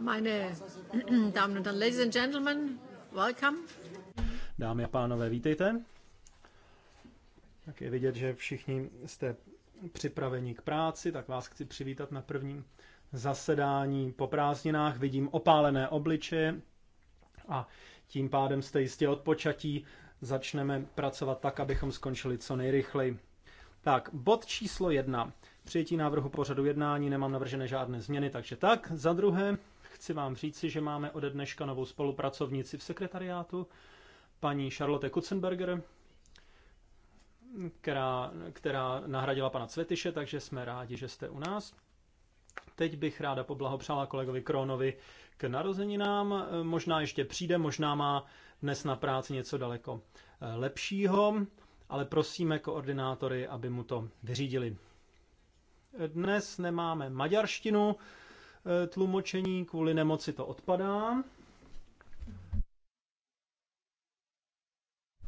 Meine Damen und Herren, Ladies and Gentlemen, welcome. Dámy a pánové, vítejte. Tak je vidět, že všichni jste připraveni k práci, tak vás chci přivítat na prvním zasedání po prázdninách. Vidím opálené obličeje a tím pádem jste jistě odpočatí. Začneme pracovat tak, abychom skončili co nejrychleji. Tak, bod číslo jedna. Přijetí návrhu pořadu jednání, nemám navržené žádné změny, takže tak. Za druhé, chci vám říci, že máme ode dneška novou spolupracovnici v sekretariátu, paní Charlotte Kutzenberger, která, která nahradila pana Cvetiše, takže jsme rádi, že jste u nás. Teď bych ráda poblahopřála kolegovi Kronovi k narozeninám. Možná ještě přijde, možná má dnes na práci něco daleko eh, lepšího, ale prosíme koordinátory, aby mu to vyřídili. Dnes nemáme maďarštinu, Eh, tlumočení, kvůli nemoci to odpadá.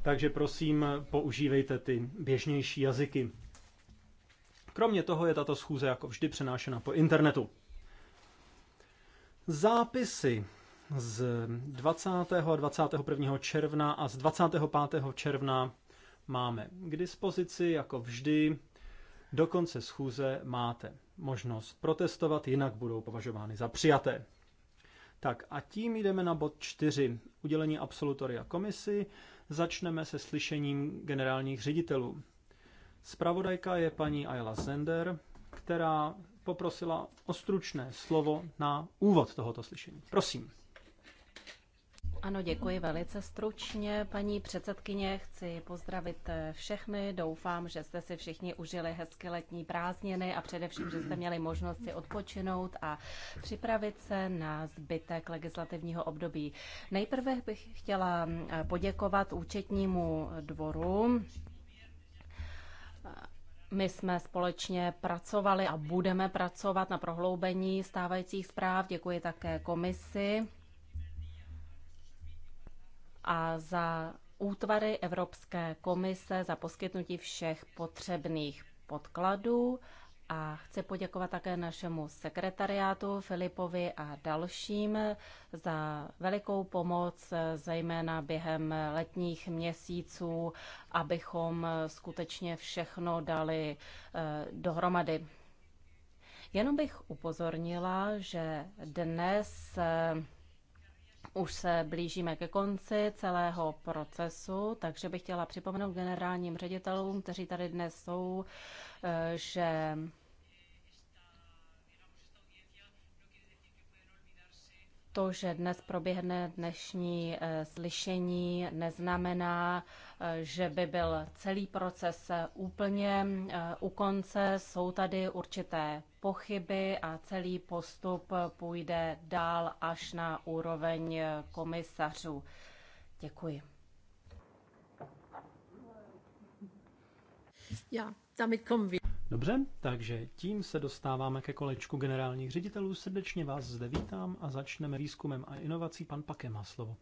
Takže prosím, používejte ty běžnější jazyky. Kromě toho je tato schůze jako vždy přenášena po internetu. Zápisy z 20. a 21. června a z 25. června máme k dispozici, jako vždy, do konce schůze máte možnost protestovat, jinak budou považovány za přijaté. Tak a tím jdeme na bod 4. Udělení absolutoria komisi. Začneme se slyšením generálních ředitelů. Spravodajka je paní Ayla Zender, která poprosila o stručné slovo na úvod tohoto slyšení. Prosím. Ano, děkuji velice stručně. Paní předsedkyně, chci pozdravit eh, všechny. Doufám, že jste si všichni užili hezky letní prázdniny a především, že jste měli možnost si odpočinout a připravit se na zbytek legislativního období. Nejprve bych chtěla mm, poděkovat účetnímu dvoru my jsme společně pracovali a budeme pracovat na prohloubení stávajících zpráv. Děkuji také komisi a za útvary Evropské komise za poskytnutí všech potřebných podkladů a chci poděkovat také našemu sekretariátu Filipovi a dalším za velikou pomoc, zejména během letních měsíců, abychom skutečně všechno dali eh, dohromady. Jenom bych upozornila, že dnes eh, už se blížíme ke konci celého procesu, takže bych chtěla připomenout generálním ředitelům, kteří tady dnes jsou, eh, že to, že dnes proběhne dnešní eh, slyšení, neznamená, eh, že by byl celý proces eh, úplně u konce. Jsou tady určité pochyby a celý postup půjde dál až na úroveň komisařů. Děkuji. Ja, damit kommen wir. Dobře, takže tím se dostáváme ke kolečku generálních ředitelů. Srdečně vás zde vítám a začneme výzkumem a inovací. Pan Pake má slovo.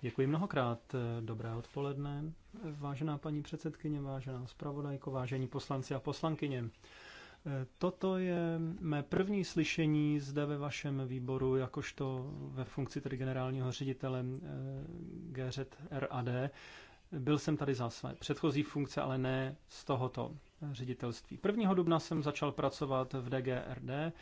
Děkuji mnohokrát. Dobré odpoledne, vážená paní předsedkyně, vážená zpravodajko, vážení poslanci a poslankyně. Toto je mé první slyšení zde ve vašem výboru, jakožto ve funkci tedy generálního ředitele eh, RAD. Byl jsem tady za své předchozí funkce, ale ne z tohoto eh, ředitelství. 1. dubna jsem začal pracovat v DGRD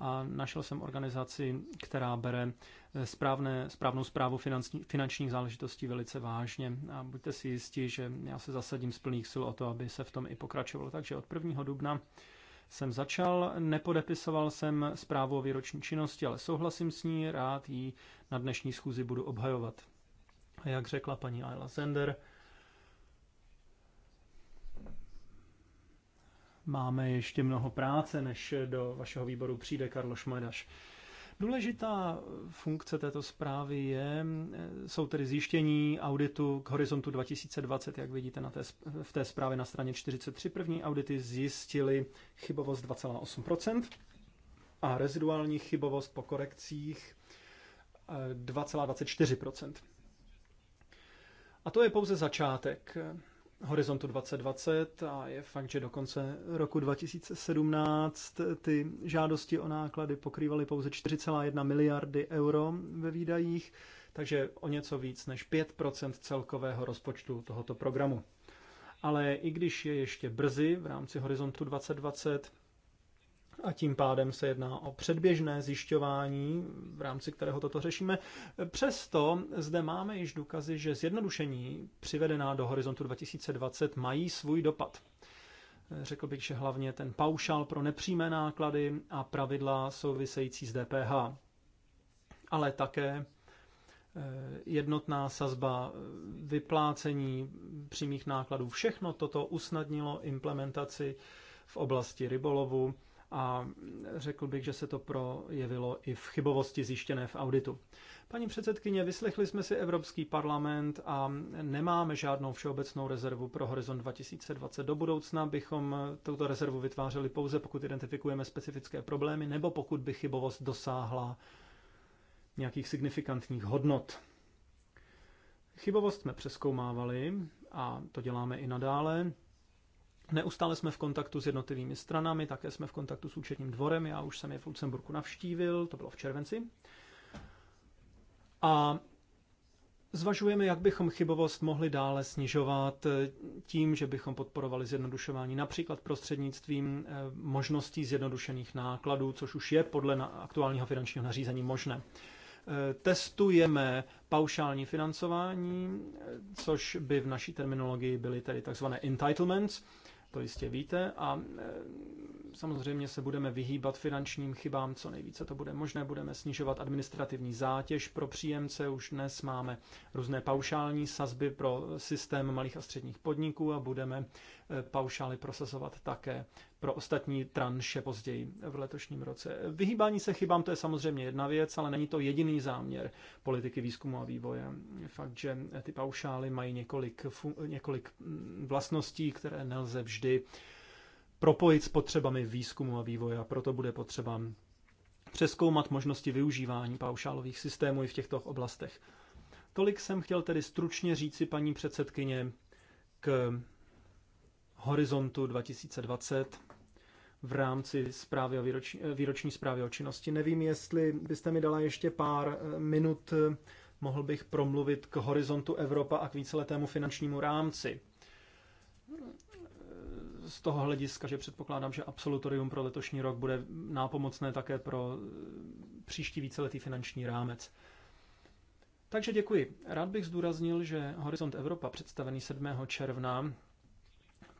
a našel jsem organizaci, která bere eh, správné, správnou zprávu finanční, finančních záležitostí velice vážně. A buďte si jistí, že já se zasadím z plných sil o to, aby se v tom i pokračovalo. Takže od 1. dubna jsem začal, nepodepisoval jsem zprávu o výroční činnosti, ale souhlasím s ní, rád ji na dnešní schůzi budu obhajovat. A jak řekla paní Ayla Zender, Máme ještě mnoho práce, než do vašeho výboru přijde Karlo Šmajdaš. Důležitá funkce této zprávy je, jsou tedy zjištění auditu k horizontu 2020, jak vidíte na té, v té zprávě na straně 43. První audity zjistily chybovost 2,8% a reziduální chybovost po korekcích 2,24%. Eh, a to je pouze začátek. Horizontu 2020 a je fakt, že do konce roku 2017 ty žádosti o náklady pokrývaly pouze 4,1 miliardy euro ve výdajích, takže o něco víc než 5 celkového rozpočtu tohoto programu. Ale i když je ještě brzy v rámci Horizontu 2020, a tím pádem se jedná o předběžné zjišťování, v rámci kterého toto řešíme. Přesto zde máme již důkazy, že zjednodušení přivedená do horizontu 2020 mají svůj dopad. Řekl bych, že hlavně ten paušál pro nepřímé náklady a pravidla související s DPH. Ale také eh, jednotná sazba vyplácení přímých nákladů. Všechno toto usnadnilo implementaci v oblasti rybolovu a řekl bych, že se to projevilo i v chybovosti zjištěné v auditu. Paní předsedkyně, vyslechli jsme si Evropský parlament a nemáme žádnou všeobecnou rezervu pro Horizon 2020. Do budoucna bychom tuto rezervu vytvářeli pouze, pokud identifikujeme specifické problémy nebo pokud by chybovost dosáhla nějakých signifikantních hodnot. Chybovost jsme přeskoumávali a to děláme i nadále. Neustále jsme v kontaktu s jednotlivými stranami, také jsme v kontaktu s účetním dvorem. Já už jsem je v Lucemburku navštívil, to bylo v červenci. A Zvažujeme, jak bychom chybovost mohli dále snižovat eh, tím, že bychom podporovali zjednodušování například prostřednictvím eh, možností zjednodušených nákladů, což už je podle aktuálního finančního nařízení možné. Eh, testujeme paušální financování, což by v naší terminologii byly tedy tzv. entitlements, to jistě víte, a e, samozřejmě se budeme vyhýbat finančním chybám, co nejvíce to bude možné, budeme snižovat administrativní zátěž pro příjemce, už dnes máme různé paušální sazby pro systém malých a středních podniků a budeme e, paušály prosazovat také pro ostatní tranše později v letošním roce. Vyhýbání se chybám to je samozřejmě jedna věc, ale není to jediný záměr politiky výzkumu a vývoje. Fakt, že ty paušály mají několik, několik vlastností, které nelze vždy propojit s potřebami výzkumu a vývoje a proto bude potřeba přeskoumat možnosti využívání paušálových systémů i v těchto oblastech. Tolik jsem chtěl tedy stručně říci paní předsedkyně k horizontu 2020 v rámci zprávy o výroč, eh, výroční zprávy o činnosti. Nevím, jestli byste mi dala ještě pár eh, minut, eh, mohl bych promluvit k horizontu Evropa a k víceletému finančnímu rámci. Z toho hlediska, že předpokládám, že absolutorium pro letošní rok bude nápomocné také pro příští víceletý finanční rámec. Takže děkuji. Rád bych zdůraznil, že Horizont Evropa, představený 7. června,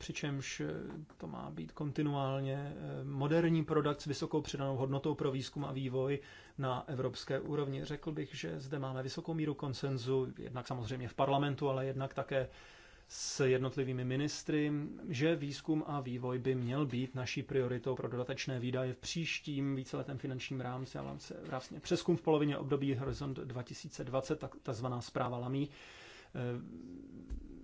přičemž eh, to má být kontinuálně eh, moderní produkt s vysokou přidanou hodnotou pro výzkum a vývoj na evropské úrovni. Řekl bych, že zde máme vysokou míru konsenzu, jednak samozřejmě v parlamentu, ale jednak také s jednotlivými ministry, že výzkum a vývoj by měl být naší prioritou pro dodatečné výdaje v příštím víceletém finančním rámci a vlastně, vlastně přeskum v polovině období Horizont 2020, tak takzvaná zpráva LAMI, eh,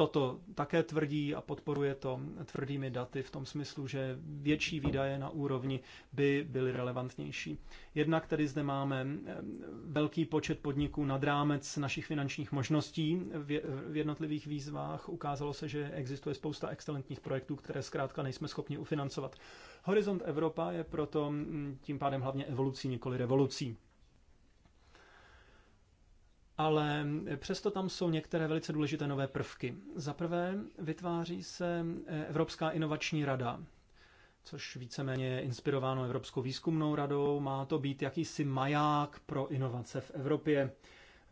toto také tvrdí a podporuje to tvrdými daty v tom smyslu, že větší výdaje na úrovni by byly relevantnější. Jednak tedy zde máme eh, velký počet podniků nad rámec našich finančních možností v jednotlivých výzvách. Ukázalo se, že existuje spousta excelentních projektů, které zkrátka nejsme schopni ufinancovat. Horizont Evropa je proto mm, tím pádem hlavně evolucí, nikoli revolucí ale přesto tam jsou některé velice důležité nové prvky. Za prvé vytváří se eh, Evropská inovační rada, což víceméně je inspirováno Evropskou výzkumnou radou. Má to být jakýsi maják pro inovace v Evropě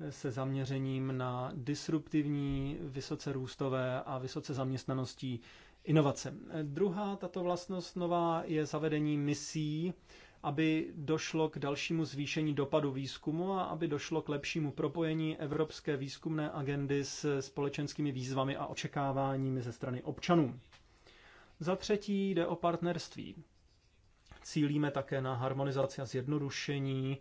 eh, se zaměřením na disruptivní, vysoce růstové a vysoce zaměstnaností inovace. Eh, druhá tato vlastnost nová je zavedení misí aby došlo k dalšímu zvýšení dopadu výzkumu a aby došlo k lepšímu propojení evropské výzkumné agendy s společenskými výzvami a očekáváními ze strany občanů. Za třetí jde o partnerství. Cílíme také na harmonizaci a zjednodušení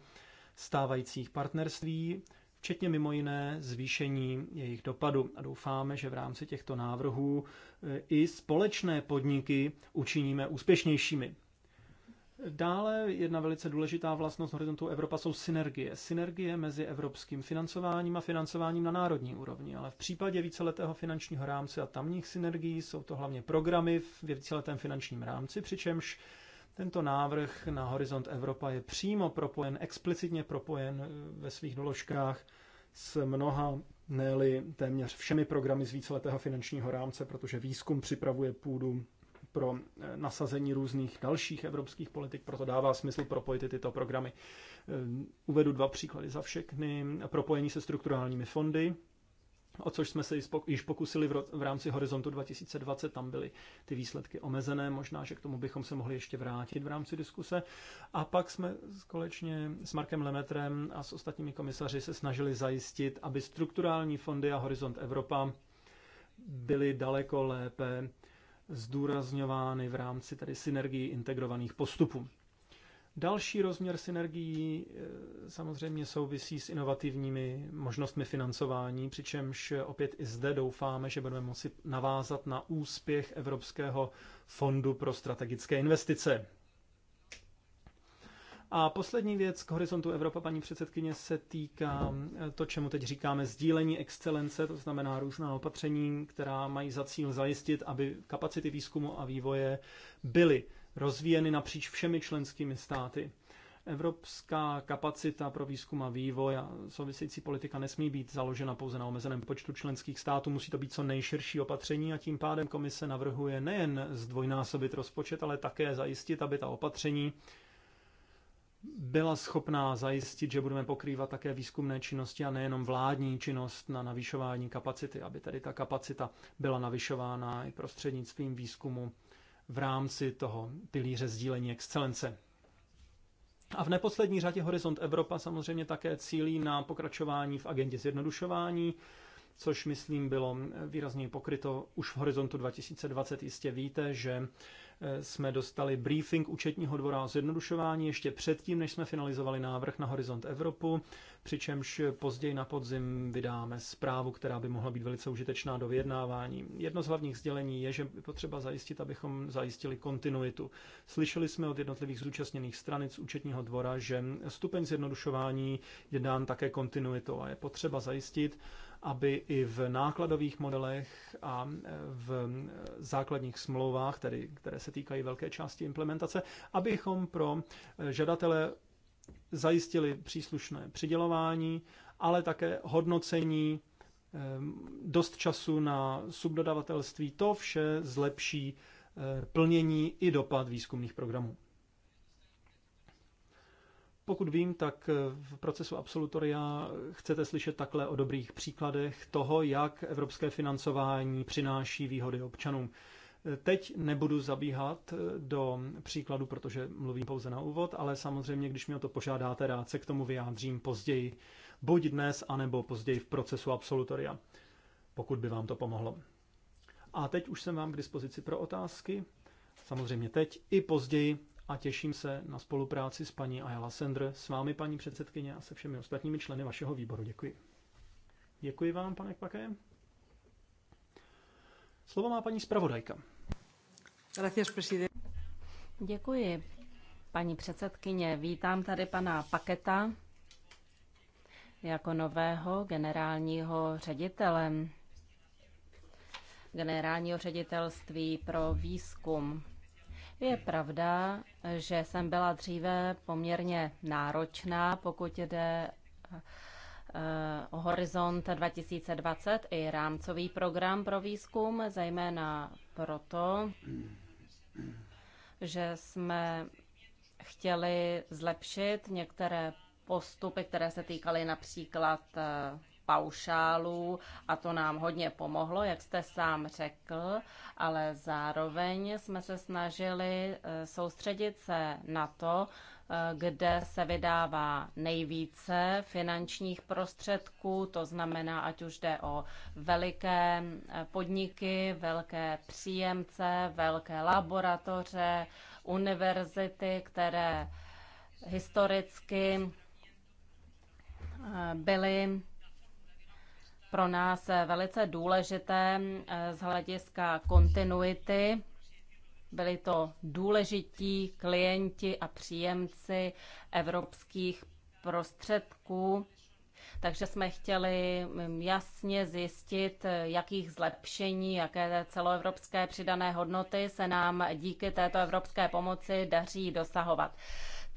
stávajících partnerství, včetně mimo jiné zvýšení jejich dopadu. A doufáme, že v rámci těchto návrhů eh, i společné podniky učiníme úspěšnějšími. Dále jedna velice důležitá vlastnost horizontu Evropa jsou synergie. Synergie mezi evropským financováním a financováním na národní úrovni, ale v případě víceletého finančního rámce a tamních synergií jsou to hlavně programy v víceletém finančním rámci, přičemž tento návrh na horizont Evropa je přímo propojen, explicitně propojen eh, ve svých doložkách s mnoha, ne téměř všemi programy z víceletého finančního rámce, protože výzkum připravuje půdu pro eh, nasazení různých dalších evropských politik, proto dává smysl propojit i tyto programy. Eh, uvedu dva příklady za všechny. Propojení se strukturálními fondy, o což jsme se již pokusili v rámci Horizontu 2020, tam byly ty výsledky omezené, možná, že k tomu bychom se mohli ještě vrátit v rámci diskuse. A pak jsme společně s Markem Lemetrem a s ostatními komisaři se snažili zajistit, aby strukturální fondy a Horizont Evropa byly daleko lépe zdůrazňovány v rámci tedy synergii integrovaných postupů. Další rozměr synergií e, samozřejmě souvisí s inovativními možnostmi financování, přičemž opět i zde doufáme, že budeme moci navázat na úspěch Evropského fondu pro strategické investice. A poslední věc k Horizontu Evropa, paní předsedkyně, se týká eh, to, čemu teď říkáme sdílení excelence, to znamená různá opatření, která mají za cíl zajistit, aby kapacity výzkumu a vývoje byly rozvíjeny napříč všemi členskými státy. Evropská kapacita pro výzkum a vývoj a související politika nesmí být založena pouze na omezeném počtu členských států, musí to být co nejširší opatření a tím pádem komise navrhuje nejen zdvojnásobit rozpočet, ale také zajistit, aby ta opatření byla schopná zajistit, že budeme pokrývat také výzkumné činnosti a nejenom vládní činnost na navyšování kapacity, aby tedy ta kapacita byla navyšována i prostřednictvím výzkumu v rámci toho pilíře sdílení excelence. A v neposlední řadě Horizont Evropa samozřejmě také cílí na pokračování v agendě zjednodušování, což myslím bylo výrazně pokryto už v Horizontu 2020. Jistě víte, že jsme dostali briefing účetního dvora o zjednodušování ještě předtím, než jsme finalizovali návrh na Horizont Evropu, přičemž později na podzim vydáme zprávu, která by mohla být velice užitečná do vyjednávání. Jedno z hlavních sdělení je, že je potřeba zajistit, abychom zajistili kontinuitu. Slyšeli jsme od jednotlivých zúčastněných stranic účetního dvora, že stupeň zjednodušování je dán také kontinuitou a je potřeba zajistit, aby i v nákladových modelech a e, v e, základních smlouvách, tedy, které se týkají velké části implementace, abychom pro e, žadatele zajistili příslušné přidělování, ale také hodnocení, dost času na subdodavatelství. To vše zlepší plnění i dopad výzkumných programů. Pokud vím, tak v procesu absolutoria chcete slyšet takhle o dobrých příkladech toho, jak evropské financování přináší výhody občanům. Teď nebudu zabíhat do příkladu, protože mluvím pouze na úvod, ale samozřejmě, když mě o to požádáte, rád se k tomu vyjádřím později, buď dnes, anebo později v procesu absolutoria, pokud by vám to pomohlo. A teď už jsem vám k dispozici pro otázky, samozřejmě teď i později, a těším se na spolupráci s paní Ayala Sender, s vámi paní předsedkyně a se všemi ostatními členy vašeho výboru. Děkuji. Děkuji vám, pane Kpaké. Slovo má paní zpravodajka. Děkuji, paní předsedkyně. Vítám tady pana Paketa jako nového generálního ředitele generálního ředitelství pro výzkum je pravda, že jsem byla dříve poměrně náročná, pokud jde eh, o Horizont 2020 i rámcový program pro výzkum, zejména proto, že jsme chtěli zlepšit některé postupy, které se týkaly například eh, paušálů a to nám hodně pomohlo, jak jste sám řekl, ale zároveň jsme se snažili e, soustředit se na to, e, kde se vydává nejvíce finančních prostředků, to znamená, ať už jde o veliké e, podniky, velké příjemce, velké laboratoře, univerzity, které historicky byly pro nás velice důležité eh, z hlediska kontinuity. Byli to důležití klienti a příjemci evropských prostředků, takže jsme chtěli mm, jasně zjistit, eh, jakých zlepšení, jaké celoevropské přidané hodnoty se nám díky této evropské pomoci daří dosahovat.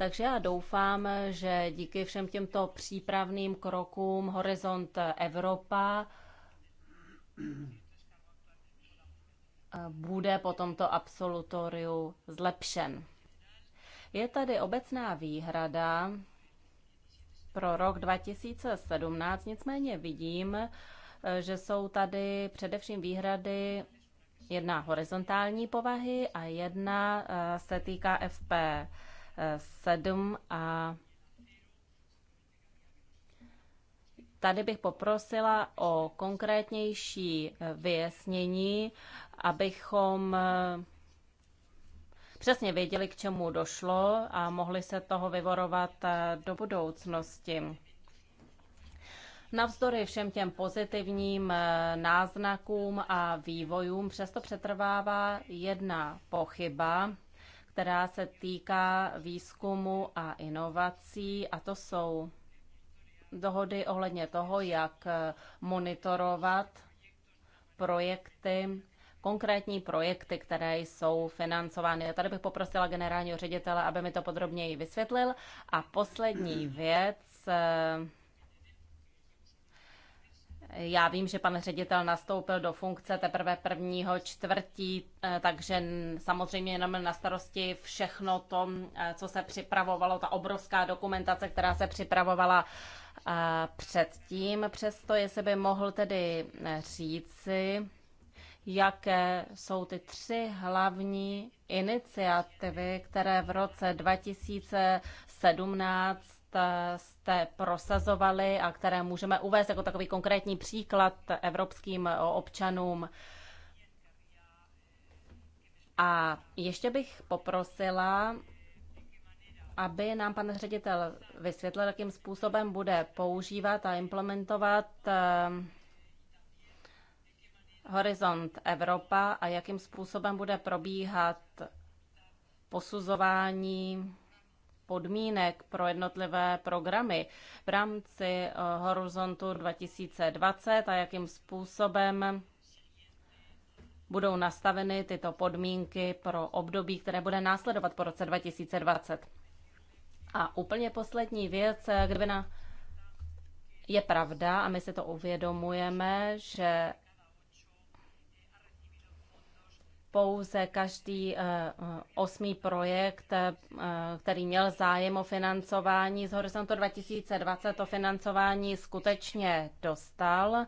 Takže já doufám, že díky všem těmto přípravným krokům Horizont Evropa eh, bude po tomto absolutoriu zlepšen. Je tady obecná výhrada pro rok 2017, nicméně vidím, eh, že jsou tady především výhrady jedna horizontální povahy a jedna eh, se týká FP 7 a Tady bych poprosila o konkrétnější vyjasnění, abychom eh, přesně věděli, k čemu došlo a mohli se toho vyvorovat eh, do budoucnosti. Navzdory všem těm pozitivním eh, náznakům a vývojům přesto přetrvává jedna pochyba, která se týká výzkumu a inovací a to jsou dohody ohledně toho, jak monitorovat projekty, konkrétní projekty, které jsou financovány. Já tady bych poprosila generálního ředitele, aby mi to podrobněji vysvětlil. A poslední věc, já vím, že pan ředitel nastoupil do funkce teprve prvního čtvrtí, eh, takže samozřejmě jenom na starosti všechno to, eh, co se připravovalo, ta obrovská dokumentace, která se připravovala eh, předtím. Přesto, jestli by mohl tedy říci, jaké jsou ty tři hlavní iniciativy, které v roce 2017 jste prosazovali a které můžeme uvést jako takový konkrétní příklad evropským občanům. A ještě bych poprosila, aby nám pan ředitel vysvětlil, jakým způsobem bude používat a implementovat eh, Horizont Evropa a jakým způsobem bude probíhat posuzování podmínek pro jednotlivé programy v rámci eh, Horizontu 2020 a jakým způsobem budou nastaveny tyto podmínky pro období, které bude následovat po roce 2020. A úplně poslední věc, kdyby eh, na... je pravda, a my si to uvědomujeme, že pouze každý eh, osmý projekt, eh, který měl zájem o financování z Horizontu 2020, to financování skutečně dostal.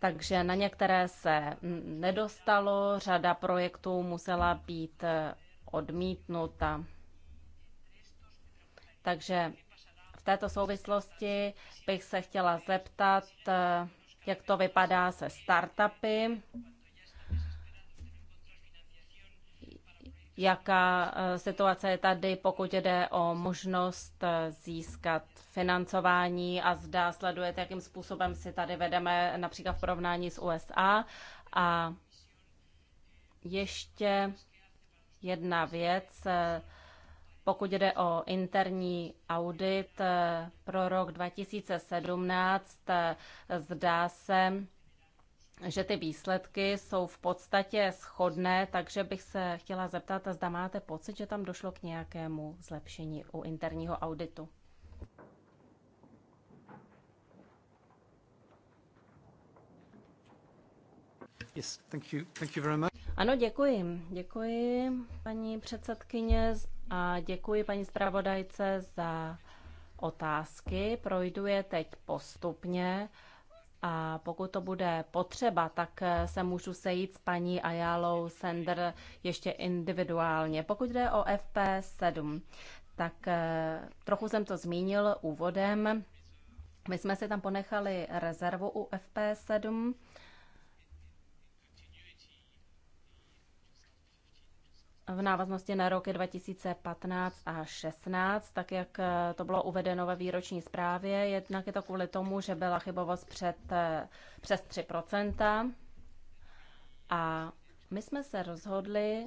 Takže na některé se nedostalo, řada projektů musela být eh, odmítnuta. Takže v této souvislosti bych se chtěla zeptat, jak to vypadá se startupy, jaká e, situace je tady, pokud jde o možnost e, získat financování a zda sledujete, jakým způsobem si tady vedeme například v porovnání s USA. A ještě jedna věc, e, pokud jde o interní audit eh, pro rok 2017, eh, zdá se, že ty výsledky jsou v podstatě shodné, takže bych se chtěla zeptat, zda máte pocit, že tam došlo k nějakému zlepšení u interního auditu. Yes, thank you. Thank you very much. Ano, děkuji. Děkuji, paní předsedkyně a děkuji paní zpravodajce za otázky. Projdu je teď postupně a pokud to bude potřeba, tak se můžu sejít s paní Ayalou Sender ještě individuálně. Pokud jde o FP7, tak eh, trochu jsem to zmínil úvodem. My jsme si tam ponechali rezervu u FP7 v návaznosti na roky 2015 a 16, tak jak eh, to bylo uvedeno ve výroční zprávě. Jednak je to kvůli tomu, že byla chybovost před, eh, přes 3 a my jsme se rozhodli,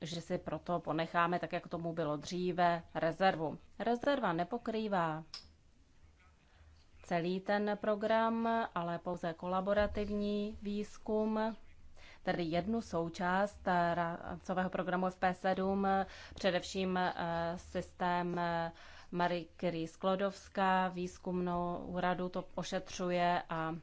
že si proto ponecháme, tak jak tomu bylo dříve, rezervu. Rezerva nepokrývá celý ten program, ale pouze kolaborativní výzkum tedy jednu součást eh, rámcového programu FP7, eh, především eh, systém Marie Curie Sklodovská, výzkumnou úradu to ošetřuje a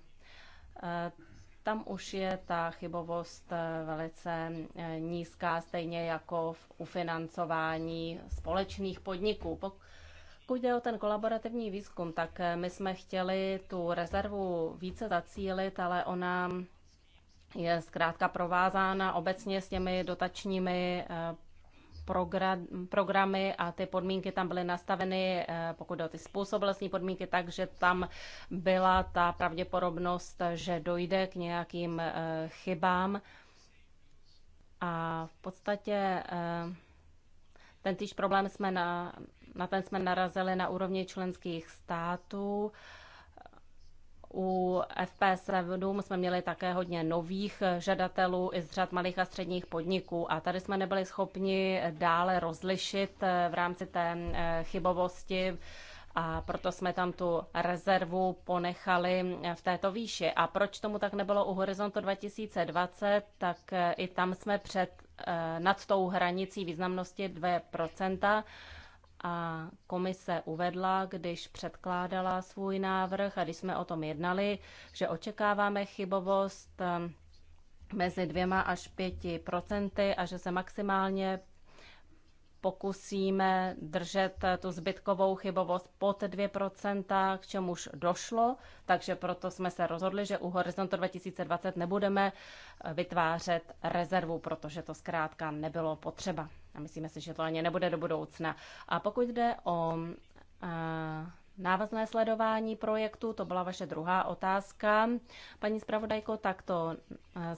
tam už je ta chybovost velice nízká, stejně jako v ufinancování společných podniků. Pokud jde o ten kolaborativní výzkum, tak my jsme chtěli tu rezervu více zacílit, ale ona je zkrátka provázána obecně s těmi dotačními eh, programy a ty podmínky tam byly nastaveny, eh, pokud o ty způsobilostní podmínky, takže tam byla ta pravděpodobnost, že dojde k nějakým eh, chybám. A v podstatě ten týž problém jsme na, na ten jsme narazili na úrovni členských států. U FP7 jsme měli také hodně nových žadatelů i z řad malých a středních podniků a tady jsme nebyli schopni dále rozlišit eh, v rámci té eh, chybovosti a proto jsme tam tu rezervu ponechali eh, v této výši. A proč tomu tak nebylo u Horizontu 2020, tak i tam jsme před nad tou hranicí významnosti 2% a komise uvedla, když předkládala svůj návrh a když jsme o tom jednali, že očekáváme chybovost eh, mezi dvěma až pěti procenty a že se maximálně pokusíme držet tu zbytkovou chybovost pod 2%, k čemuž došlo, takže proto jsme se rozhodli, že u Horizontu 2020 nebudeme vytvářet rezervu, protože to zkrátka nebylo potřeba. A myslíme si, že to ani nebude do budoucna. A pokud jde o Návazné sledování projektu, to byla vaše druhá otázka. Paní zpravodajko, tak to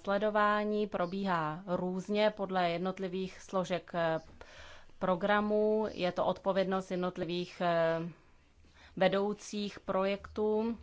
sledování probíhá různě podle jednotlivých složek e, programu. Je to odpovědnost jednotlivých e, vedoucích projektů.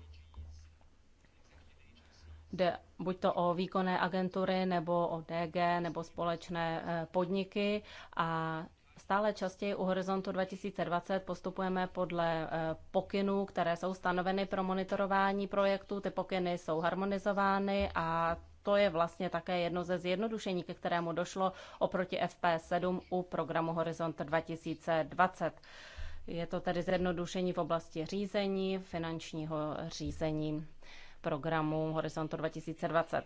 Jde buď to o výkonné agentury nebo o DG nebo společné eh, podniky a Stále častěji u Horizontu 2020 postupujeme podle eh, pokynů, které jsou stanoveny pro monitorování projektu. Ty pokyny jsou harmonizovány a to je vlastně také jedno ze zjednodušení, ke kterému došlo oproti FP7 u programu Horizont 2020. Je to tedy zjednodušení v oblasti řízení, finančního řízení programu Horizontu 2020.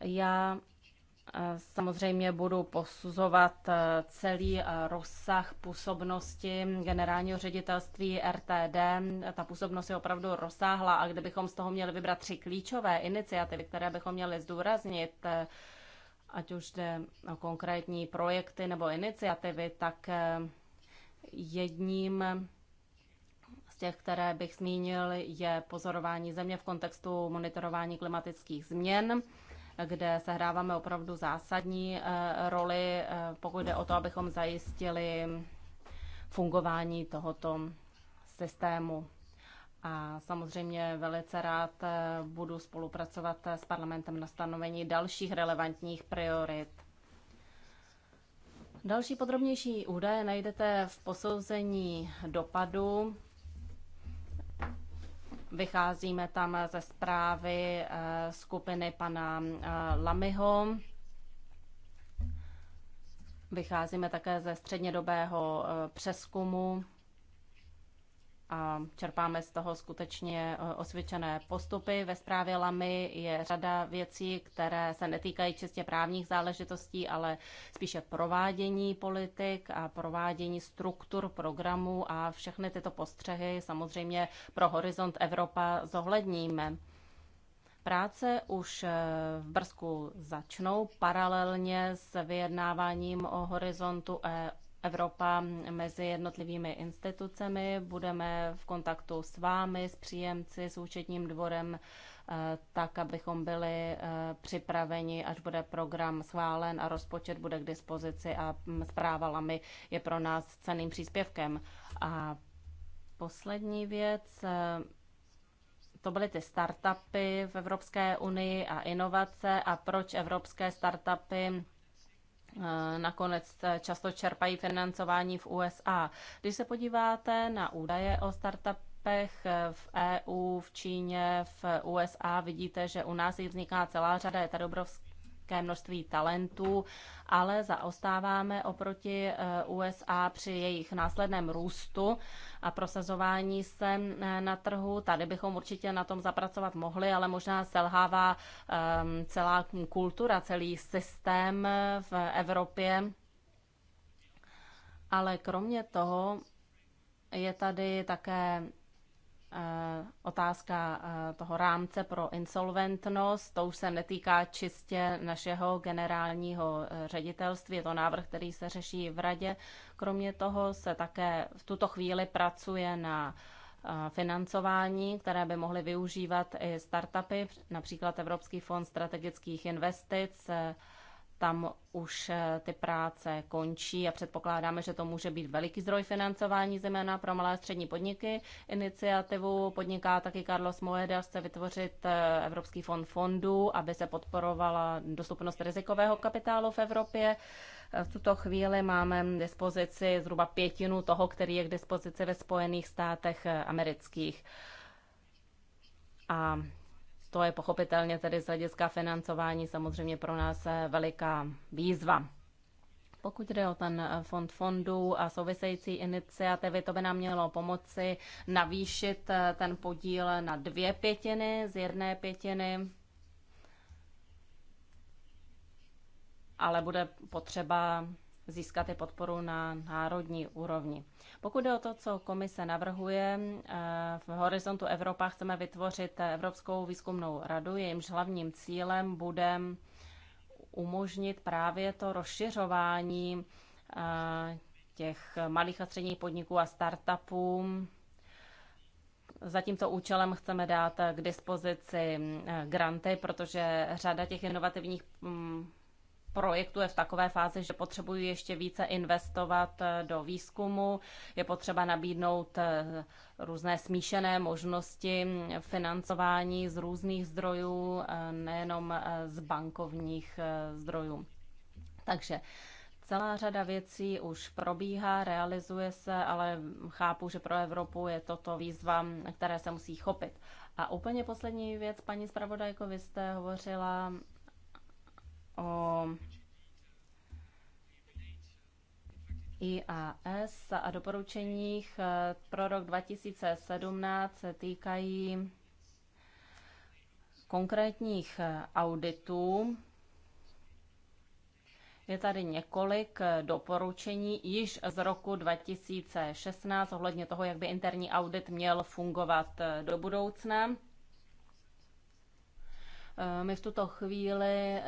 Já eh, samozřejmě budu posuzovat eh, celý eh, rozsah působnosti generálního ředitelství RTD. Ta působnost je opravdu rozsáhla a kdybychom z toho měli vybrat tři klíčové iniciativy, které bychom měli zdůraznit, ať už jde o konkrétní projekty nebo iniciativy, tak jedním těch, které bych zmínil, je pozorování země v kontextu monitorování klimatických změn kde sehráváme opravdu zásadní eh, roli, eh, pokud jde o to, abychom zajistili fungování tohoto systému. A samozřejmě velice rád eh, budu spolupracovat s parlamentem na stanovení dalších relevantních priorit. Další podrobnější údaje najdete v posouzení dopadu Vycházíme tam ze zprávy eh, skupiny pana eh, Lamyho. Vycházíme také ze střednědobého eh, přeskumu a čerpáme z toho skutečně eh, osvědčené postupy. Ve zprávě LAMY je řada věcí, které se netýkají čistě právních záležitostí, ale spíše provádění politik a provádění struktur programů a všechny tyto postřehy samozřejmě pro Horizont Evropa zohledníme. Práce už eh, v Brzku začnou paralelně s vyjednáváním o horizontu EU Evropa mezi jednotlivými institucemi. Budeme v kontaktu s vámi, s příjemci, s účetním dvorem, eh, tak, abychom byli eh, připraveni, až bude program schválen a rozpočet bude k dispozici a mm, zpráva LAMI je pro nás ceným příspěvkem. A poslední věc, eh, to byly ty startupy v Evropské unii a inovace a proč evropské startupy Eh, nakonec eh, často čerpají financování v USA. Když se podíváte na údaje o startup eh, v EU, v Číně, v USA vidíte, že u nás jich vzniká celá řada. Je tady obrovský velké množství talentů, ale zaostáváme oproti eh, USA při jejich následném růstu a prosazování se eh, na trhu. Tady bychom určitě na tom zapracovat mohli, ale možná selhává ehm, celá kultura, celý systém eh, v Evropě. Ale kromě toho je tady také Eh, otázka eh, toho rámce pro insolventnost, to už se netýká čistě našeho generálního eh, ředitelství, je to návrh, který se řeší v radě. Kromě toho se také v tuto chvíli pracuje na financování, které by mohly využívat i startupy, například Evropský fond strategických investic, tam už eh, ty práce končí a předpokládáme, že to může být veliký zdroj financování, zejména pro malé a střední podniky. Iniciativu podniká taky Carlos Moeda, chce vytvořit eh, Evropský fond fondů, aby se podporovala dostupnost rizikového kapitálu v Evropě. Eh, v tuto chvíli máme k dispozici zhruba pětinu toho, který je k dispozici ve Spojených státech amerických. A to je pochopitelně tedy z hlediska financování samozřejmě pro nás veliká výzva. Pokud jde o ten fond fondů a související iniciativy, to by nám mělo pomoci navýšit ten podíl na dvě pětiny z jedné pětiny, ale bude potřeba získat i podporu na národní úrovni. Pokud je o to, co komise navrhuje, eh, v Horizontu Evropa chceme vytvořit Evropskou výzkumnou radu, jejímž hlavním cílem bude umožnit právě to rozšiřování eh, těch malých a středních podniků a startupů. Za tímto účelem chceme dát k dispozici eh, granty, protože řada těch inovativních mm, projektu je v takové fázi, že potřebují ještě více investovat eh, do výzkumu, je potřeba nabídnout eh, různé smíšené možnosti financování z různých zdrojů, eh, nejenom z bankovních zdrojů. Takže Celá řada věcí už probíhá, realizuje se, ale chápu, že pro Evropu je toto výzva, které se musí chopit. A úplně poslední věc, paní zpravodajko, vy jste hovořila o IAS a doporučeních eh, pro rok 2017 se týkají konkrétních eh, auditů. Je tady několik eh, doporučení již z roku 2016 ohledně toho, jak by interní audit měl fungovat do budoucna. Eh, my v tuto chvíli eh,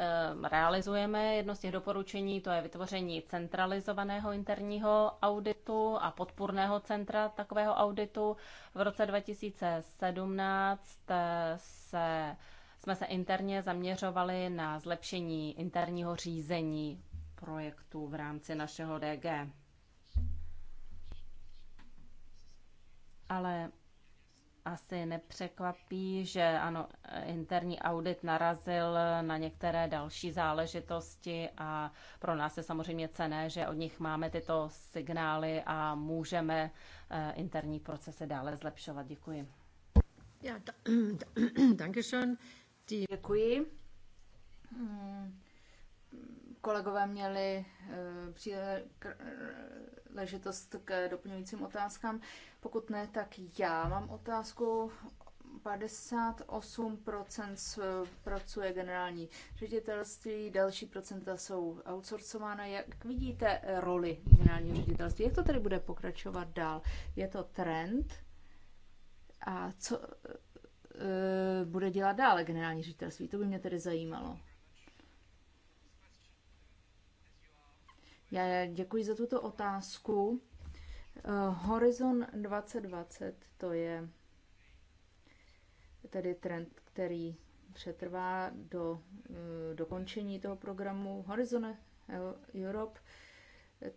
realizujeme jedno z těch doporučení, to je vytvoření centralizovaného interního auditu a podpůrného centra takového auditu. V roce 2017 eh, se, jsme se interně zaměřovali na zlepšení interního řízení projektu v rámci našeho DG. Ale asi nepřekvapí, že ano, interní audit narazil na některé další záležitosti a pro nás je samozřejmě cené, že od nich máme tyto signály a můžeme eh, interní procesy dále zlepšovat. Děkuji. Ja, danke schön. Děkuji. Hmm kolegové měli eh, příležitost k doplňujícím otázkám. Pokud ne, tak já mám otázku. 58% pracuje generální ředitelství, další procenta jsou outsourcována. Jak vidíte roli generálního ředitelství? Jak to tedy bude pokračovat dál? Je to trend? A co e, bude dělat dále generální ředitelství? To by mě tedy zajímalo. Já děkuji za tuto otázku. Eh, Horizon 2020 to je tedy trend, který přetrvá do eh, dokončení toho programu Horizon Europe.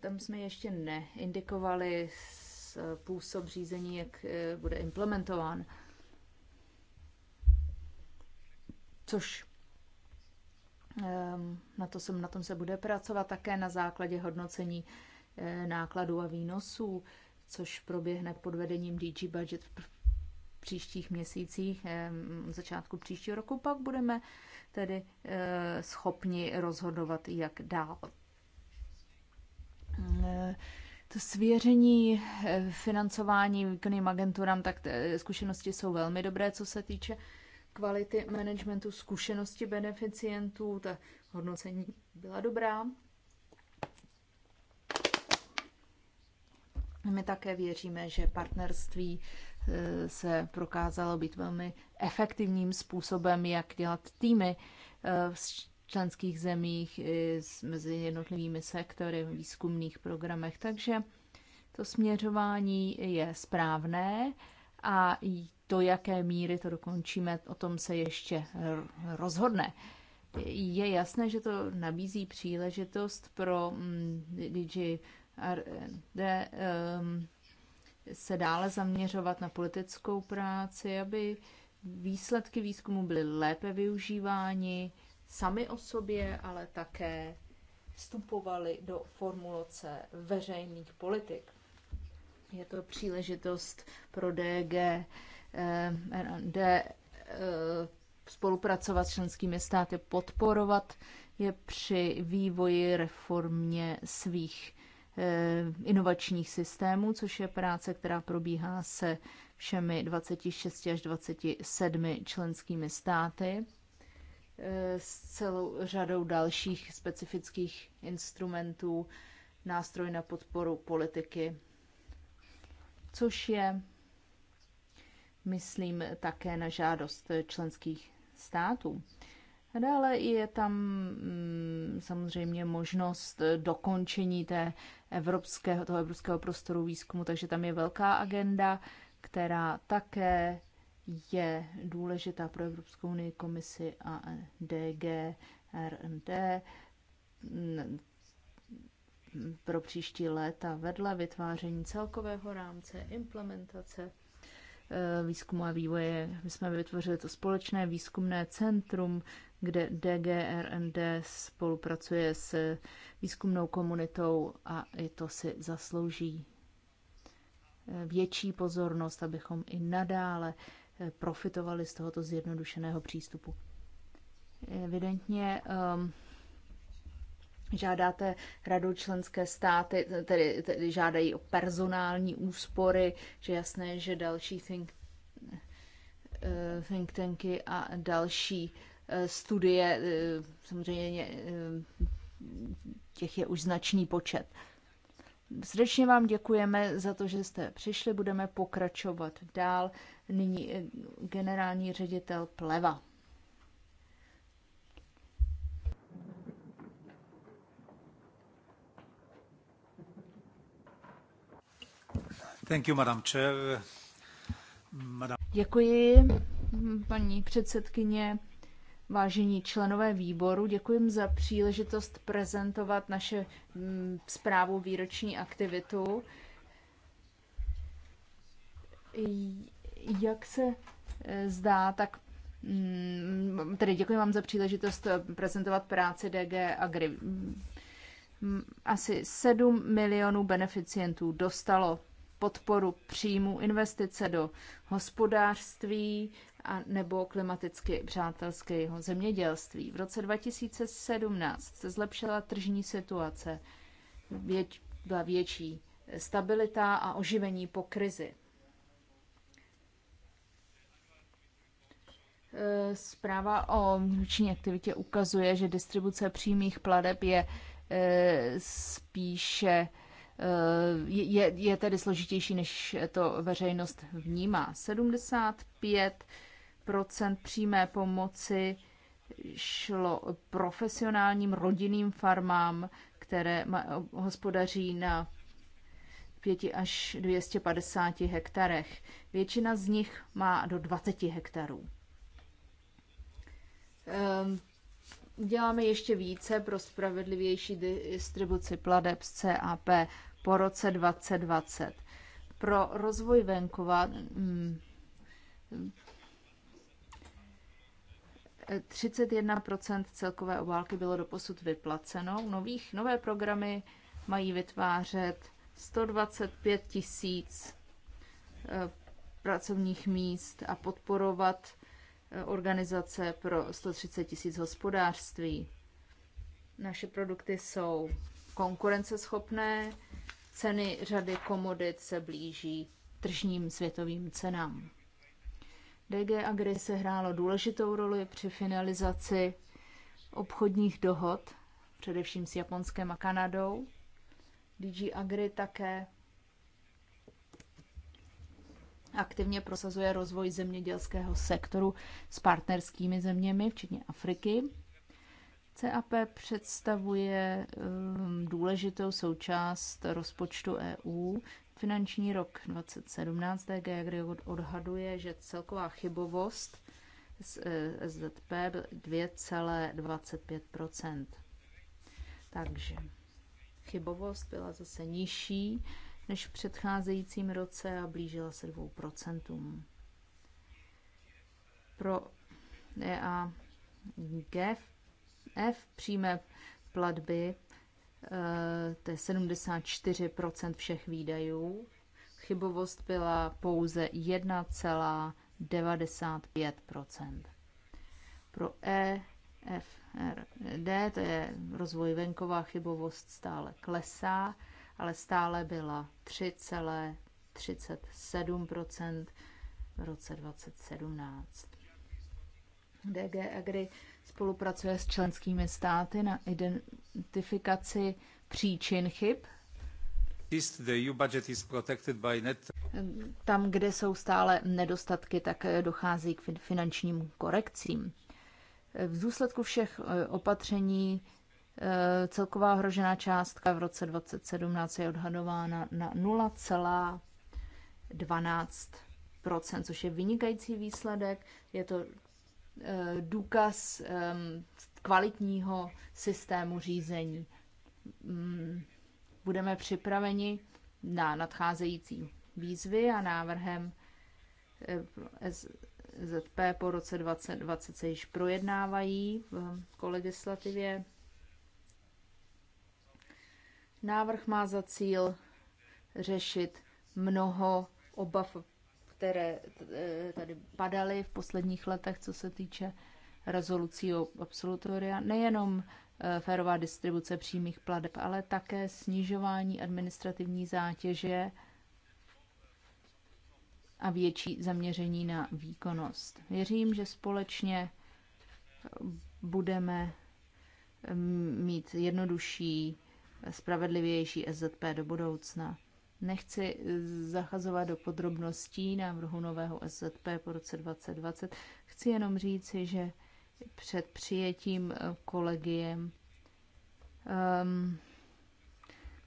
Tam jsme ještě neindikovali způsob eh, řízení, jak bude implementován. Což Ehm, na, to se, na tom se bude pracovat také na základě hodnocení eh, nákladů a výnosů, což proběhne pod vedením DG Budget v příštích měsících, ehm, začátku příštího roku, pak budeme tedy eh, schopni rozhodovat, jak dál. Ehm, to svěření eh, financování výkonným agenturám, tak zkušenosti jsou velmi dobré, co se týče kvality managementu, zkušenosti beneficientů, ta hodnocení byla dobrá. My také věříme, že partnerství eh, se prokázalo být velmi efektivním způsobem, jak dělat týmy eh, v členských zemích mezi jednotlivými sektory, výzkumných programech. Takže to směřování je správné a do jaké míry to dokončíme, o tom se ještě rozhodne. Je jasné, že to nabízí příležitost pro mm, DJ RD se dále zaměřovat na politickou práci, aby výsledky výzkumu byly lépe využívány sami o sobě, ale také vstupovali do formulace veřejných politik. Je to příležitost pro DG jde eh, spolupracovat s členskými státy, podporovat je při vývoji reformě svých eh, inovačních systémů, což je práce, která probíhá se všemi 26 až 27 členskými státy eh, s celou řadou dalších specifických instrumentů, nástroj na podporu politiky, což je myslím také na žádost členských států. A dále je tam mm, samozřejmě možnost dokončení té evropského, toho evropského prostoru výzkumu, takže tam je velká agenda, která také je důležitá pro Evropskou unii, komisi a DG, RND pro příští léta vedle vytváření celkového rámce implementace Eh, výzkumu a vývoje. My jsme vytvořili to společné výzkumné centrum, kde DGRND spolupracuje s výzkumnou komunitou a i to si zaslouží eh, větší pozornost, abychom i nadále eh, profitovali z tohoto zjednodušeného přístupu. Evidentně um, Žádáte radu členské státy, tedy, tedy žádají o personální úspory, že jasné, že další think, eh, think tanky a další eh, studie, eh, samozřejmě těch je už značný počet. Srdečně vám děkujeme za to, že jste přišli, budeme pokračovat dál. Nyní generální ředitel Pleva. Děkuji, paní předsedkyně, vážení členové výboru. Děkuji za příležitost prezentovat naše mm, zprávu výroční aktivitu. Jak se e, zdá, tak mm, tedy děkuji vám za příležitost e, prezentovat práci DG Agri. Asi 7 milionů beneficientů dostalo podporu příjmu investice do hospodářství a nebo klimaticky přátelského zemědělství. V roce 2017 se zlepšila tržní situace, věť, byla větší stabilita a oživení po krizi. E, zpráva o vnitřní aktivitě ukazuje, že distribuce přímých pladeb je e, spíše Eh, je, je tedy složitější, než to veřejnost vnímá. 75 přímé pomoci šlo profesionálním rodinným farmám, které hospodaří na 5 až 250 hektarech. Většina z nich má do 20 hektarů. Ehm, Děláme ještě více pro spravedlivější distribuci pladeb z CAP po roce 2020. Pro rozvoj venkova 31 mm, celkové obálky bylo doposud vyplaceno. Nových, nové programy mají vytvářet 125 tisíc eh, pracovních míst a podporovat eh, organizace pro 130 tisíc hospodářství. Naše produkty jsou konkurenceschopné. Ceny řady komodit se blíží tržním světovým cenám. DG Agri se hrálo důležitou roli při finalizaci obchodních dohod, především s Japonskem a Kanadou. DG Agri také aktivně prosazuje rozvoj zemědělského sektoru s partnerskými zeměmi, včetně Afriky. CAP představuje um, důležitou součást rozpočtu EU. Finanční rok 2017 DG odhaduje, že celková chybovost z eh, SZP 2,25 Takže chybovost byla zase nižší než v předcházejícím roce a blížila se 2 Pro EA GEF F, přímé platby, eh, to je 74 všech výdajů. Chybovost byla pouze 1,95 Pro E, D, to je rozvoj venková chybovost stále klesá, ale stále byla 3,37 v roce 2017. DG Agri spolupracuje s členskými státy na identifikaci příčin chyb. Tam, kde jsou stále nedostatky, tak dochází k finančním korekcím. V důsledku všech e, opatření e, celková ohrožená částka v roce 2017 je odhadována na 0,12 což je vynikající výsledek. Je to Eh, důkaz kvalitního systému řízení. Mm, budeme připraveni na nadcházející výzvy a návrhem eh, ZP po roce 2020 se již projednávají v kolegislativě. Návrh má za cíl řešit mnoho obav které eh, tady padaly v posledních letech, co se týče rezolucí o absolutoria, nejenom eh, férová distribuce přímých pladeb, ale také snižování administrativní zátěže a větší zaměření na výkonnost. Věřím, že společně eh, budeme mít jednodušší, spravedlivější SZP do budoucna. Nechci eh, zachazovat do podrobností návrhu nového SZP po roce 2020. Chci jenom říci, že před přijetím eh, kolegiem um, ehm,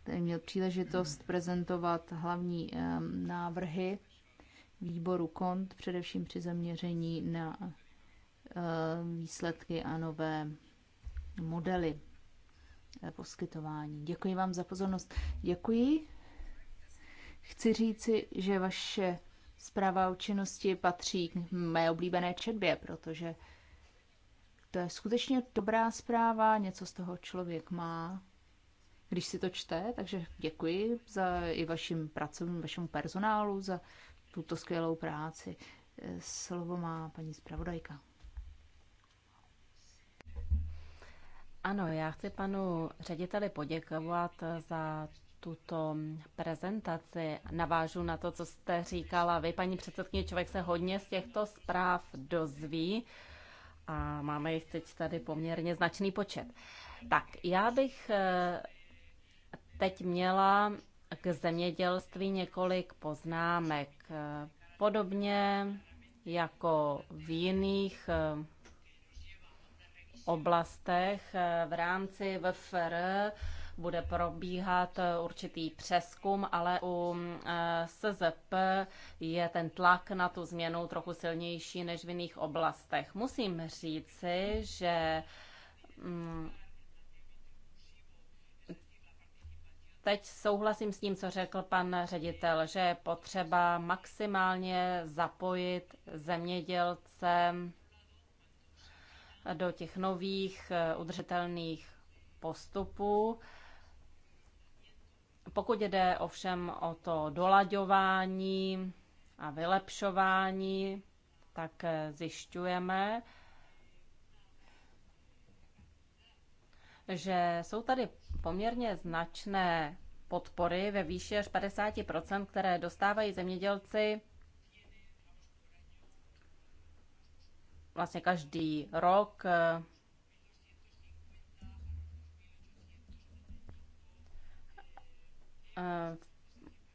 ten měl příležitost prezentovat hlavní um, návrhy výboru KONT, především při zaměření na um, výsledky a nové modely eh, poskytování. Děkuji vám za pozornost. Děkuji. Chci říci, že vaše zpráva o činnosti patří k mé oblíbené četbě, protože to je skutečně dobrá zpráva, něco z toho člověk má, když si to čte, takže děkuji za i vašim pracovním, vašemu personálu za tuto skvělou práci. Slovo má paní zpravodajka. Ano, já chci panu řediteli poděkovat za tuto prezentaci. Navážu na to, co jste říkala vy, paní předsedkyně, člověk se hodně z těchto zpráv dozví a máme jich teď tady poměrně značný počet. Tak, já bych eh, teď měla k zemědělství několik poznámek. Eh, podobně jako v jiných eh, oblastech v rámci VFR bude probíhat eh, určitý přeskum, ale u eh, SZP je ten tlak na tu změnu trochu silnější než v jiných oblastech. Musím říci, že mm, Teď souhlasím s tím, co řekl pan ředitel, že je potřeba maximálně zapojit zemědělce do těch nových eh, udržitelných postupů. Pokud jde ovšem o to dolaďování a vylepšování, tak eh, zjišťujeme, že jsou tady poměrně značné podpory ve výši až 50 které dostávají zemědělci vlastně každý rok eh, Eh,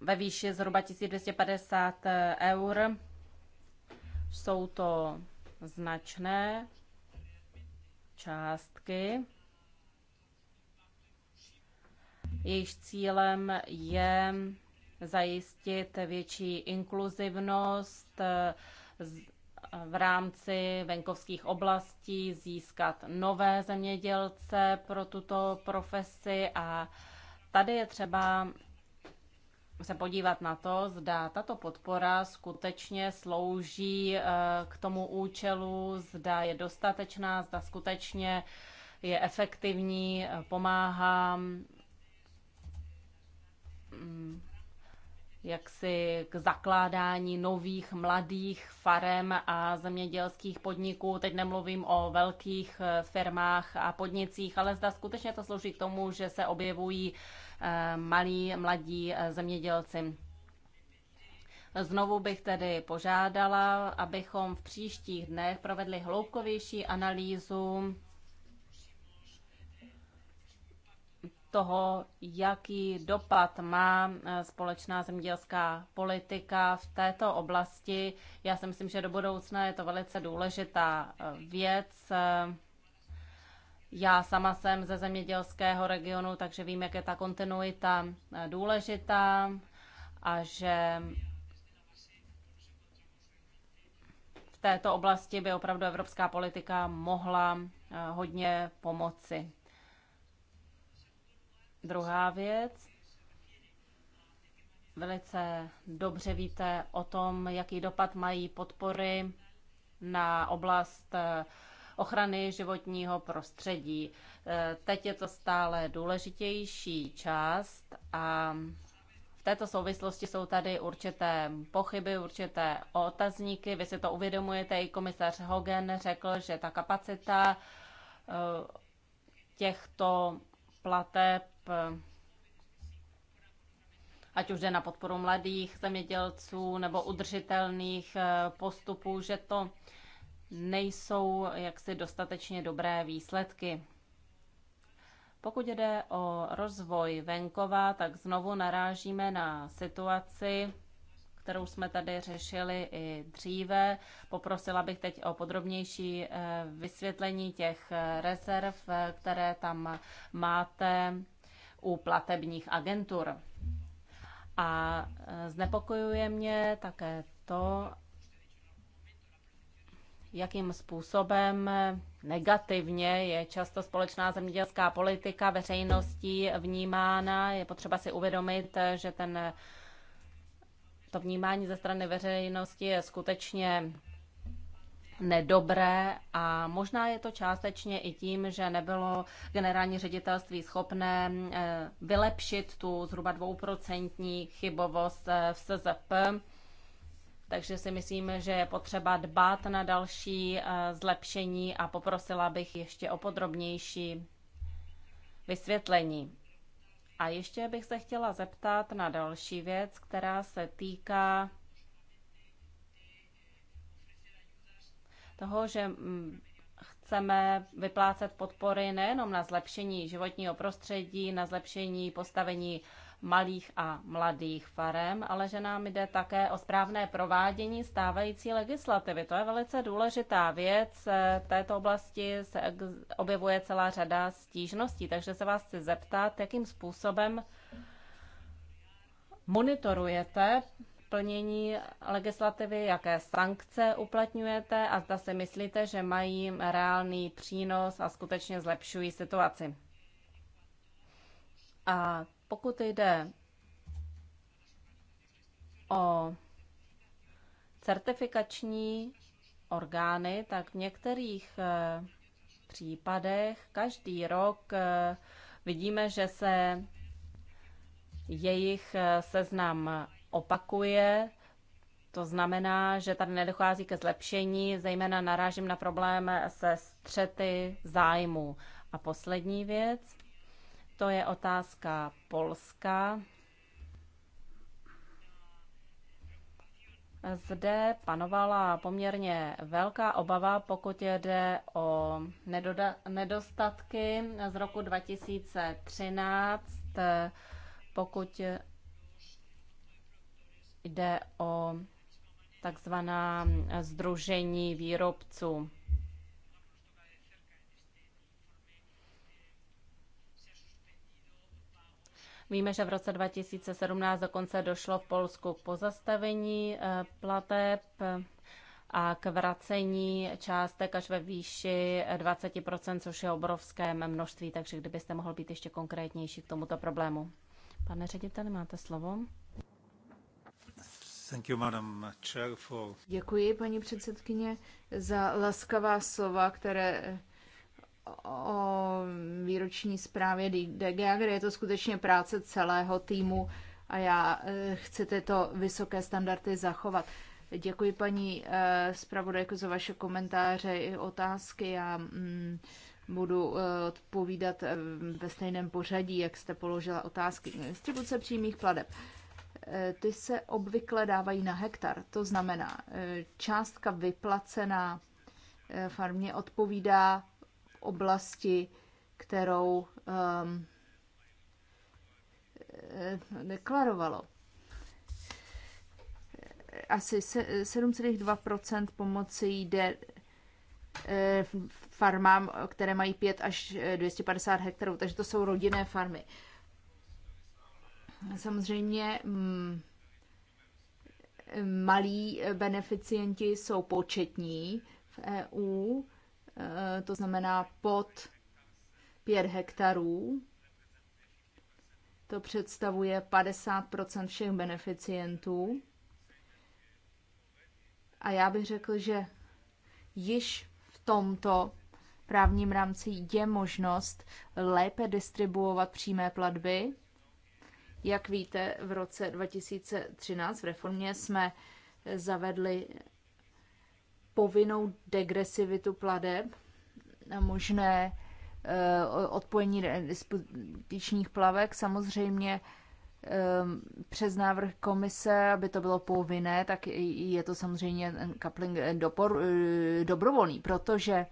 ve výši zhruba 1250 eh, eur. Jsou to značné částky. Jejich cílem je zajistit větší inkluzivnost eh, v rámci venkovských oblastí, získat nové zemědělce pro tuto profesi a tady je třeba se podívat na to, zda tato podpora skutečně slouží eh, k tomu účelu, zda je dostatečná, zda skutečně je efektivní, eh, pomáhá mm, jaksi k zakládání nových mladých farem a zemědělských podniků. Teď nemluvím o velkých eh, firmách a podnicích, ale zda skutečně to slouží k tomu, že se objevují Eh, malí, mladí eh, zemědělci. Znovu bych tedy požádala, abychom v příštích dnech provedli hloubkovější analýzu toho, jaký dopad má eh, společná zemědělská politika v této oblasti. Já si myslím, že do budoucna je to velice důležitá věc. Já sama jsem ze zemědělského regionu, takže vím, jak je ta kontinuita eh, důležitá a že v této oblasti by opravdu evropská politika mohla eh, hodně pomoci. Druhá věc. Velice dobře víte o tom, jaký dopad mají podpory na oblast eh, ochrany životního prostředí. Eh, teď je to stále důležitější část a v této souvislosti jsou tady určité pochyby, určité otazníky. Vy si to uvědomujete, i komisař Hogan řekl, že ta kapacita eh, těchto plateb eh, ať už jde na podporu mladých zemědělců nebo udržitelných postupů, že to nejsou jaksi dostatečně dobré výsledky. Pokud jde o rozvoj venkova, tak znovu narážíme na situaci, kterou jsme tady řešili i dříve. Poprosila bych teď o podrobnější eh, vysvětlení těch eh, rezerv, eh, které tam máte u platebních agentur. A znepokojuje mě také to, jakým způsobem negativně je často společná zemědělská politika veřejností vnímána. Je potřeba si uvědomit, že ten, to vnímání ze strany veřejnosti je skutečně nedobré a možná je to částečně i tím, že nebylo generální ředitelství schopné eh, vylepšit tu zhruba dvouprocentní chybovost eh, v SZP takže si myslím, že je potřeba dbát na další eh, zlepšení a poprosila bych ještě o podrobnější vysvětlení. A ještě bych se chtěla zeptat na další věc, která se týká toho, že mm, chceme vyplácet podpory nejenom na zlepšení životního prostředí, na zlepšení postavení malých a mladých farem, ale že nám jde také o správné provádění stávající legislativy. To je velice důležitá věc. V této oblasti se objevuje celá řada stížností, takže se vás chci zeptat, jakým způsobem monitorujete plnění legislativy, jaké sankce uplatňujete a zda si myslíte, že mají reálný přínos a skutečně zlepšují situaci. A pokud jde o certifikační orgány, tak v některých eh, případech každý rok eh, vidíme, že se jejich eh, seznam opakuje. To znamená, že tady nedochází ke zlepšení, zejména narážím na problém se střety zájmu. A poslední věc, to je otázka Polska. Zde panovala poměrně velká obava, pokud jde o nedostatky z roku 2013, pokud jde o takzvaná združení výrobců. Víme, že v roce 2017 dokonce došlo v Polsku k pozastavení eh, plateb eh, a k vracení částek až ve výši 20%, což je obrovské množství, takže kdybyste mohl být ještě konkrétnější k tomuto problému. Pane řediteli, máte slovo. You, Chair, for... Děkuji, paní předsedkyně, za laskavá slova, které o výroční zprávě DG kde Je to skutečně práce celého týmu a já eh, chci tyto vysoké standardy zachovat. Děkuji paní eh, zpravodajku za vaše komentáře i otázky. Já mm, budu eh, odpovídat ve stejném pořadí, jak jste položila otázky. Distribuce přímých pladeb. Ty se obvykle dávají na hektar. To znamená, částka vyplacená farmě odpovídá oblasti, kterou um, eh, deklarovalo. Asi 7,2 pomoci jde eh, farmám, které mají 5 až 250 hektarů, takže to jsou rodinné farmy. Samozřejmě hm, malí beneficienti jsou početní v EU, Eh, to znamená pod 5 hektarů. To představuje 50 všech beneficientů. A já bych řekl, že již v tomto právním rámci je možnost lépe distribuovat přímé platby. Jak víte, v roce 2013 v reformě jsme zavedli povinnou degresivitu pladeb a možné eh, odpojení disputačních plavek. Samozřejmě ehm, přes návrh komise, aby to bylo povinné, tak je to samozřejmě coupling eh, dopor, eh, dobrovolný, protože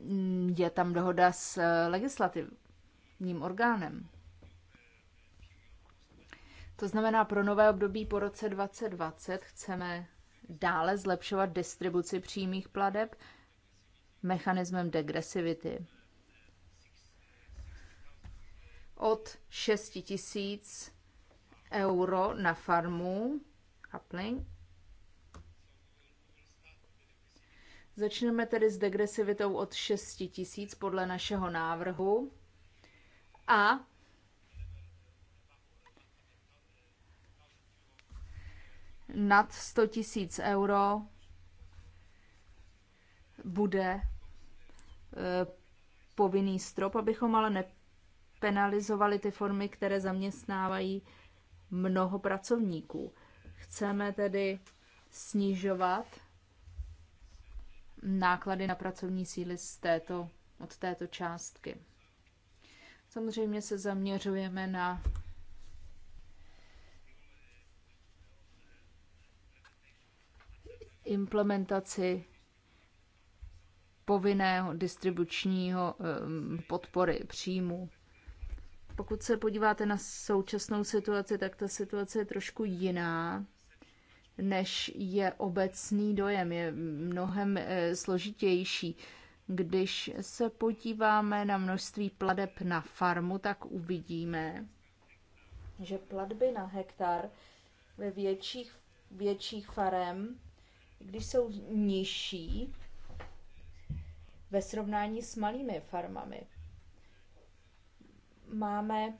mm, je tam dohoda s legislativním orgánem. To znamená, pro nové období po roce 2020 chceme dále zlepšovat distribuci přímých pladeb mechanismem degresivity. Od 6 tisíc euro na farmu coupling. Začneme tedy s degresivitou od 6 tisíc podle našeho návrhu a nad 100 tisíc euro bude e, povinný strop, abychom ale nepenalizovali ty formy, které zaměstnávají mnoho pracovníků. Chceme tedy snižovat náklady na pracovní síly z této, od této částky. Samozřejmě se zaměřujeme na implementaci povinného distribučního podpory příjmu. Pokud se podíváte na současnou situaci, tak ta situace je trošku jiná, než je obecný dojem. Je mnohem eh, složitější. Když se podíváme na množství pladeb na farmu, tak uvidíme, že platby na hektar ve větších, větších farem když jsou nižší ve srovnání s malými farmami. Máme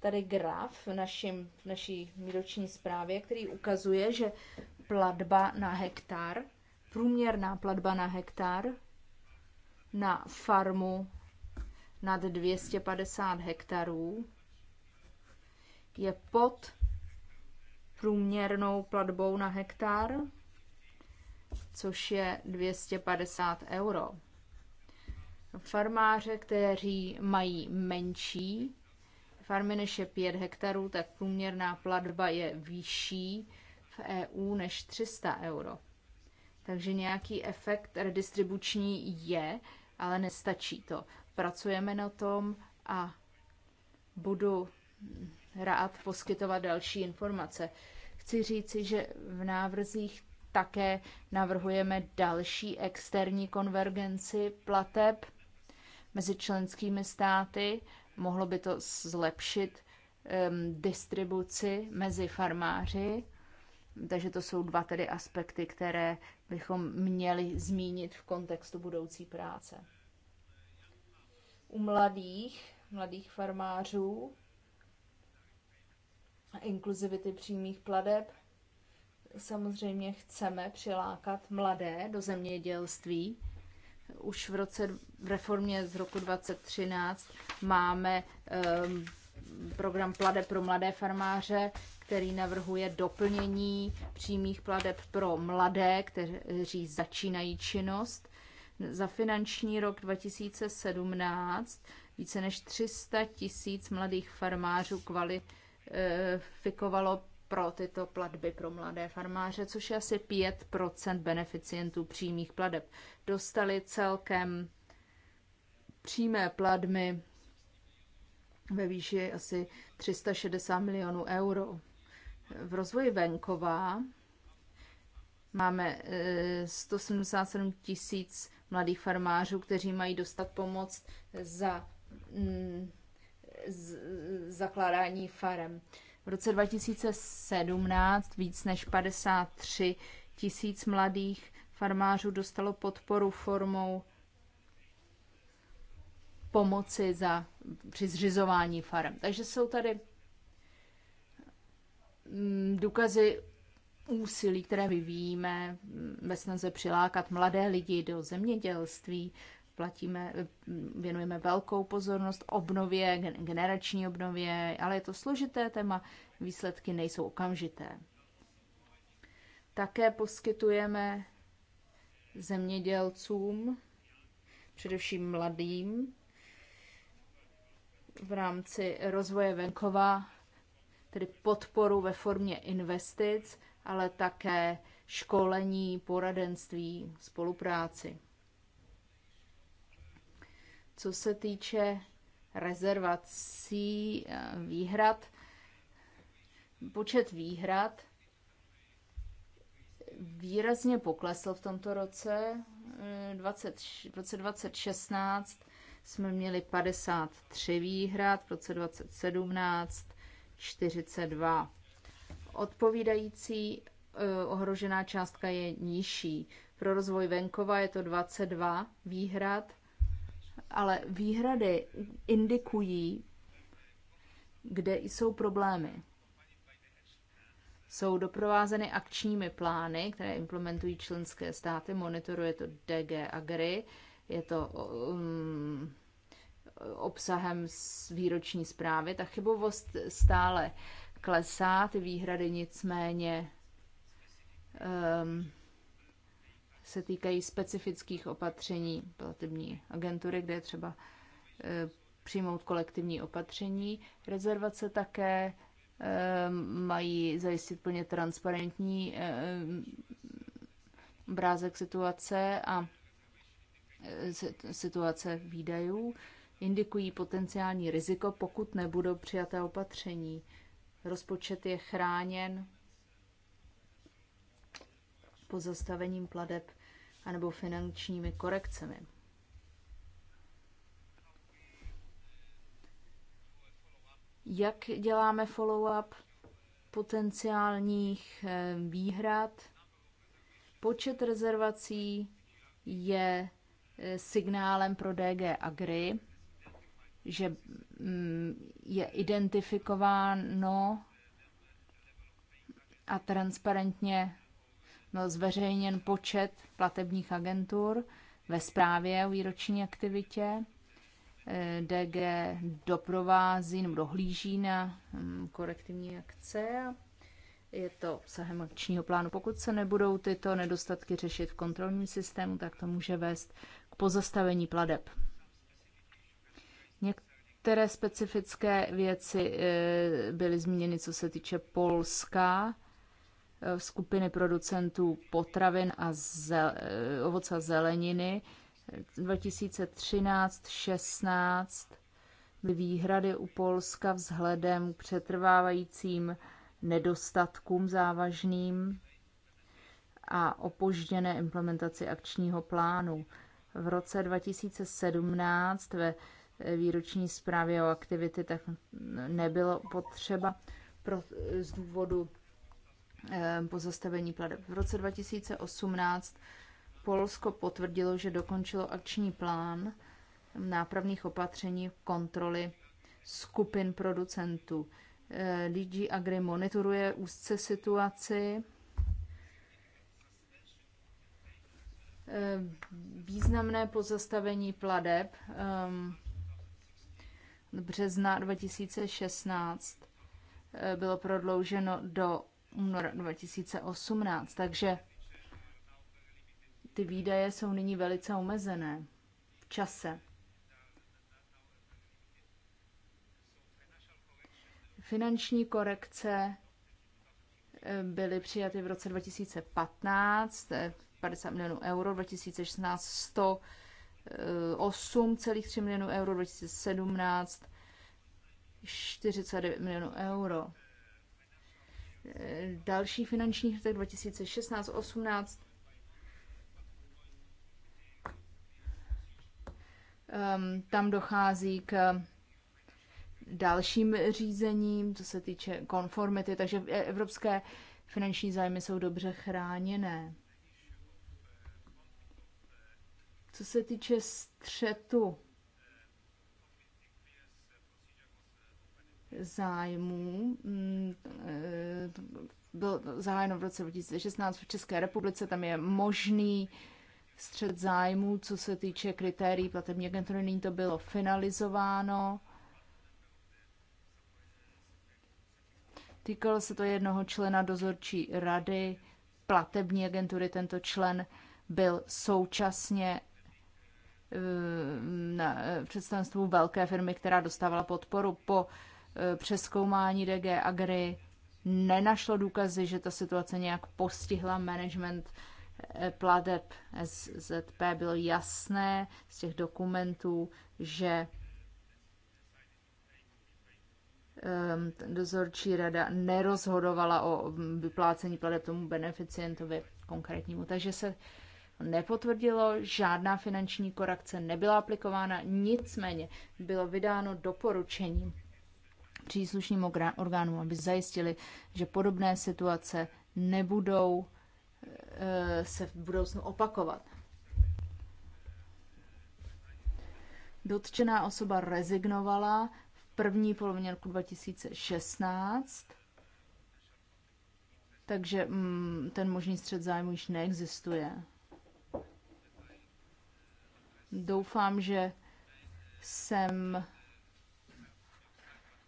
tady graf v, našim, v naší výroční zprávě, který ukazuje, že platba na hektar, průměrná platba na hektar na farmu nad 250 hektarů je pod průměrnou platbou na hektar, což je 250 euro. Farmáře, kteří mají menší farmy než je 5 hektarů, tak průměrná platba je vyšší v EU než 300 euro. Takže nějaký efekt redistribuční je, ale nestačí to. Pracujeme na tom a budu rád poskytovat další informace. Chci říci, že v návrzích také navrhujeme další externí konvergenci plateb mezi členskými státy. Mohlo by to zlepšit um, distribuci mezi farmáři. Takže to jsou dva tedy aspekty, které bychom měli zmínit v kontextu budoucí práce. U mladých, mladých farmářů a inkluzivity přímých pladeb. Samozřejmě chceme přilákat mladé do zemědělství. Už v roce v reformě z roku 2013 máme um, program plade pro mladé farmáře, který navrhuje doplnění přímých pladeb pro mladé, kteří začínají činnost. Za finanční rok 2017 více než 300 tisíc mladých farmářů kvalifikovaných fikovalo pro tyto platby pro mladé farmáře, což je asi 5 beneficientů přímých plateb. Dostali celkem přímé platby ve výši asi 360 milionů euro. V rozvoji venková máme 177 eh, tisíc mladých farmářů, kteří mají dostat pomoc za mm, z, zakládání farem. V roce 2017 víc než 53 tisíc mladých farmářů dostalo podporu formou pomoci za, při zřizování farem. Takže jsou tady mm, důkazy úsilí, které vyvíjíme mm, ve snaze přilákat mladé lidi do zemědělství, platíme, věnujeme velkou pozornost obnově, generační obnově, ale je to složité téma, výsledky nejsou okamžité. Také poskytujeme zemědělcům, především mladým, v rámci rozvoje venkova, tedy podporu ve formě investic, ale také školení, poradenství, spolupráci. Co se týče rezervací eh, výhrad, počet výhrad výrazně poklesl v tomto roce. 20, eh, v roce 2016 jsme měli 53 výhrad, v roce 2017 42. Odpovídající eh, ohrožená částka je nižší. Pro rozvoj venkova je to 22 výhrad, ale výhrady indikují, kde jsou problémy. Jsou doprovázeny akčními plány, které implementují členské státy, monitoruje to DG Agri, je to um, obsahem z výroční zprávy. Ta chybovost stále klesá, ty výhrady nicméně um, se týkají specifických opatření platební agentury, kde je třeba e, přijmout kolektivní opatření. Rezervace také e, mají zajistit plně transparentní e, obrázek situace a situace výdajů indikují potenciální riziko, pokud nebudou přijaté opatření. Rozpočet je chráněn pozastavením pladeb anebo finančními korekcemi. Jak děláme follow-up potenciálních eh, výhrad? Počet rezervací je eh, signálem pro DG Agri, že mm, je identifikováno a transparentně byl zveřejněn počet platebních agentur ve zprávě o výroční aktivitě. Eh, DG doprovází nebo dohlíží na mm, korektivní akce. Je to obsahem akčního plánu. Pokud se nebudou tyto nedostatky řešit v kontrolním systému, tak to může vést k pozastavení pladeb. Některé specifické věci eh, byly zmíněny, co se týče Polska Eh, skupiny producentů potravin a zel, eh, ovoce a zeleniny. 2013-16 eh, byly výhrady u Polska vzhledem k přetrvávajícím nedostatkům závažným a opožděné implementaci akčního plánu. V roce 2017 ve výroční zprávě o aktivity tak nebylo potřeba pro, z důvodu Eh, pozastavení pladeb. V roce 2018 Polsko potvrdilo, že dokončilo akční plán nápravných opatření kontroly skupin producentů. Eh, DG Agri monitoruje úzce situaci. Eh, významné pozastavení pladeb ehm, března 2016 bylo prodlouženo do února 2018. Takže ty výdaje jsou nyní velice omezené v čase. Finanční korekce eh, byly přijaty v roce 2015, 50 eh, milionů euro, 2016 108,3 eh, milionů euro, 2017 49 milionů euro. Eh, další finanční tak 2016-18 ehm, tam dochází k dalším řízením, co se týče konformity, takže eh, evropské finanční zájmy jsou dobře chráněné. Co se týče střetu zájmů. Mm, bylo zahájeno v roce 2016 v České republice, tam je možný střed zájmů, co se týče kritérií platební agentury, nyní to bylo finalizováno. Týkalo se to jednoho člena dozorčí rady platební agentury. Tento člen byl současně eh, na eh, představenstvu velké firmy, která dostávala podporu po Eh, přeskoumání DG Agri nenašlo důkazy, že ta situace nějak postihla management eh, pladeb SZP. Bylo jasné z těch dokumentů, že ehm, dozorčí rada nerozhodovala o mm, vyplácení pladeb tomu beneficientovi konkrétnímu. Takže se nepotvrdilo, žádná finanční korekce nebyla aplikována, nicméně bylo vydáno doporučení příslušným orgánům, aby zajistili, že podobné situace nebudou eh, se v budoucnu opakovat. Dotčená osoba rezignovala v první polovině roku 2016, takže mm, ten možný střed zájmu již neexistuje. Doufám, že jsem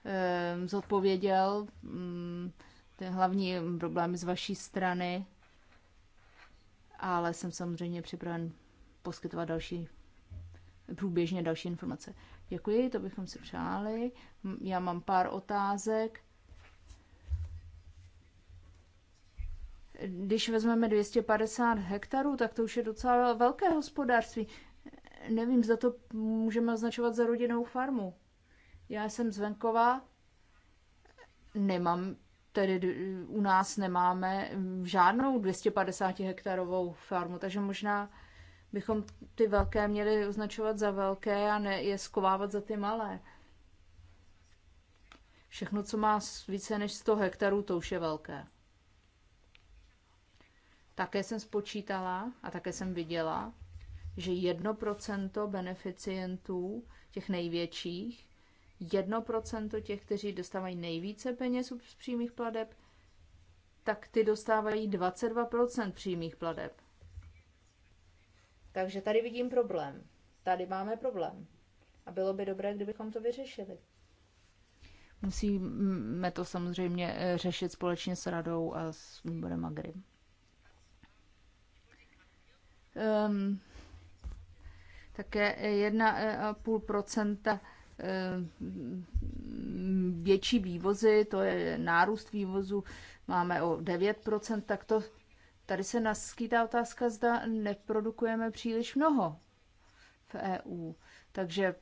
Ehm, zodpověděl mm, ty hlavní problémy z vaší strany, ale jsem samozřejmě připraven poskytovat další průběžně další informace. Děkuji, to bychom si přáli. Já mám pár otázek. Když vezmeme 250 hektarů, tak to už je docela velké hospodářství. Nevím, zda to můžeme označovat za rodinnou farmu. Já jsem zvenková. nemám, tedy u nás nemáme žádnou 250 hektarovou farmu, takže možná bychom ty velké měli označovat za velké a ne je skovávat za ty malé. Všechno, co má více než 100 hektarů, to už je velké. Také jsem spočítala a také jsem viděla, že 1% beneficientů těch největších 1% těch, kteří dostávají nejvíce peněz z přímých pladeb, tak ty dostávají 22% přímých pladeb. Takže tady vidím problém. Tady máme problém. A bylo by dobré, kdybychom to vyřešili. Musíme to samozřejmě eh, řešit společně s radou a s výborem Agri. Um, také 1,5 Eh, větší vývozy, to je nárůst vývozu, máme o 9%, tak to tady se naskýtá otázka, zda neprodukujeme příliš mnoho v EU. Takže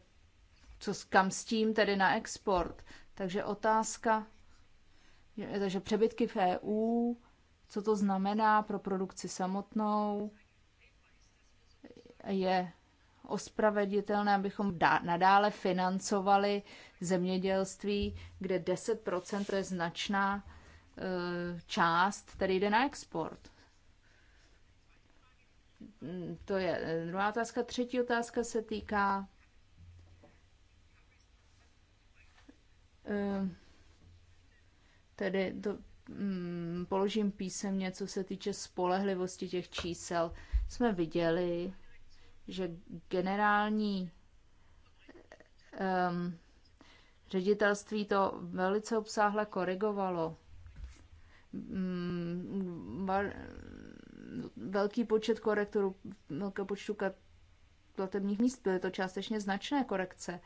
co kam s tím tedy na export? Takže otázka, takže přebytky v EU, co to znamená pro produkci samotnou, je ospraveditelné, abychom nadále financovali zemědělství, kde 10% to je značná e, část, který jde na export. Mm, to je e, druhá otázka. Třetí otázka se týká e, tedy to, mm, položím písemně, co se týče spolehlivosti těch čísel. Jsme viděli, že generální um, ředitelství to velice obsáhle korigovalo. Um, mm, var, velký počet korektorů, velké počtu platebních míst, byly to částečně značné korekce.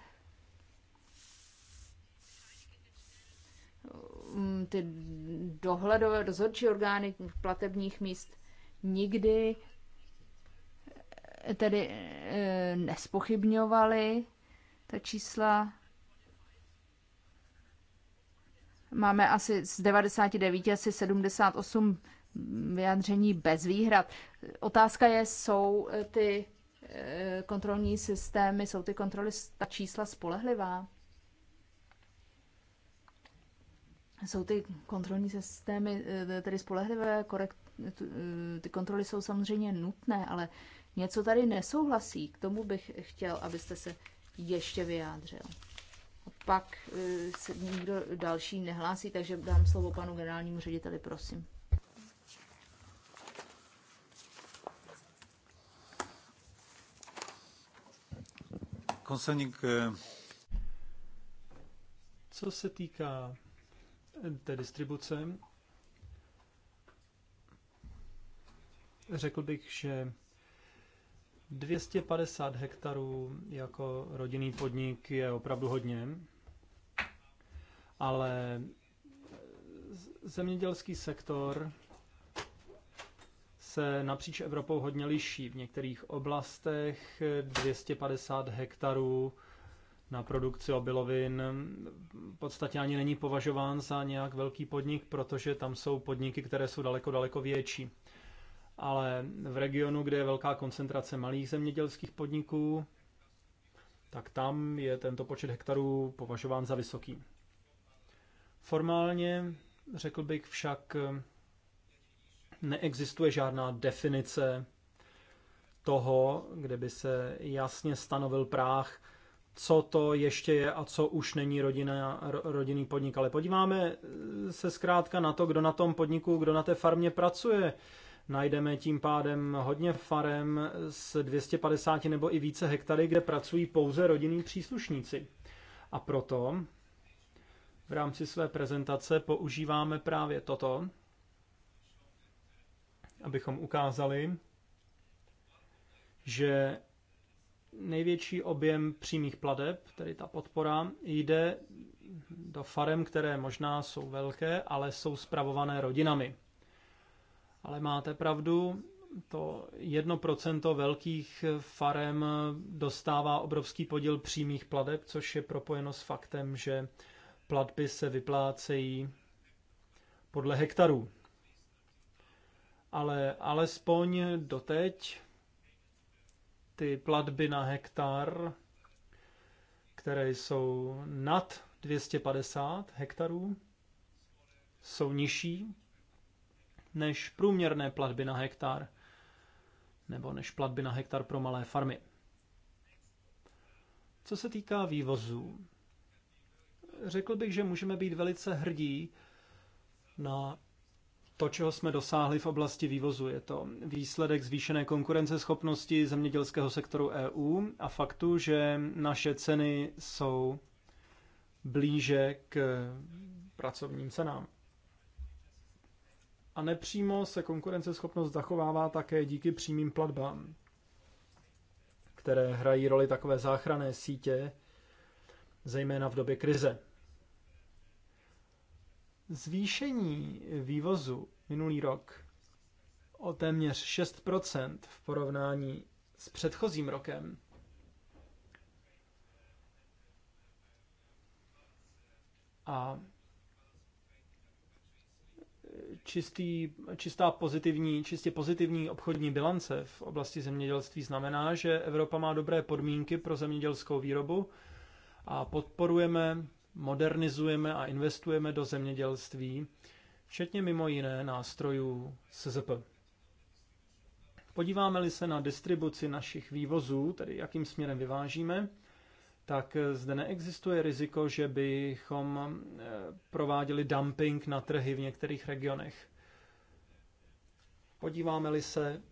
Mm, ty dohledové dozorčí orgány platebních míst nikdy tedy e, nespochybňovali ta čísla. Máme asi z 99 asi 78 vyjádření bez výhrad. Otázka je, jsou eh, ty eh, kontrolní systémy, jsou ty kontroly, ta čísla spolehlivá? Jsou ty kontrolní systémy tedy spolehlivé, korekt, ty kontroly jsou samozřejmě nutné, ale něco tady nesouhlasí. K tomu bych chtěl, abyste se ještě vyjádřil. A pak eh, se nikdo další nehlásí, takže dám slovo panu generálnímu řediteli, prosím. Konstaník. Eh, Co se týká eh, té distribuce, řekl bych, že 250 hektarů jako rodinný podnik je opravdu hodně, ale zemědělský sektor se napříč Evropou hodně liší. V některých oblastech 250 hektarů na produkci obilovin v podstatě ani není považován za nějak velký podnik, protože tam jsou podniky, které jsou daleko, daleko větší ale v regionu, kde je velká koncentrace malých zemědělských podniků, tak tam je tento počet hektarů považován za vysoký. Formálně, řekl bych však, neexistuje žádná definice toho, kde by se jasně stanovil práh, co to ještě je a co už není rodina, rodinný podnik. Ale podíváme se zkrátka na to, kdo na tom podniku, kdo na té farmě pracuje Najdeme tím pádem hodně farem s 250 nebo i více hektary, kde pracují pouze rodinní příslušníci. A proto v rámci své prezentace používáme právě toto, abychom ukázali, že největší objem přímých pladeb, tedy ta podpora, jde do farem, které možná jsou velké, ale jsou spravované rodinami. Ale máte pravdu, to jedno procento velkých farem dostává obrovský podíl přímých plateb, což je propojeno s faktem, že platby se vyplácejí podle hektarů. Ale alespoň doteď ty platby na hektar, které jsou nad 250 hektarů, jsou nižší než průměrné platby na hektar nebo než platby na hektar pro malé farmy. Co se týká vývozů, řekl bych, že můžeme být velice hrdí na to, čeho jsme dosáhli v oblasti vývozu, je to výsledek zvýšené konkurenceschopnosti zemědělského sektoru EU a faktu, že naše ceny jsou blíže k pracovním cenám a nepřímo se konkurenceschopnost zachovává také díky přímým platbám, které hrají roli takové záchranné sítě, zejména v době krize. Zvýšení vývozu minulý rok o téměř 6% v porovnání s předchozím rokem a Čistý, čistá pozitivní, čistě pozitivní obchodní bilance v oblasti zemědělství znamená, že Evropa má dobré podmínky pro zemědělskou výrobu a podporujeme, modernizujeme a investujeme do zemědělství, včetně mimo jiné nástrojů SZP. Podíváme-li se na distribuci našich vývozů, tedy jakým směrem vyvážíme, tak eh, zde neexistuje riziko, že bychom eh, prováděli dumping na trhy v některých regionech. Podíváme-li se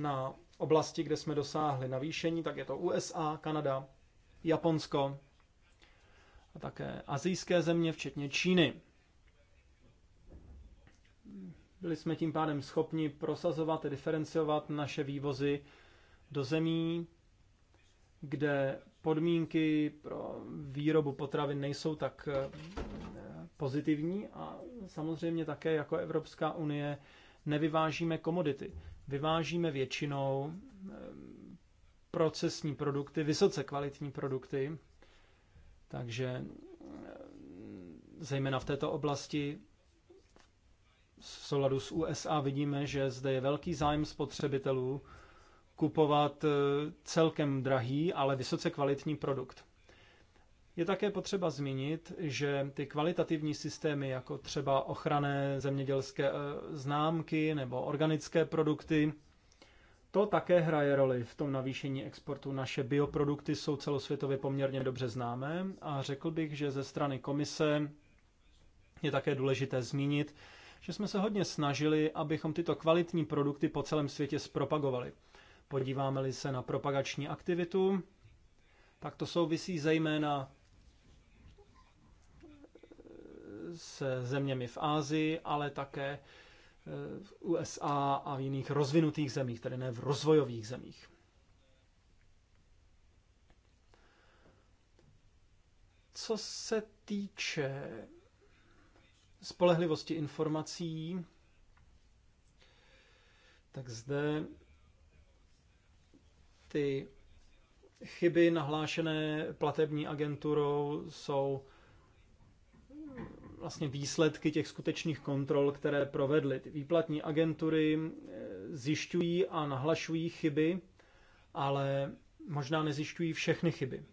na oblasti, kde jsme dosáhli navýšení, tak je to USA, Kanada, Japonsko a také azijské země, včetně Číny. Byli jsme tím pádem schopni prosazovat a diferenciovat naše vývozy do zemí, kde podmínky pro výrobu potravin nejsou tak eh, pozitivní a samozřejmě také jako Evropská unie nevyvážíme komodity. Vyvážíme většinou eh, procesní produkty, vysoce kvalitní produkty, takže eh, zejména v této oblasti v souladu s USA vidíme, že zde je velký zájem spotřebitelů kupovat eh, celkem drahý, ale vysoce kvalitní produkt. Je také potřeba zmínit, že ty kvalitativní systémy, jako třeba ochranné zemědělské eh, známky nebo organické produkty, to také hraje roli v tom navýšení exportu. Naše bioprodukty jsou celosvětově poměrně dobře známé a řekl bych, že ze strany komise je také důležité zmínit, že jsme se hodně snažili, abychom tyto kvalitní produkty po celém světě zpropagovali. Podíváme-li se na propagační aktivitu, tak to souvisí zejména se zeměmi v Ázii, ale také v USA a v jiných rozvinutých zemích, tedy ne v rozvojových zemích. Co se týče spolehlivosti informací, tak zde ty chyby nahlášené platební agenturou jsou vlastně výsledky těch skutečných kontrol, které provedly. Ty výplatní agentury eh, zjišťují a nahlašují chyby, ale možná nezjišťují všechny chyby.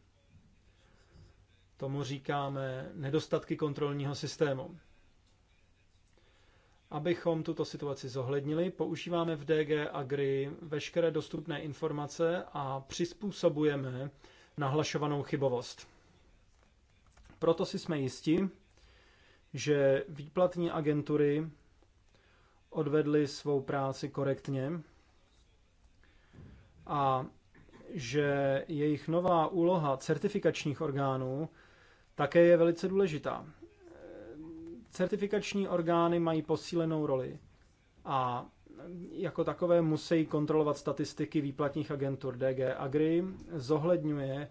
Tomu říkáme nedostatky kontrolního systému. Abychom tuto situaci zohlednili, používáme v DG Agri veškeré dostupné informace a přizpůsobujeme nahlašovanou chybovost. Proto si jsme jisti, že výplatní agentury odvedly svou práci korektně a že jejich nová úloha certifikačních orgánů také je velice důležitá. Certifikační orgány mají posílenou roli a jako takové musí kontrolovat statistiky výplatních agentur DG Agri, zohledňuje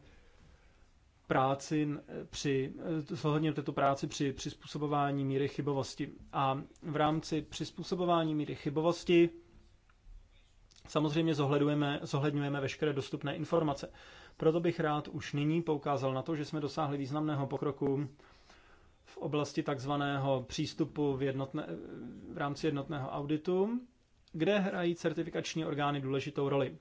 práci při, zohledňujete tu práci při přizpůsobování míry chybovosti. A v rámci přizpůsobování míry chybovosti samozřejmě zohledujeme, zohledňujeme veškeré dostupné informace. Proto bych rád už nyní poukázal na to, že jsme dosáhli významného pokroku v oblasti takzvaného přístupu v, jednotné, v rámci jednotného auditu, kde hrají certifikační orgány důležitou roli.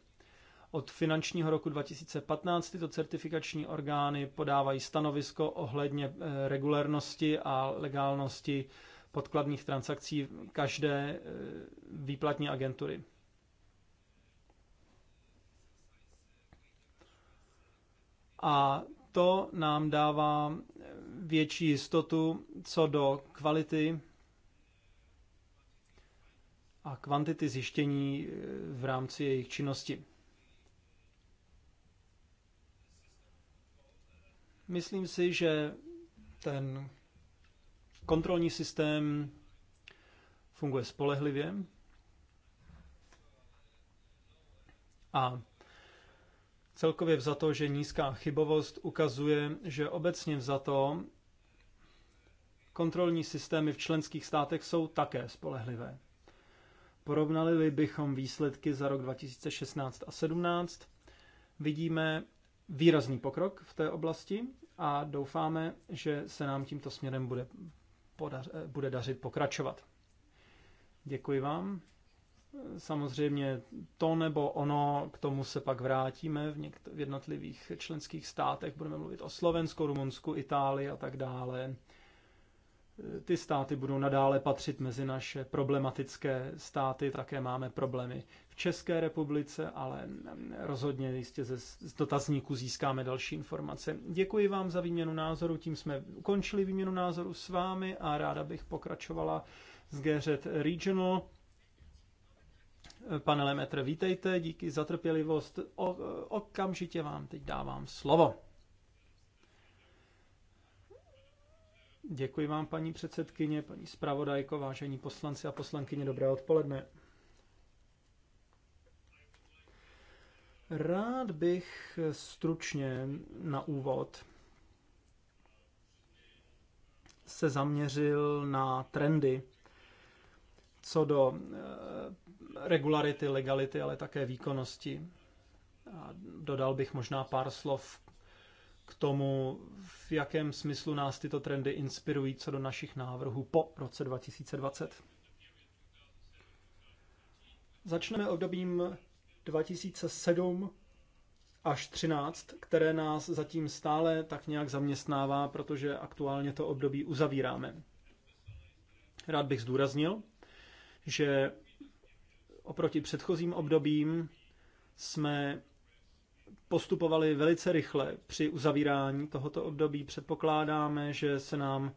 Od finančního roku 2015 tyto certifikační orgány podávají stanovisko ohledně eh, regulérnosti a legálnosti podkladních transakcí každé eh, výplatní agentury. A to nám dává větší jistotu co do kvality a kvantity zjištění eh, v rámci jejich činnosti. Myslím si, že ten kontrolní systém funguje spolehlivě a celkově vzato, že nízká chybovost ukazuje, že obecně vzato Kontrolní systémy v členských státech jsou také spolehlivé. Porovnali bychom výsledky za rok 2016 a 17, vidíme výrazný pokrok v té oblasti a doufáme, že se nám tímto směrem bude, podař, bude dařit pokračovat. Děkuji vám. Samozřejmě to nebo ono, k tomu se pak vrátíme v, v jednotlivých členských státech. Budeme mluvit o Slovensku, Rumunsku, Itálii a tak dále ty státy budou nadále patřit mezi naše problematické státy, také máme problémy v České republice, ale rozhodně jistě ze, z dotazníku získáme další informace. Děkuji vám za výměnu názoru, tím jsme ukončili výměnu názoru s vámi a ráda bych pokračovala z GZ Regional. Pane Lemetr, vítejte, díky za trpělivost. O, okamžitě vám teď dávám slovo. Děkuji vám, paní předsedkyně, paní zpravodajko, vážení poslanci a poslankyně, dobré odpoledne. Rád bych stručně na úvod se zaměřil na trendy co do eh, regularity, legality, ale také výkonnosti. A dodal bych možná pár slov k tomu, v jakém smyslu nás tyto trendy inspirují co do našich návrhů po roce 2020. Začneme obdobím 2007 až 13, které nás zatím stále tak nějak zaměstnává, protože aktuálně to období uzavíráme. Rád bych zdůraznil, že oproti předchozím obdobím jsme postupovali velice rychle při uzavírání tohoto období. Předpokládáme, že se nám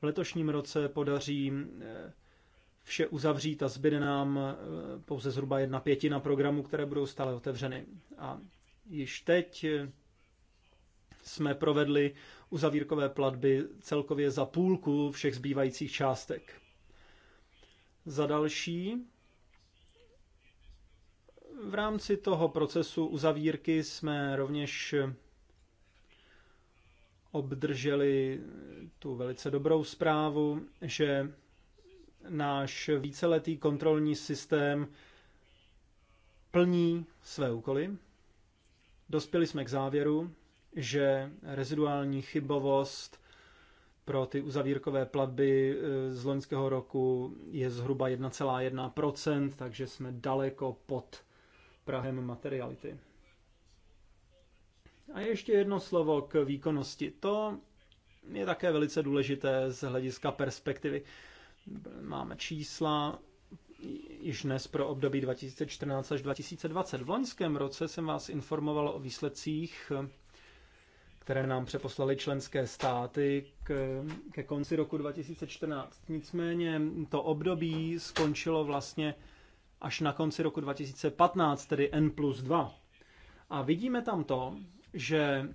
v letošním roce podaří eh, vše uzavřít a zbyde nám eh, pouze zhruba jedna pětina programů, které budou stále otevřeny. A již teď eh, jsme provedli uzavírkové platby celkově za půlku všech zbývajících částek. Za další, v rámci toho procesu uzavírky jsme rovněž obdrželi tu velice dobrou zprávu, že náš víceletý kontrolní systém plní své úkoly. Dospěli jsme k závěru, že reziduální chybovost pro ty uzavírkové platby eh, z loňského roku je zhruba 1,1%, takže jsme daleko pod prahem materiality. A ještě jedno slovo k výkonnosti. To je také velice důležité z hlediska perspektivy. Máme čísla již dnes pro období 2014 až 2020. V loňském roce jsem vás informoval o výsledcích, které nám přeposlali členské státy k, ke konci roku 2014. Nicméně to období skončilo vlastně až na konci roku 2015, tedy N plus 2. A vidíme tam to, že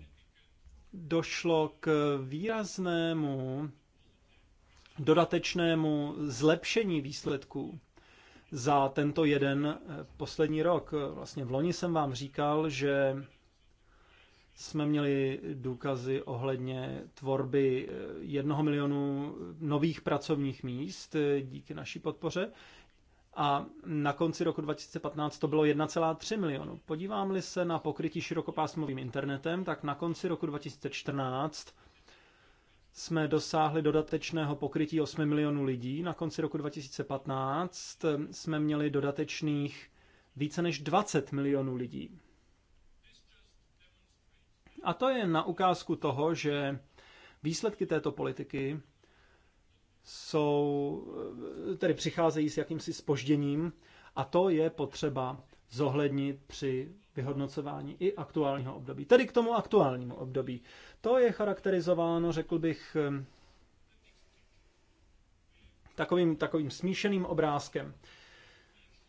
došlo k výraznému dodatečnému zlepšení výsledků za tento jeden eh, poslední rok. Vlastně v loni jsem vám říkal, že jsme měli důkazy ohledně tvorby eh, jednoho milionu nových pracovních míst eh, díky naší podpoře a na konci roku 2015 to bylo 1,3 milionu. Podívám-li se na pokrytí širokopásmovým internetem, tak na konci roku 2014 jsme dosáhli dodatečného pokrytí 8 milionů lidí. Na konci roku 2015 jsme měli dodatečných více než 20 milionů lidí. A to je na ukázku toho, že výsledky této politiky jsou, eh, tedy přicházejí s jakýmsi spožděním a to je potřeba zohlednit při vyhodnocování i aktuálního období. Tedy k tomu aktuálnímu období. To je charakterizováno, řekl bych, eh, takovým, takovým smíšeným obrázkem.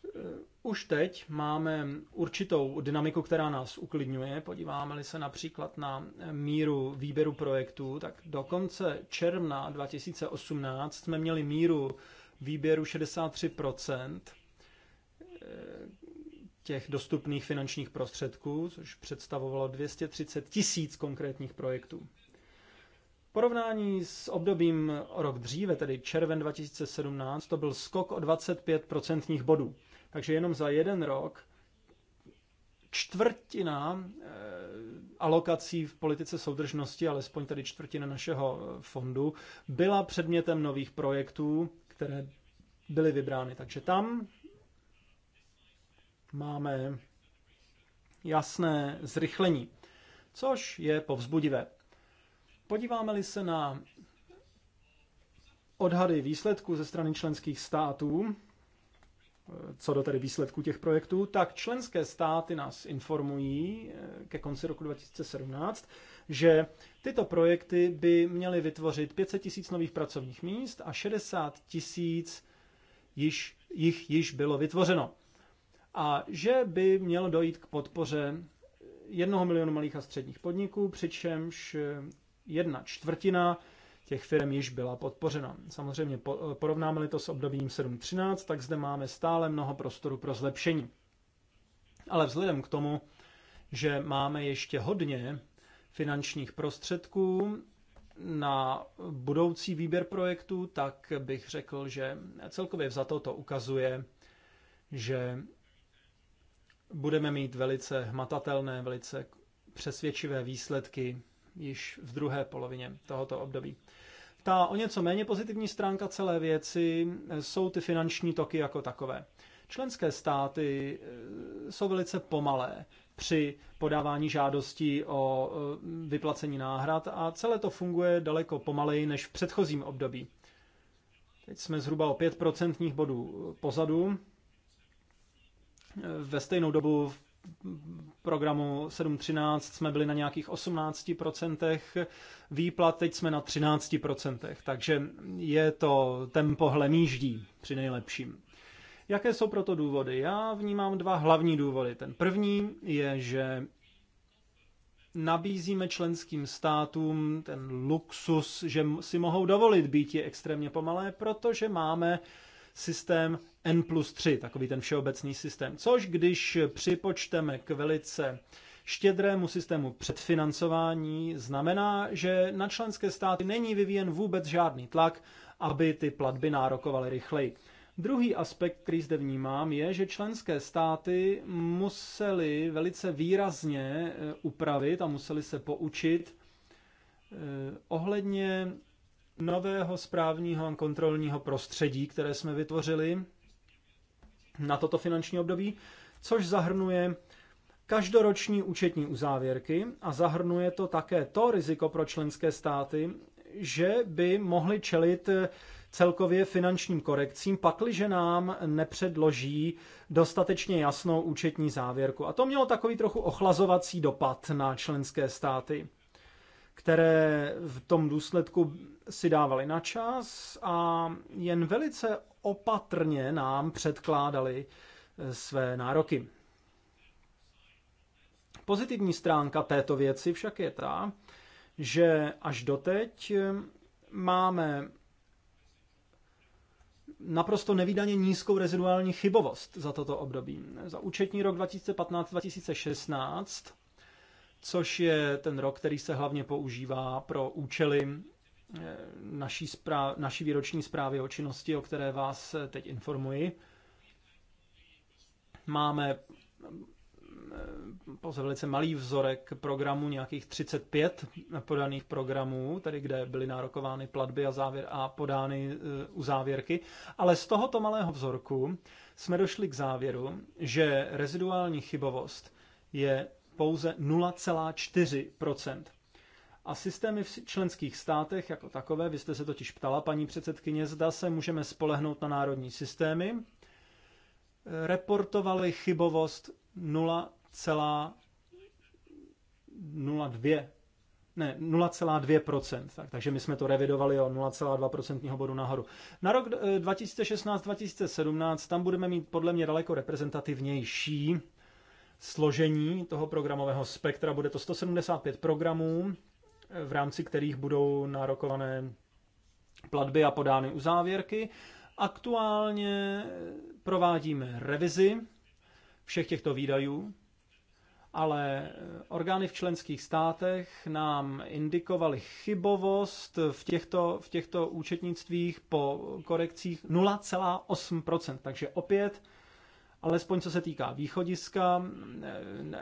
Eh, už teď máme určitou dynamiku, která nás uklidňuje. Podíváme-li se například na míru výběru projektů, tak do konce června 2018 jsme měli míru výběru 63% eh, těch dostupných finančních prostředků, což představovalo 230 tisíc konkrétních projektů. Porovnání s obdobím rok dříve, tedy červen 2017, to byl skok o 25% bodů. Takže jenom za jeden rok čtvrtina eh, alokací v politice soudržnosti, alespoň tedy čtvrtina našeho eh, fondu, byla předmětem nových projektů, které byly vybrány. Takže tam máme jasné zrychlení, což je povzbudivé. Podíváme-li se na odhady výsledků ze strany členských států, co do tedy výsledků těch projektů, tak členské státy nás informují eh, ke konci roku 2017, že tyto projekty by měly vytvořit 500 tisíc nových pracovních míst a 60 tisíc již, jich již bylo vytvořeno. A že by mělo dojít k podpoře jednoho milionu malých a středních podniků, přičemž eh, jedna čtvrtina těch firm již byla podpořena. Samozřejmě eh, porovnáme-li to s obdobím 7.13, tak zde máme stále mnoho prostoru pro zlepšení. Ale vzhledem k tomu, že máme ještě hodně finančních prostředků na budoucí výběr projektů, tak bych řekl, že celkově za to to ukazuje, že budeme mít velice hmatatelné, velice přesvědčivé výsledky již v druhé polovině tohoto období. Ta o něco méně pozitivní stránka celé věci eh, jsou ty finanční toky jako takové. Členské státy eh, jsou velice pomalé při podávání žádostí o eh, vyplacení náhrad a celé to funguje daleko pomaleji než v předchozím období. Teď jsme zhruba o 5% bodů pozadu. Ve stejnou dobu v programu 7.13 jsme byli na nějakých 18%, výplat teď jsme na 13%, takže je to tempo hlemíždí při nejlepším. Jaké jsou proto důvody? Já vnímám dva hlavní důvody. Ten první je, že nabízíme členským státům ten luxus, že si mohou dovolit být je extrémně pomalé, protože máme uh, systém N plus 3, takový ten všeobecný systém. Což když připočteme k velice štědrému systému předfinancování, znamená, že na členské státy není vyvíjen vůbec žádný tlak, aby ty platby nárokovaly rychleji. Druhý aspekt, který zde vnímám, je, že členské státy museli velice výrazně eh, upravit a museli se poučit eh, ohledně nového správního a kontrolního prostředí, které jsme vytvořili na toto finanční období, což zahrnuje každoroční účetní uzávěrky a zahrnuje to také to riziko pro členské státy, že by mohly čelit celkově finančním korekcím, pakliže nám nepředloží dostatečně jasnou účetní závěrku. A to mělo takový trochu ochlazovací dopad na členské státy které v tom důsledku si dávali na čas a jen velice opatrně nám předkládali eh, své nároky. Pozitivní stránka této věci však je ta, že až doteď eh, máme naprosto nevýdaně nízkou reziduální chybovost za toto období. Za účetní rok 2015-2016 což je ten rok, který se hlavně používá pro účely eh, naší, zpráv, naší výroční zprávy o činnosti, o které vás eh, teď informuji. Máme eh, pouze velice malý vzorek programu nějakých 35 podaných programů, tedy kde byly nárokovány platby a, závěr, a podány uzávěrky. Ale z tohoto malého vzorku jsme došli k závěru, že reziduální chybovost je pouze 0,4 a systémy v členských státech jako takové, vy jste se totiž ptala, paní předsedkyně, zda se můžeme spolehnout na národní systémy, reportovali chybovost 0,02 ne, 0,2%, tak, takže my jsme to revidovali o 0,2% bodu nahoru. Na rok 2016-2017 eh, tam budeme mít podle mě daleko reprezentativnější složení toho programového spektra. Bude to 175 programů, v rámci kterých budou nárokované platby a podány uzávěrky. Aktuálně provádíme revizi všech těchto výdajů, ale orgány v členských státech nám indikovaly chybovost v těchto, v těchto účetnictvích po korekcích 0,8%. Takže opět alespoň co se týká východiska,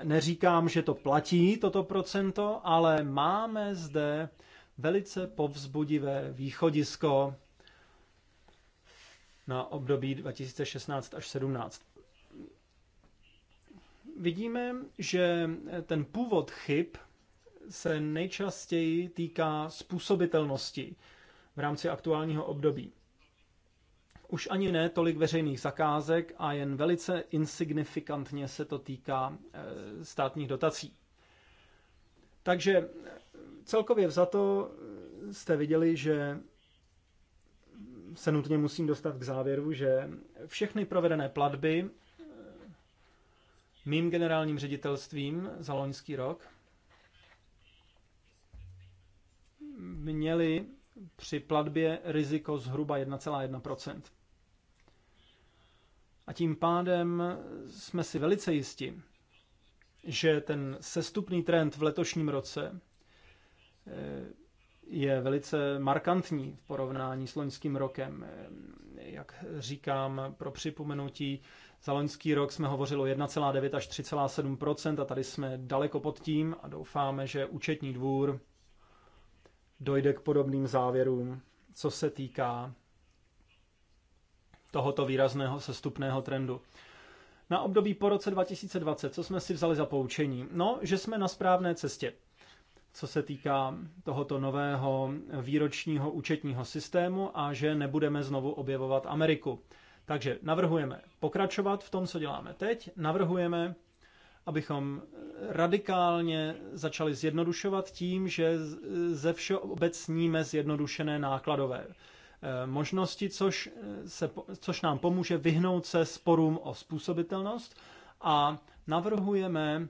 neříkám, že to platí, toto procento, ale máme zde velice povzbudivé východisko na období 2016 až 17. Vidíme, že ten původ chyb se nejčastěji týká způsobitelnosti v rámci aktuálního období. Už ani ne tolik veřejných zakázek a jen velice insignifikantně se to týká eh, státních dotací. Takže eh, celkově vzato eh, jste viděli, že se nutně musím dostat k závěru, že všechny provedené platby mým generálním ředitelstvím za loňský rok měly při platbě riziko zhruba 1,1%. A tím pádem jsme si velice jisti, že ten sestupný trend v letošním roce eh, je velice markantní v porovnání s loňským rokem. Eh, jak říkám, pro připomenutí, za loňský rok jsme hovořili o 1,9 až 3,7 a tady jsme daleko pod tím a doufáme, že účetní dvůr dojde k podobným závěrům, co se týká tohoto výrazného sestupného trendu. Na období po roce 2020, co jsme si vzali za poučení? No, že jsme na správné cestě co se týká tohoto nového výročního účetního systému a že nebudeme znovu objevovat Ameriku. Takže navrhujeme pokračovat v tom, co děláme teď. Navrhujeme, abychom radikálně začali zjednodušovat tím, že ze všeobecníme zjednodušené nákladové Eh, možnosti, což, eh, se, což nám pomůže vyhnout se sporům o způsobitelnost a navrhujeme,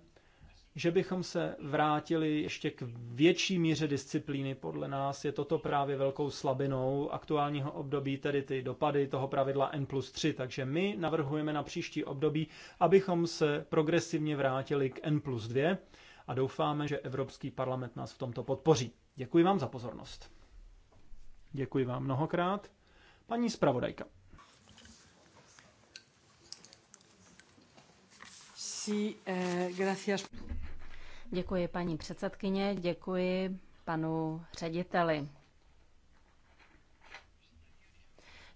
že bychom se vrátili ještě k větší míře disciplíny. Podle nás je toto právě velkou slabinou aktuálního období, tedy ty dopady toho pravidla N plus 3. Takže my navrhujeme na příští období, abychom se progresivně vrátili k N plus 2 a doufáme, že Evropský parlament nás v tomto podpoří. Děkuji vám za pozornost. Děkuji vám mnohokrát. Paní zpravodajka. Sí, eh, gracias. Děkuji paní předsedkyně, děkuji panu řediteli.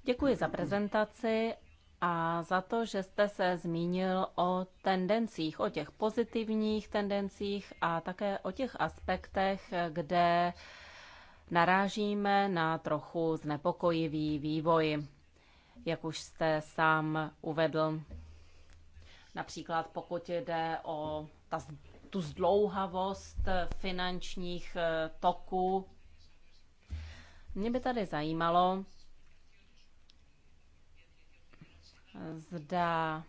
Děkuji za prezentaci a za to, že jste se zmínil o tendencích, o těch pozitivních tendencích a také o těch aspektech, kde narážíme na trochu znepokojivý vývoj, jak už jste sám uvedl. Například pokud jde o ta, tu zdlouhavost finančních eh, toků, mě by tady zajímalo, zda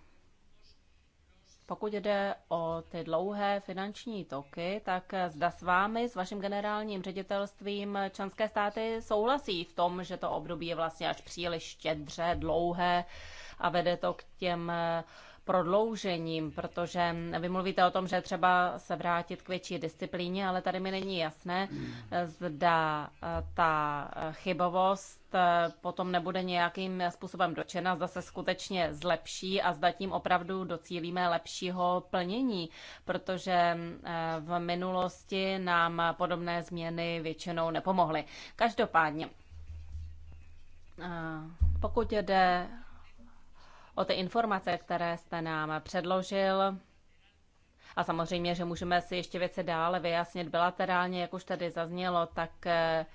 pokud jde o ty dlouhé finanční toky, tak zda s vámi, s vaším generálním ředitelstvím členské státy souhlasí v tom, že to období je vlastně až příliš štědře, dlouhé a vede to k těm uh, prodloužením, protože vy mluvíte o tom, že třeba se vrátit k větší disciplíně, ale tady mi není jasné, zda eh, ta chybovost eh, potom nebude nějakým způsobem dočena, zda se skutečně zlepší a zda tím opravdu docílíme lepšího plnění, protože eh, v minulosti nám podobné změny většinou nepomohly. Každopádně, pokud jde o ty informace, které jste nám předložil. A samozřejmě, že můžeme si ještě věci dále vyjasnit bilaterálně, jak už tady zaznělo, tak eh,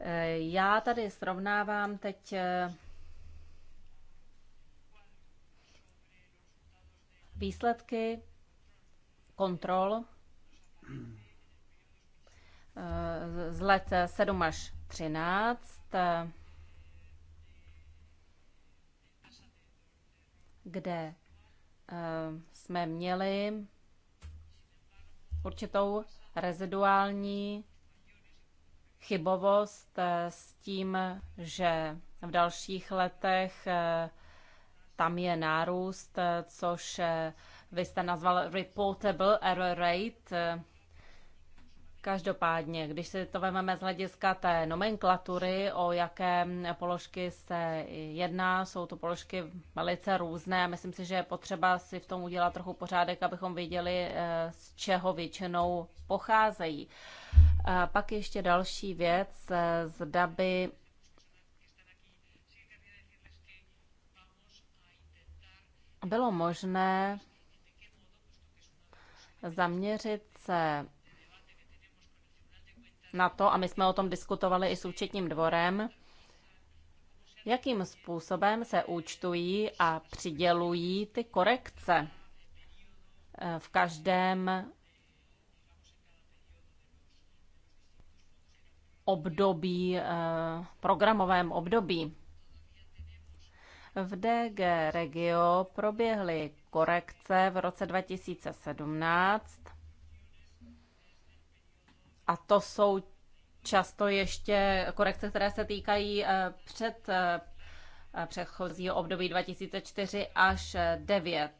eh, já tady srovnávám teď eh, výsledky kontrol z let 7 až 13 kde eh, jsme měli určitou reziduální chybovost eh, s tím, že v dalších letech eh, tam je nárůst, což vy jste nazval reportable error rate, Každopádně, když si to vezmeme z hlediska té nomenklatury, o jaké položky se jedná, jsou to položky velice různé a myslím si, že je potřeba si v tom udělat trochu pořádek, abychom viděli, eh, z čeho většinou pocházejí. A pak ještě další věc, eh, zda by bylo možné zaměřit se na to, a my jsme o tom diskutovali i s účetním dvorem, jakým způsobem se účtují a přidělují ty korekce eh, v každém období, eh, programovém období. V DG Regio proběhly korekce v roce 2017 a to jsou často ještě korekce, které se týkají eh, před eh, eh, předchozího období 2004 až 9.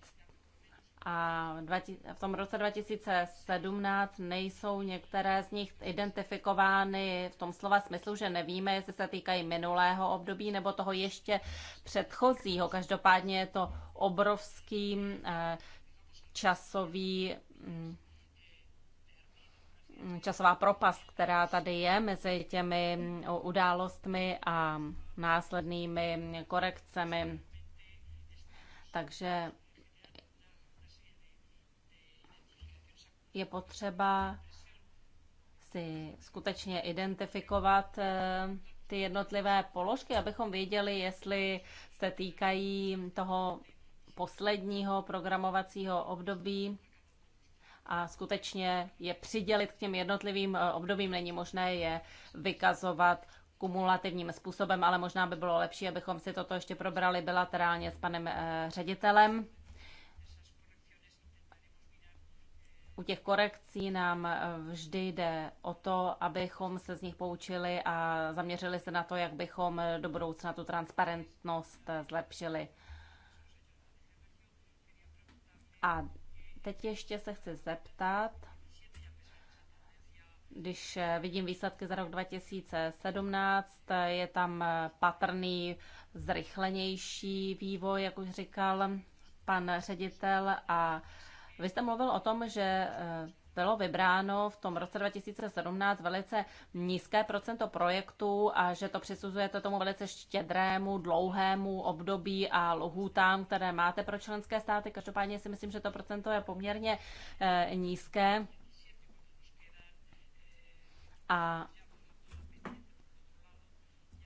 A v tom roce 2017 nejsou některé z nich identifikovány v tom slova smyslu, že nevíme, jestli se týkají minulého období nebo toho ještě předchozího. Každopádně je to obrovský časový mm, časová propast, která tady je mezi těmi událostmi a následnými korekcemi. Takže je potřeba si skutečně identifikovat eh, ty jednotlivé položky, abychom věděli, jestli se týkají toho posledního programovacího období a skutečně je přidělit k těm jednotlivým eh, obdobím. Není možné je vykazovat kumulativním způsobem, ale možná by bylo lepší, abychom si toto ještě probrali bilaterálně s panem eh, ředitelem. U těch korekcí nám eh, vždy jde o to, abychom se z nich poučili a zaměřili se na to, jak bychom do budoucna tu transparentnost zlepšili. A Teď ještě se chci zeptat, když eh, vidím výsledky za rok 2017, eh, je tam eh, patrný zrychlenější vývoj, jak už říkal pan ředitel. A vy jste mluvil o tom, že bylo vybráno v tom roce 2017 velice nízké procento projektů a že to přisuzujete tomu velice štědrému, dlouhému období a lhůtám, které máte pro členské státy. Každopádně si myslím, že to procento je poměrně eh, nízké. A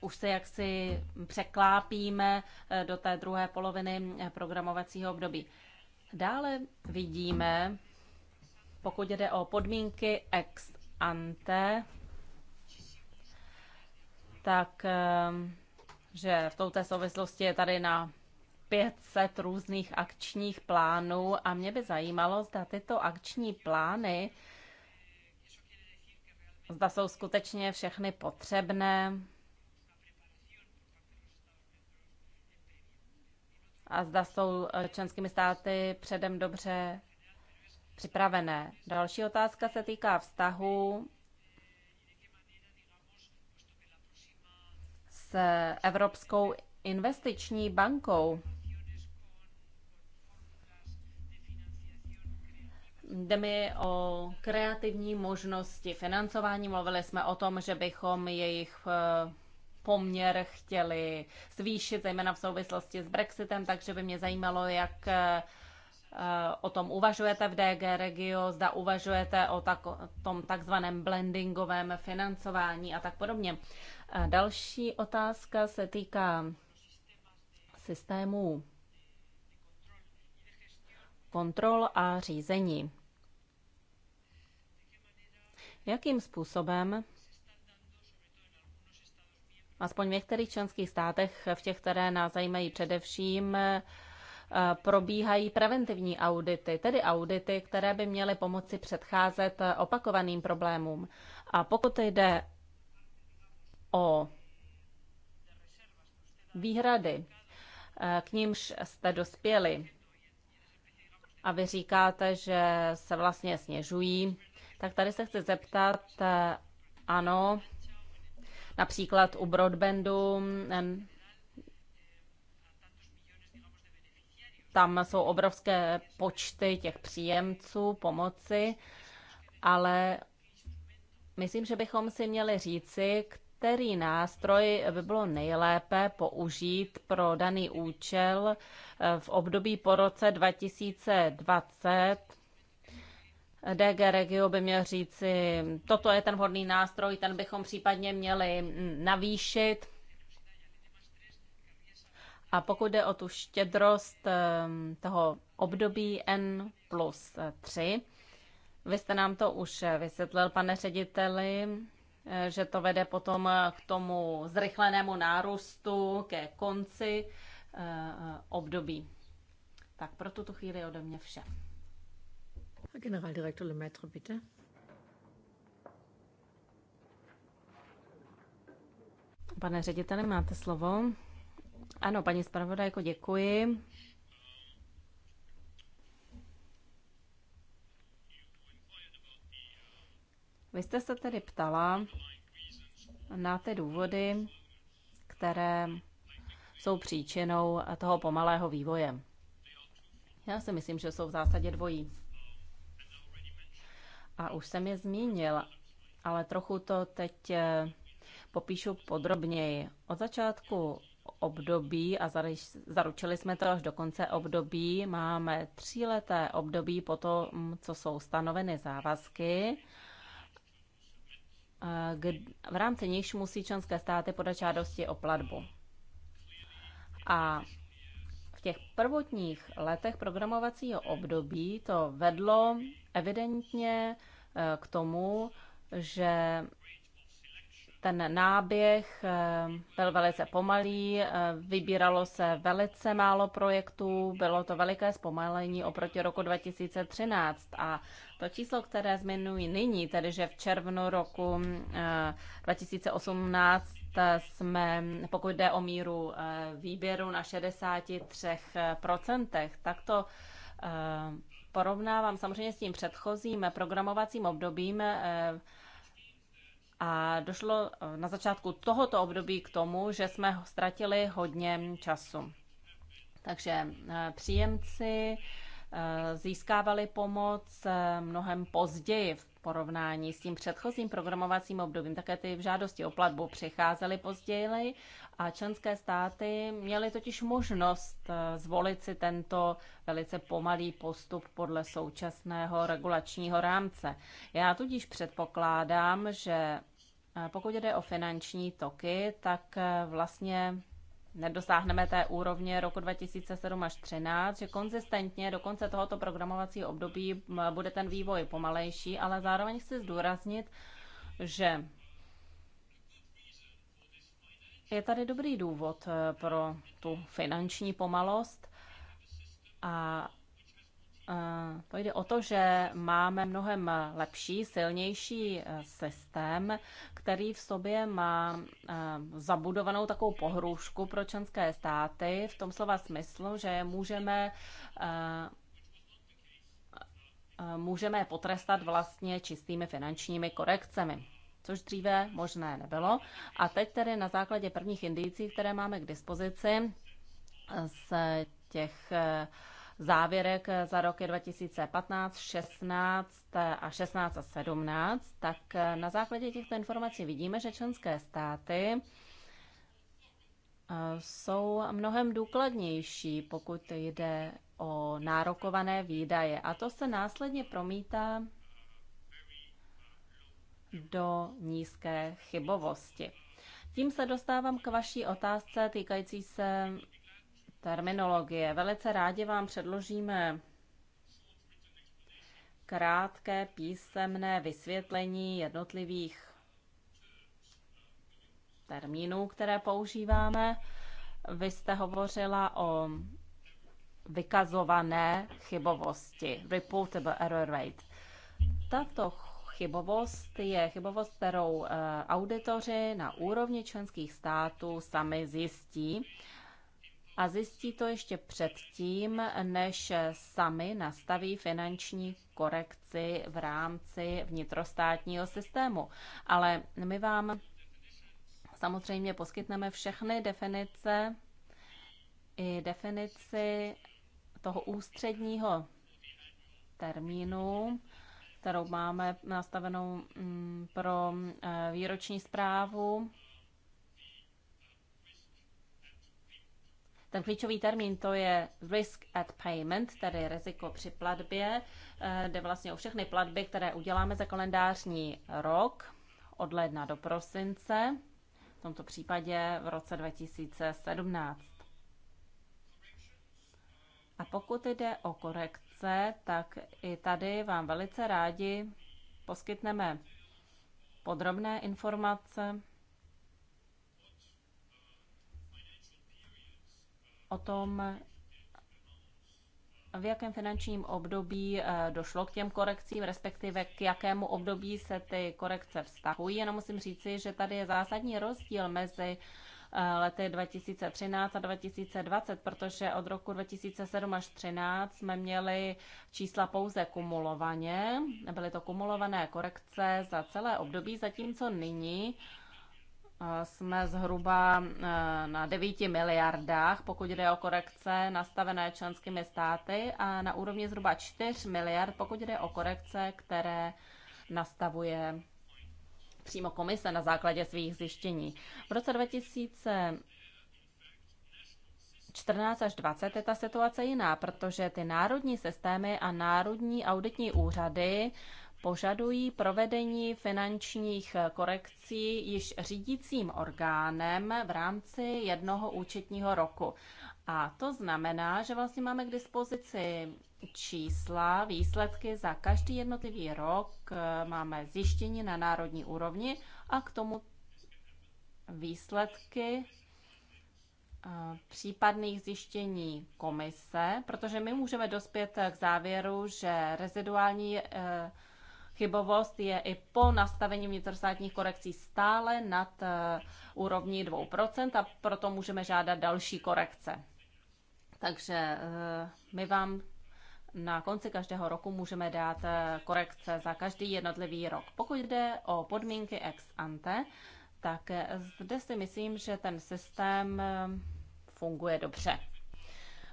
už se jaksi překlápíme eh, do té druhé poloviny eh, programovacího období. Dále vidíme, pokud jde o podmínky ex ante, tak ehm, že v touto souvislosti je tady na 500 různých akčních plánů a mě by zajímalo, zda tyto akční plány zda jsou skutečně všechny potřebné a zda jsou eh, členskými státy předem dobře připravené. Další otázka se týká vztahu s Evropskou investiční bankou. Jde mi o kreativní možnosti financování. Mluvili jsme o tom, že bychom jejich eh, poměr chtěli zvýšit, zejména v souvislosti s Brexitem, takže by mě zajímalo, jak eh, o tom uvažujete v DG Regio, zda uvažujete o tak, tom takzvaném blendingovém financování a tak podobně. A další otázka se týká systémů kontrol a řízení. Jakým způsobem aspoň v některých členských státech, v těch, které nás zajímají především, Eh, probíhají preventivní audity, tedy audity, které by měly pomoci předcházet eh, opakovaným problémům. A pokud jde o výhrady, eh, k nímž jste dospěli a vy říkáte, že se vlastně sněžují, tak tady se chci zeptat, ano, například u broadbandu Tam jsou obrovské počty těch příjemců pomoci, ale myslím, že bychom si měli říci, který nástroj by bylo nejlépe použít pro daný účel eh, v období po roce 2020. DG Regio by měl říci, toto je ten vhodný nástroj, ten bychom případně měli navýšit a pokud jde o tu štědrost ehm, toho období N plus 3, vy jste nám to už vysvětlil, pane řediteli, eh, že to vede potom k tomu zrychlenému nárůstu ke konci eh, eh, období. Tak pro tuto chvíli ode mě vše. Generaldirektor Lemaitre, bitte. Pane řediteli, máte slovo. Ano, paní zpravodajko, děkuji. Vy jste se tedy ptala na ty důvody, které jsou příčinou toho pomalého vývoje. Já si myslím, že jsou v zásadě dvojí. A už jsem je zmínil, ale trochu to teď popíšu podrobněji. Od začátku období a zaručili jsme to až do konce období. Máme tříleté období po tom, co jsou stanoveny závazky, v rámci nichž musí členské státy podat žádosti o platbu. A v těch prvotních letech programovacího období to vedlo evidentně e, k tomu, že ten náběh eh, byl velice pomalý, eh, vybíralo se velice málo projektů, bylo to veliké zpomalení oproti roku 2013 a to číslo, které zmiňuji nyní, tedy že v červnu roku 2018 eh, jsme, pokud jde o míru výběru na 63%, tak to porovnávám samozřejmě s tím předchozím programovacím obdobím, a došlo eh, na začátku tohoto období k tomu, že jsme ztratili hodně času. Takže eh, příjemci eh, získávali pomoc mnohem později v porovnání s tím předchozím programovacím obdobím. Také ty žádosti o platbu přicházely později a členské státy měly totiž možnost zvolit si tento velice pomalý postup podle současného regulačního rámce. Já tudíž předpokládám, že pokud jde o finanční toky, tak eh, vlastně nedosáhneme té úrovně roku 2007 až 2013, že konzistentně do konce tohoto programovacího období bude ten vývoj pomalejší, ale zároveň chci zdůraznit, že je tady dobrý důvod eh, pro tu finanční pomalost a to jde o to, že máme mnohem lepší, silnější eh, systém, který v sobě má eh, zabudovanou takovou pohrůžku pro členské státy v tom slova smyslu, že můžeme eh, můžeme potrestat vlastně čistými finančními korekcemi což dříve možné nebylo. A teď tedy na základě prvních indicí, které máme k dispozici z těch závěrek za roky 2015, 16 a 16 a 17, tak na základě těchto informací vidíme, že členské státy eh, jsou mnohem důkladnější, pokud jde o nárokované výdaje. A to se následně promítá do nízké chybovosti. Tím se dostávám k vaší otázce týkající se terminologie. Velice rádi vám předložíme krátké písemné vysvětlení jednotlivých termínů, které používáme. Vy jste hovořila o vykazované chybovosti, reportable error rate. Tato chybovost je chybovost, kterou eh, auditoři na úrovni členských států sami zjistí a zjistí to ještě předtím, než sami nastaví finanční korekci v rámci vnitrostátního systému. Ale my vám samozřejmě poskytneme všechny definice i definici toho ústředního termínu, kterou máme nastavenou mm, pro eh, výroční zprávu Ten klíčový termín to je risk at payment, tedy riziko při platbě. Eh, jde vlastně o všechny platby, které uděláme za kalendářní rok od ledna do prosince, v tomto případě v roce 2017. A pokud jde o korekce, tak i tady vám velice rádi poskytneme podrobné informace o tom, v jakém finančním období eh, došlo k těm korekcím, respektive k jakému období se ty korekce vztahují. Jenom musím říci, že tady je zásadní rozdíl mezi eh, lety 2013 a 2020, protože od roku 2007 až 2013 jsme měli čísla pouze kumulovaně, byly to kumulované korekce za celé období, zatímco nyní jsme zhruba e, na 9 miliardách, pokud jde o korekce nastavené členskými státy a na úrovni zhruba 4 miliard, pokud jde o korekce, které nastavuje přímo komise na základě svých zjištění. V roce 2014 až 20 je ta situace jiná, protože ty národní systémy a národní auditní úřady požadují provedení finančních korekcí již řídícím orgánem v rámci jednoho účetního roku. A to znamená, že vlastně máme k dispozici čísla, výsledky za každý jednotlivý rok, máme zjištění na národní úrovni a k tomu výsledky eh, případných zjištění komise, protože my můžeme dospět k závěru, že reziduální eh, Chybovost je i po nastavení vnitrostátních korekcí stále nad eh, úrovní 2% a proto můžeme žádat další korekce. Takže eh, my vám na konci každého roku můžeme dát eh, korekce za každý jednotlivý rok. Pokud jde o podmínky ex ante, tak zde si myslím, že ten systém funguje dobře.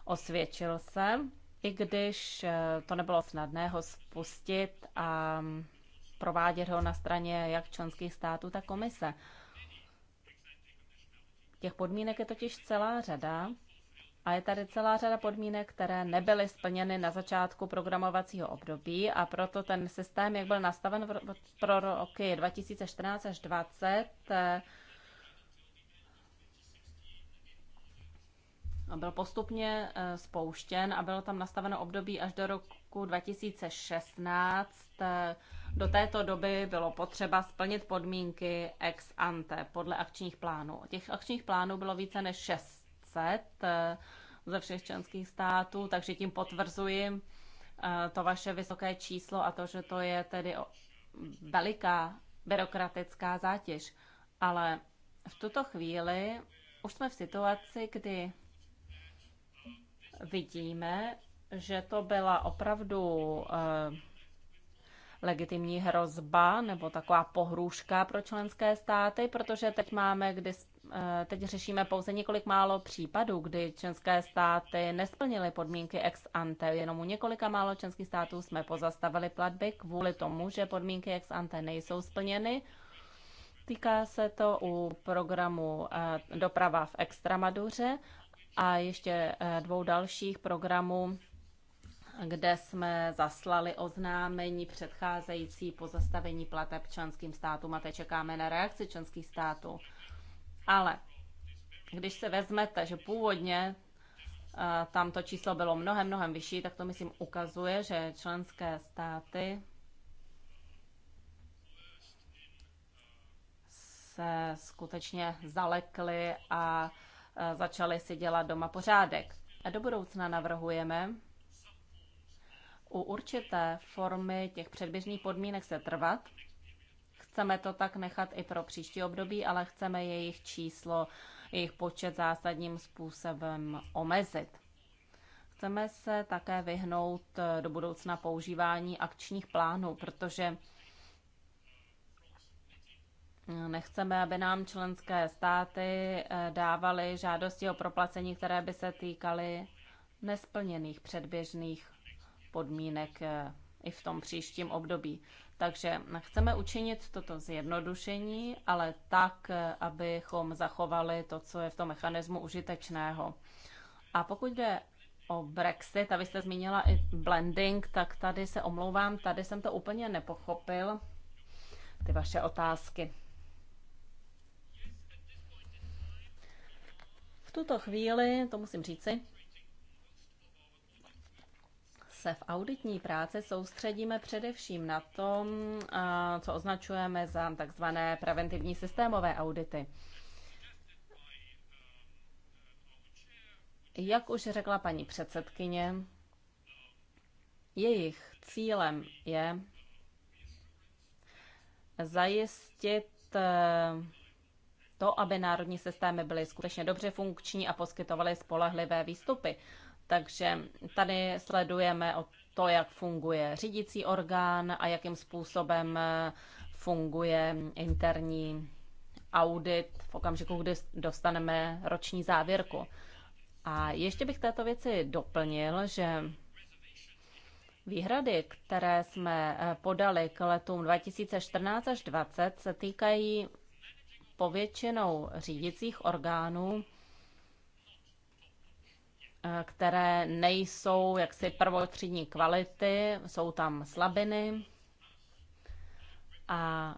Osvědčil se i když eh, to nebylo snadné ho spustit a provádět ho na straně jak členských států, tak komise. Těch podmínek je totiž celá řada a je tady celá řada podmínek, které nebyly splněny na začátku programovacího období a proto ten systém, jak byl nastaven pro roky 2014 až 2020, byl postupně eh, spouštěn a bylo tam nastaveno období až do roku 2016. Eh, do této doby bylo potřeba splnit podmínky ex ante podle akčních plánů. Těch akčních plánů bylo více než 600 eh, ze všech členských států, takže tím potvrzuji to vaše vysoké číslo a to, že to je tedy veliká byrokratická zátěž. Ale v tuto chvíli už jsme v situaci, kdy vidíme, že to byla opravdu eh, legitimní hrozba nebo taková pohrůžka pro členské státy, protože teď máme, kdy eh, teď řešíme pouze několik málo případů, kdy členské státy nesplnily podmínky ex ante. Jenom u několika málo členských států jsme pozastavili platby kvůli tomu, že podmínky ex ante nejsou splněny. Týká se to u programu eh, doprava v Extramaduře a ještě eh, dvou dalších programů, kde jsme zaslali oznámení předcházející pozastavení plateb členským státům a teď čekáme na reakci členských států. Ale když se vezmete, že původně eh, tam to číslo bylo mnohem, mnohem vyšší, tak to myslím ukazuje, že členské státy se skutečně zalekly a Eh, začali si dělat doma pořádek. A do budoucna navrhujeme u určité formy těch předběžných podmínek se trvat. Chceme to tak nechat i pro příští období, ale chceme jejich číslo, jejich počet zásadním způsobem omezit. Chceme se také vyhnout eh, do budoucna používání akčních plánů, protože Nechceme, aby nám členské státy eh, dávaly žádosti o proplacení, které by se týkaly nesplněných předběžných podmínek eh, i v tom příštím období. Takže chceme učinit toto zjednodušení, ale tak, eh, abychom zachovali to, co je v tom mechanismu užitečného. A pokud jde o Brexit, a vy jste zmínila i blending, tak tady se omlouvám, tady jsem to úplně nepochopil, ty vaše otázky. V tuto chvíli, to musím říci, se v auditní práci soustředíme především na to, co označujeme za takzvané preventivní systémové audity. Jak už řekla paní předsedkyně, jejich cílem je zajistit to, aby národní systémy byly skutečně dobře funkční a poskytovaly spolehlivé výstupy. Takže tady sledujeme o to, jak funguje řídící orgán a jakým způsobem eh, funguje interní audit v okamžiku, kdy dostaneme roční závěrku. A ještě bych této věci doplnil, že výhrady, které jsme eh, podali k letům 2014 až 2020, se týkají povětšinou řídicích orgánů, eh, které nejsou jaksi prvotřídní kvality, jsou tam slabiny a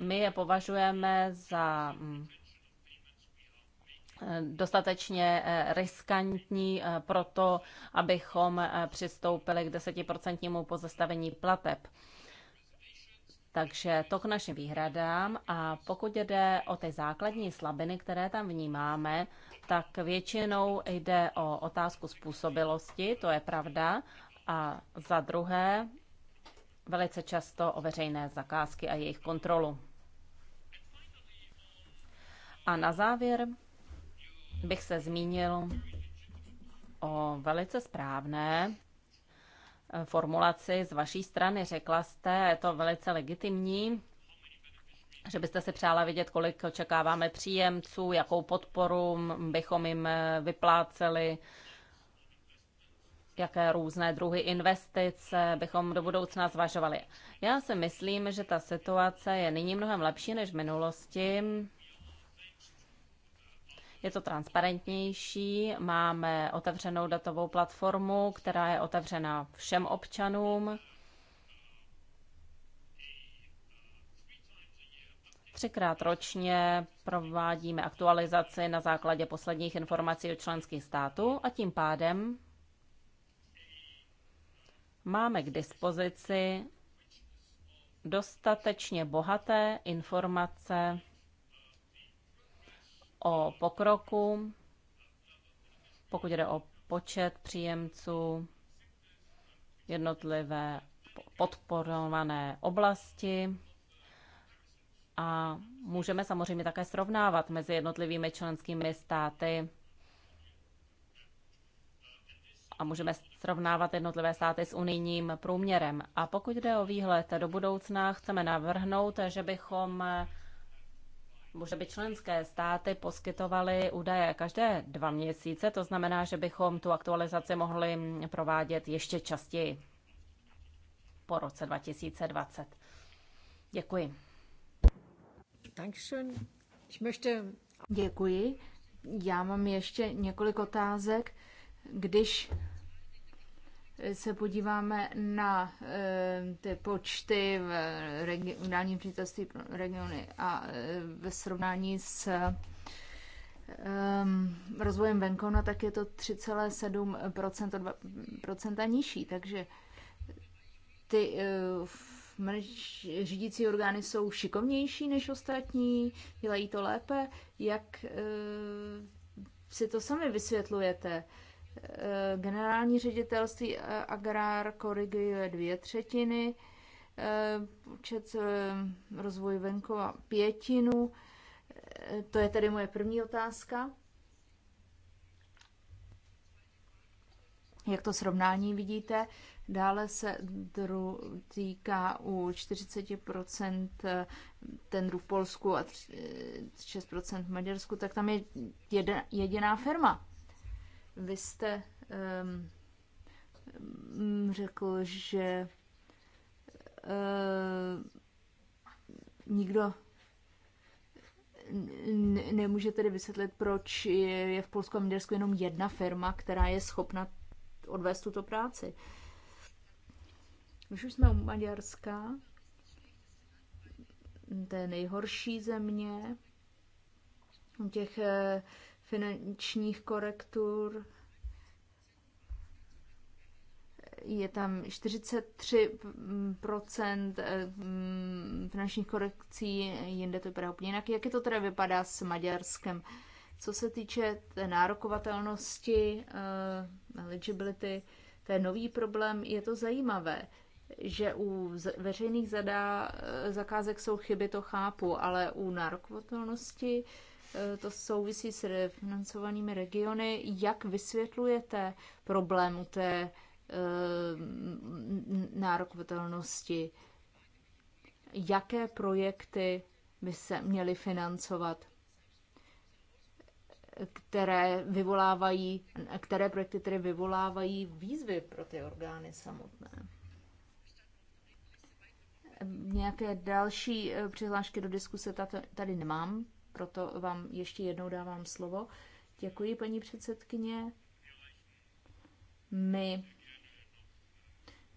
my je považujeme za mm, eh, dostatečně eh, riskantní proto, abychom přistoupili k desetiprocentnímu pozastavení plateb. Takže to k našim výhradám a pokud jde o ty základní slabiny, které tam vnímáme, tak většinou jde o otázku způsobilosti, to je pravda, a za druhé velice často o veřejné zakázky a jejich kontrolu. A na závěr bych se zmínil o velice správné formulaci z vaší strany. Řekla jste, je to velice legitimní, že byste se přála vidět, kolik očekáváme příjemců, jakou podporu bychom jim vypláceli, jaké různé druhy investice bychom do budoucna zvažovali. Já si myslím, že ta situace je nyní mnohem lepší než v minulosti je to transparentnější, máme otevřenou datovou platformu, která je otevřena všem občanům. Třikrát ročně provádíme aktualizaci na základě posledních informací o členských států a tím pádem máme k dispozici dostatečně bohaté informace o pokroku, pokud jde o počet příjemců, jednotlivé podporované oblasti a můžeme samozřejmě také srovnávat mezi jednotlivými členskými státy a můžeme srovnávat jednotlivé státy s unijním průměrem. A pokud jde o výhled do budoucna, chceme navrhnout, že bychom Může by členské státy poskytovaly údaje každé dva měsíce, to znamená, že bychom tu aktualizaci mohli provádět ještě častěji po roce 2020. Děkuji. Děkuji. Já mám ještě několik otázek. Když se podíváme na eh, ty počty v regionálním přítelství regiony a eh, ve srovnání s ehm, rozvojem venkona, tak je to 3,7 procenta nižší. Takže ty eh, řídící orgány jsou šikovnější než ostatní, dělají to lépe. Jak si to sami vysvětlujete? Eh, generální ředitelství eh, Agrár koriguje dvě třetiny, eh, počet rozvoj venkova pětinu. To je tedy moje první otázka. Jak to srovnání vidíte? Dále se dru týká u 40% tendru v Polsku a 6% v Maďarsku, tak tam je jedna, jediná firma. Vy jste um, řekl, že uh, nikdo nemůže tedy vysvětlit, proč je v Polsku a Maďarsku jenom jedna firma, která je schopna odvést tuto práci. už jsme u Maďarska, je nejhorší země, těch finančních korektur. Je tam 43% mm, eh, mm, finančních korekcí, jinde to vypadá úplně jinak. Jak je to teda vypadá s Maďarskem? Co se týče té nárokovatelnosti, eh, eligibility, to je nový problém, je to zajímavé že u veřejných zadá, zakázek jsou chyby, to chápu, ale u nárokovatelnosti Eh, to souvisí s refinancovanými regiony. Jak vysvětlujete problému té eh, nárokovatelnosti? Jaké projekty by se měly financovat? které vyvolávají, které projekty tedy vyvolávají výzvy pro ty orgány samotné. Nějaké další eh, přihlášky do diskuse tady nemám, proto vám ještě jednou dávám slovo. Děkuji, paní předsedkyně. My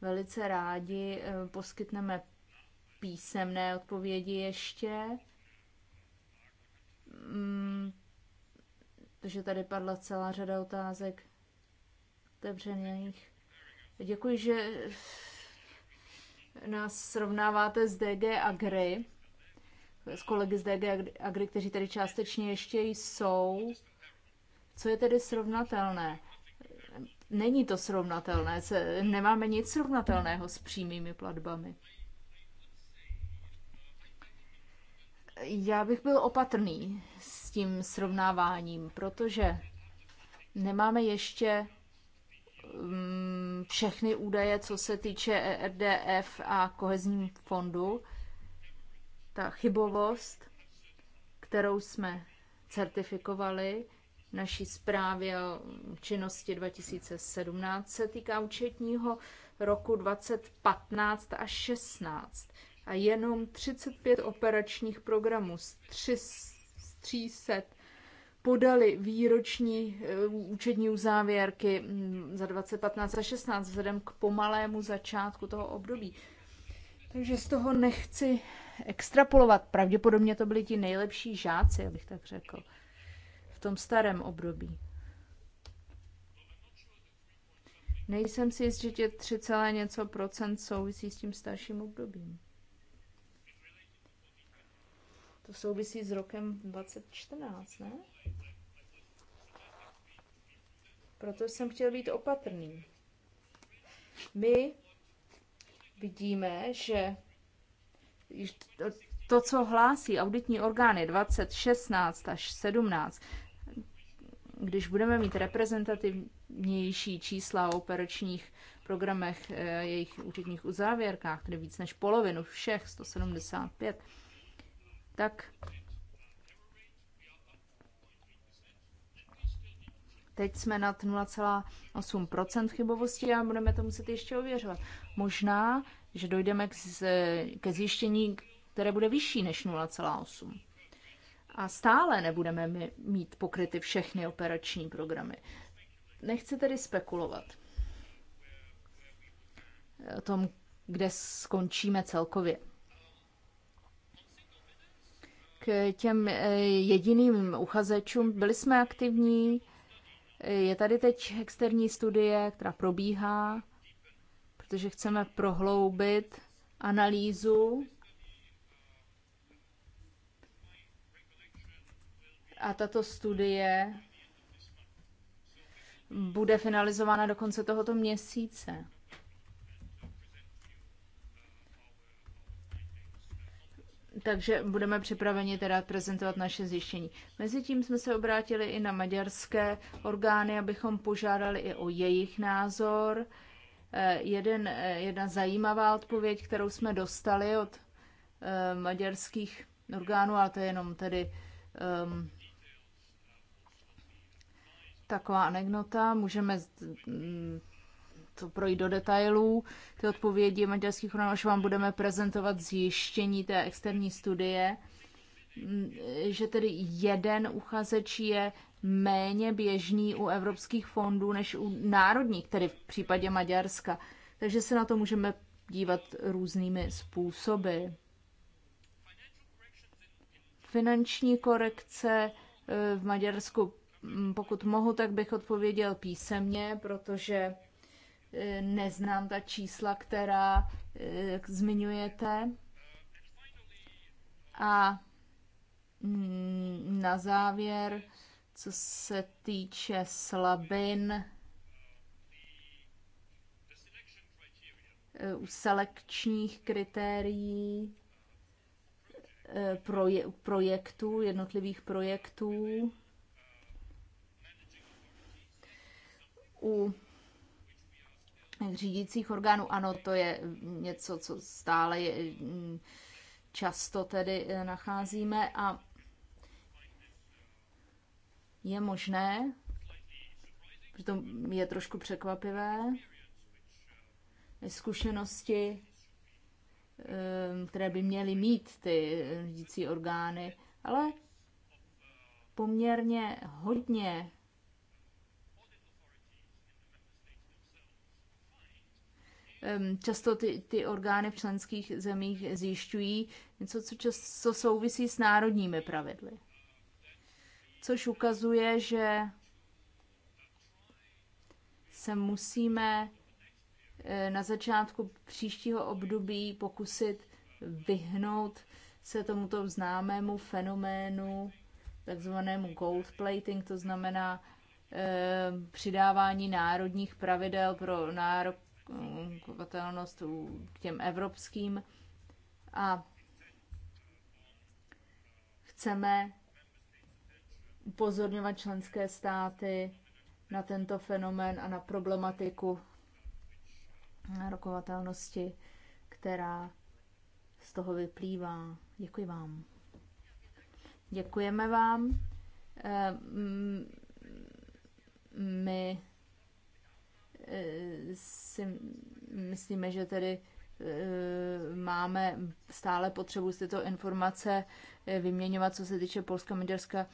velice rádi eh, poskytneme písemné odpovědi ještě. Mm, Takže tady padla celá řada otázek otevřených. Děkuji, že nás srovnáváte s DG Agri s kolegy z DG Agri, kteří tady částečně ještě jsou. Co je tedy srovnatelné? Není to srovnatelné, se, nemáme nic srovnatelného s přímými platbami. Já bych byl opatrný s tím srovnáváním, protože nemáme ještě mm, všechny údaje, co se týče e RDF a kohezní fondu ta chybovost, kterou jsme certifikovali v naší zprávě o činnosti 2017, se týká účetního roku 2015 až 16 a jenom 35 operačních programů z 300 podali výroční eh, účetní uzávěrky mm, za 2015 a 16 vzhledem k pomalému začátku toho období. Takže z toho nechci extrapolovat. Pravděpodobně to byli ti nejlepší žáci, abych tak řekl, v tom starém období. Nejsem si jistý, že tě 3, něco procent souvisí s tím starším obdobím. To souvisí s rokem 2014, ne? Proto jsem chtěl být opatrný. My vidíme, že to, co hlásí auditní orgány 20, 16 až 17, když budeme mít reprezentativnější čísla o operačních programech, eh, jejich účetních uzávěrkách, tedy víc než polovinu všech 175, tak Teď jsme nad 0,8% chybovosti a budeme to muset ještě ověřovat. Možná že dojdeme k, z ke zjištění, které bude vyšší než 0,8. A stále nebudeme mít pokryty všechny operační programy. Nechci tedy spekulovat o tom, kde skončíme celkově. K těm eh, jediným uchazečům byli jsme aktivní. Je tady teď externí studie, která probíhá protože chceme prohloubit analýzu a tato studie bude finalizována do konce tohoto měsíce. Takže budeme připraveni teda prezentovat naše zjištění. Mezitím jsme se obrátili i na maďarské orgány, abychom požádali i o jejich názor. Eh, jeden, eh, jedna zajímavá odpověď, kterou jsme dostali od eh, maďarských orgánů, ale to je jenom tedy um, taková anegnota. Můžeme mm, to projít do detailů. Ty odpovědi maďarských orgánů, až vám budeme prezentovat zjištění té externí studie že tedy jeden uchazeč je méně běžný u evropských fondů než u národních, tedy v případě Maďarska. Takže se na to můžeme dívat různými způsoby. Finanční korekce eh, v Maďarsku, mm, pokud mohu, tak bych odpověděl písemně, protože eh, neznám ta čísla, která eh, zmiňujete. A Mm, na závěr, co se týče slabin eh, u selekčních kritérií eh, proje- projektů, jednotlivých projektů, u řídících orgánů, ano, to je něco, co stále je, mm, často tedy eh, nacházíme a je možné, proto je trošku překvapivé, zkušenosti, eh, které by měly mít ty řídící orgány, ale poměrně hodně ehm, Často ty, ty orgány v členských zemích zjišťují něco, co, často souvisí s národními pravidly což ukazuje, že se musíme eh, na začátku příštího období pokusit vyhnout se tomuto známému fenoménu, takzvanému gold plating, to znamená eh, přidávání národních pravidel pro nárokovatelnost k těm evropským. A chceme upozorňovat členské státy na tento fenomén a na problematiku nárokovatelnosti, která z toho vyplývá. Děkuji vám. Děkujeme vám. Ehm, mm, my e, si myslíme, že tedy e, máme stále potřebu si tyto informace vyměňovat, co se týče Polska, Maďarska,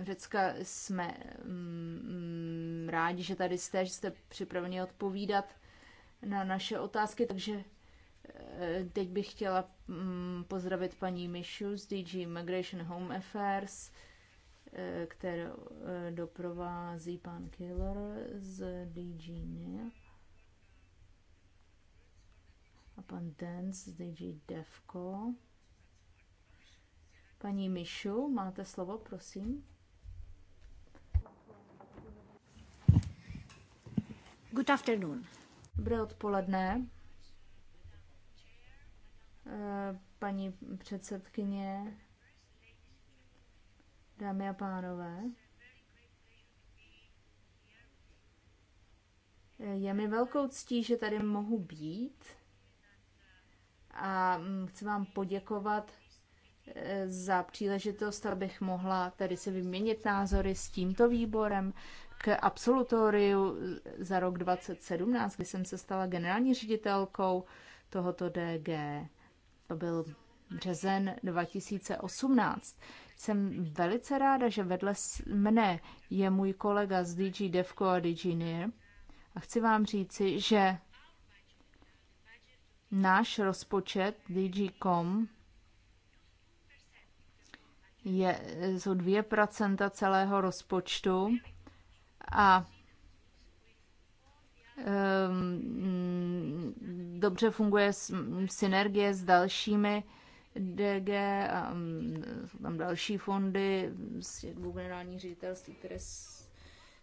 Řecka jsme mm, rádi, že tady jste, že jste připraveni odpovídat na naše otázky, takže eh, teď bych chtěla mm, pozdravit paní Mišu z DG Migration Home Affairs, eh, kterou eh, doprovází pan Killer z DG NIA e a pan Dance z DG DEFCO. Paní Mišu, máte slovo, prosím. Good afternoon. Dobré odpoledne. Eh, paní předsedkyně, dámy a pánové, eh, je mi velkou ctí, že tady mohu být a mm, chci vám poděkovat za příležitost, abych mohla tedy si vyměnit názory s tímto výborem k absolutoriu za rok 2017, kdy jsem se stala generální ředitelkou tohoto DG. To byl březen 2018. Jsem velice ráda, že vedle mne je můj kolega z DG Devco a DG NIR. A chci vám říci, že náš rozpočet DG.com je, jsou 2% celého rozpočtu a ehm, dobře funguje synergie s dalšími DG, a, ehm, jsou tam další fondy z dvou generální ředitelství, které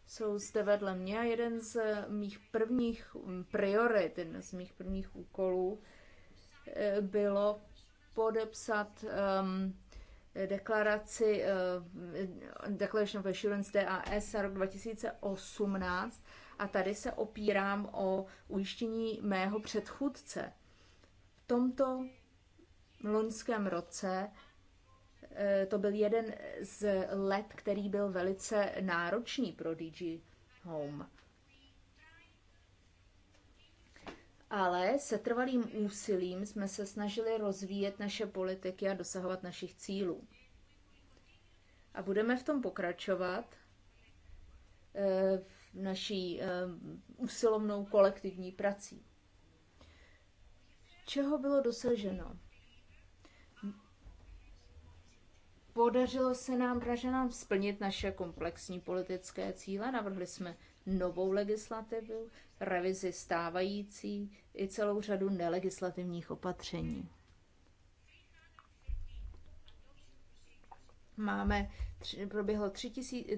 jsou zde vedle mě. A jeden z mých prvních mm, priorit, jeden z mých prvních úkolů eh, bylo podepsat um, deklaraci eh, Declaration of Assurance DAS rok 2018 a tady se opírám o ujištění mého předchůdce. V tomto loňském roce eh, to byl jeden z let, který byl velice náročný pro DG Home ale se trvalým úsilím jsme se snažili rozvíjet naše politiky a dosahovat našich cílů. A budeme v tom pokračovat eh, v naší eh, usilovnou kolektivní prací. Čeho bylo dosaženo? Podařilo se nám nám splnit naše komplexní politické cíle, navrhli jsme novou legislativu, revizi stávající i celou řadu nelegislativních opatření. Máme, tři, proběhlo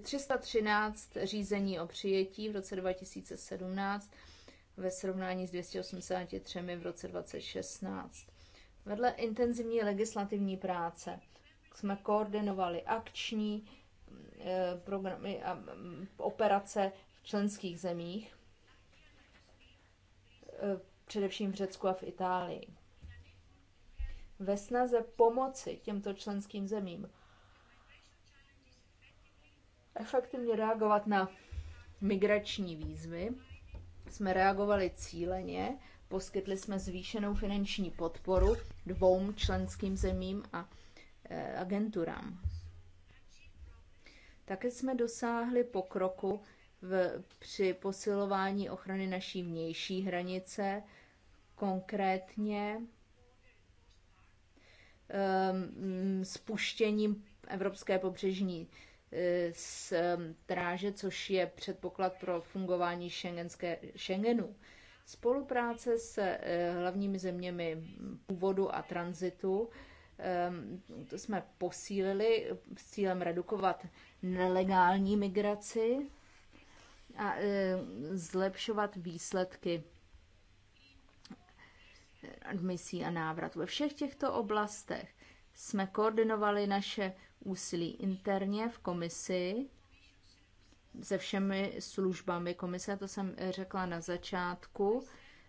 313 řízení o přijetí v roce 2017 ve srovnání s 283 v roce 2016. Vedle intenzivní legislativní práce jsme koordinovali akční eh, programy a mm, operace v členských zemích Eh, především v Řecku a v Itálii. Ve snaze pomoci těmto členským zemím efektivně reagovat na migrační výzvy, jsme reagovali cíleně, poskytli jsme zvýšenou finanční podporu dvou členským zemím a eh, agenturám. Také jsme dosáhli pokroku v, při posilování ochrany naší vnější hranice, konkrétně um, spuštěním Evropské pobřežní eh, stráže, ehm, což je předpoklad pro fungování šengenské, Schengenu. Spolupráce s eh, hlavními zeměmi původu a tranzitu ehm, to jsme posílili s cílem redukovat nelegální migraci a e, zlepšovat výsledky admisí a návratu. Ve všech těchto oblastech jsme koordinovali naše úsilí interně v komisi se všemi službami komise, to jsem řekla na začátku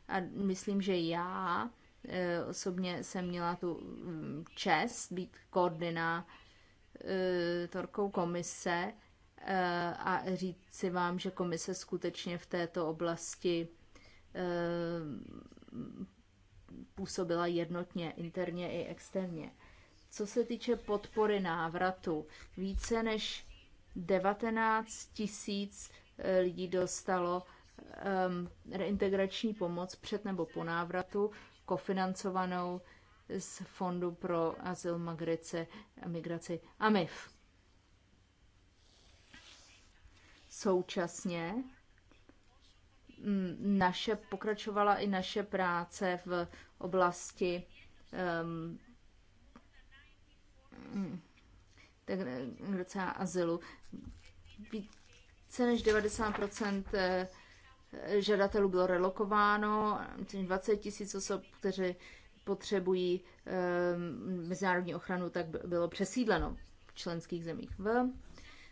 a myslím, že já e, osobně jsem měla tu mm, čest být koordinátorkou e, komise Eh, a říci vám, že komise skutečně v této oblasti eh, působila jednotně, interně i externě. Co se týče podpory návratu, více než 19 tisíc eh, lidí dostalo reintegrační pomoc před nebo po návratu, kofinancovanou z Fondu pro azyl, migrace, migraci AMIF. Současně mm, naše, pokračovala i naše práce v oblasti um, docela azylu. Více než 90 eh, žadatelů bylo relokováno, 20 tisíc osob, kteří potřebují um, mezinárodní ochranu, tak bylo přesídleno v členských zemích. V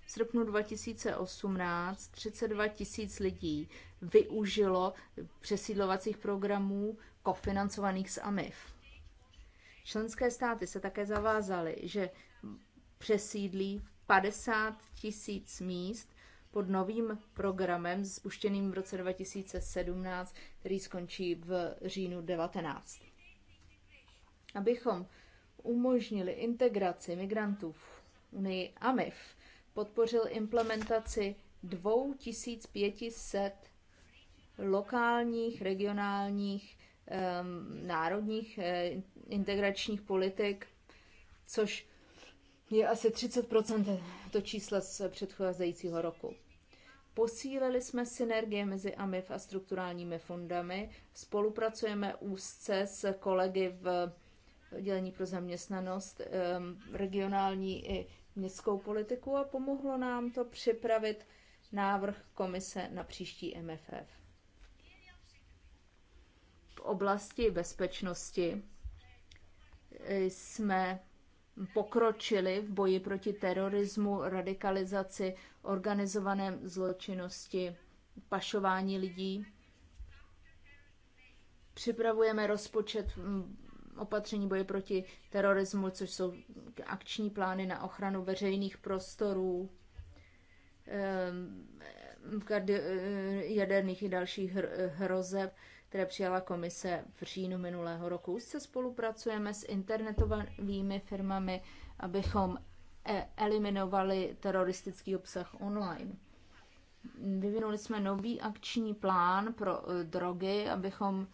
v srpnu 2018 32 tisíc lidí využilo přesídlovacích programů kofinancovaných z AMIF. Členské státy se také zavázaly, že přesídlí 50 tisíc míst pod novým programem spuštěným v roce 2017, který skončí v říjnu 19. Abychom umožnili integraci migrantů v Unii AMIF, podpořil implementaci 2500 lokálních, regionálních, národních eh, integračních politik, což je asi 30 to čísla z předcházejícího roku. Posílili jsme synergie mezi AMIF a strukturálními fondami, spolupracujeme úzce s kolegy v oddělení pro zaměstnanost, regionální i městskou politiku a pomohlo nám to připravit návrh komise na příští MFF. V oblasti bezpečnosti eh, jsme pokročili v boji proti terorismu, radikalizaci, organizované zločinnosti, pašování lidí. Připravujeme rozpočet opatření boje proti terorismu, což jsou akční plány na ochranu veřejných prostorů, ehm, eh, jaderných i dalších hrozeb, které přijala komise v říjnu minulého roku. Už se spolupracujeme s internetovými firmami, abychom e-, eliminovali teroristický obsah online. Vyvinuli jsme nový akční plán pro eh, drogy, abychom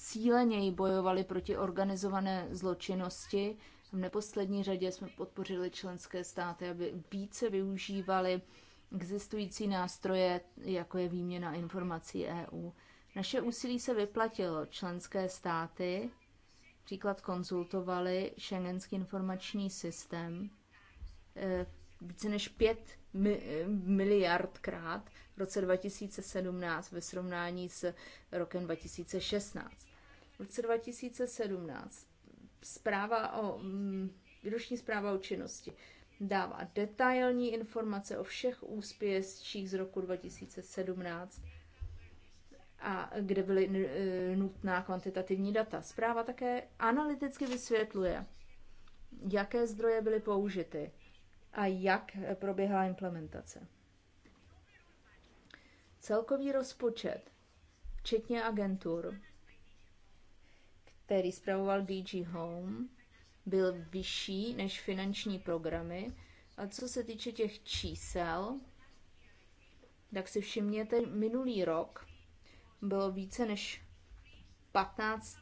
cíleněji bojovali proti organizované zločinnosti. V neposlední řadě jsme podpořili členské státy, aby více využívali existující nástroje, jako je výměna informací EU. Naše úsilí se vyplatilo. Členské státy příklad konzultovali Schengenský informační systém eh, více než 5 miliardkrát v roce 2017 ve srovnání s rokem 2016. V roce 2017 zpráva o, mm, výroční zpráva o činnosti dává detailní informace o všech úspěších z roku 2017 a kde byly e, nutná kvantitativní data. Zpráva také analyticky vysvětluje, jaké zdroje byly použity a jak proběhla implementace. Celkový rozpočet, včetně agentur, který zpravoval DG Home, byl vyšší než finanční programy. A co se týče těch čísel, tak si všimněte, minulý rok bylo více než 15,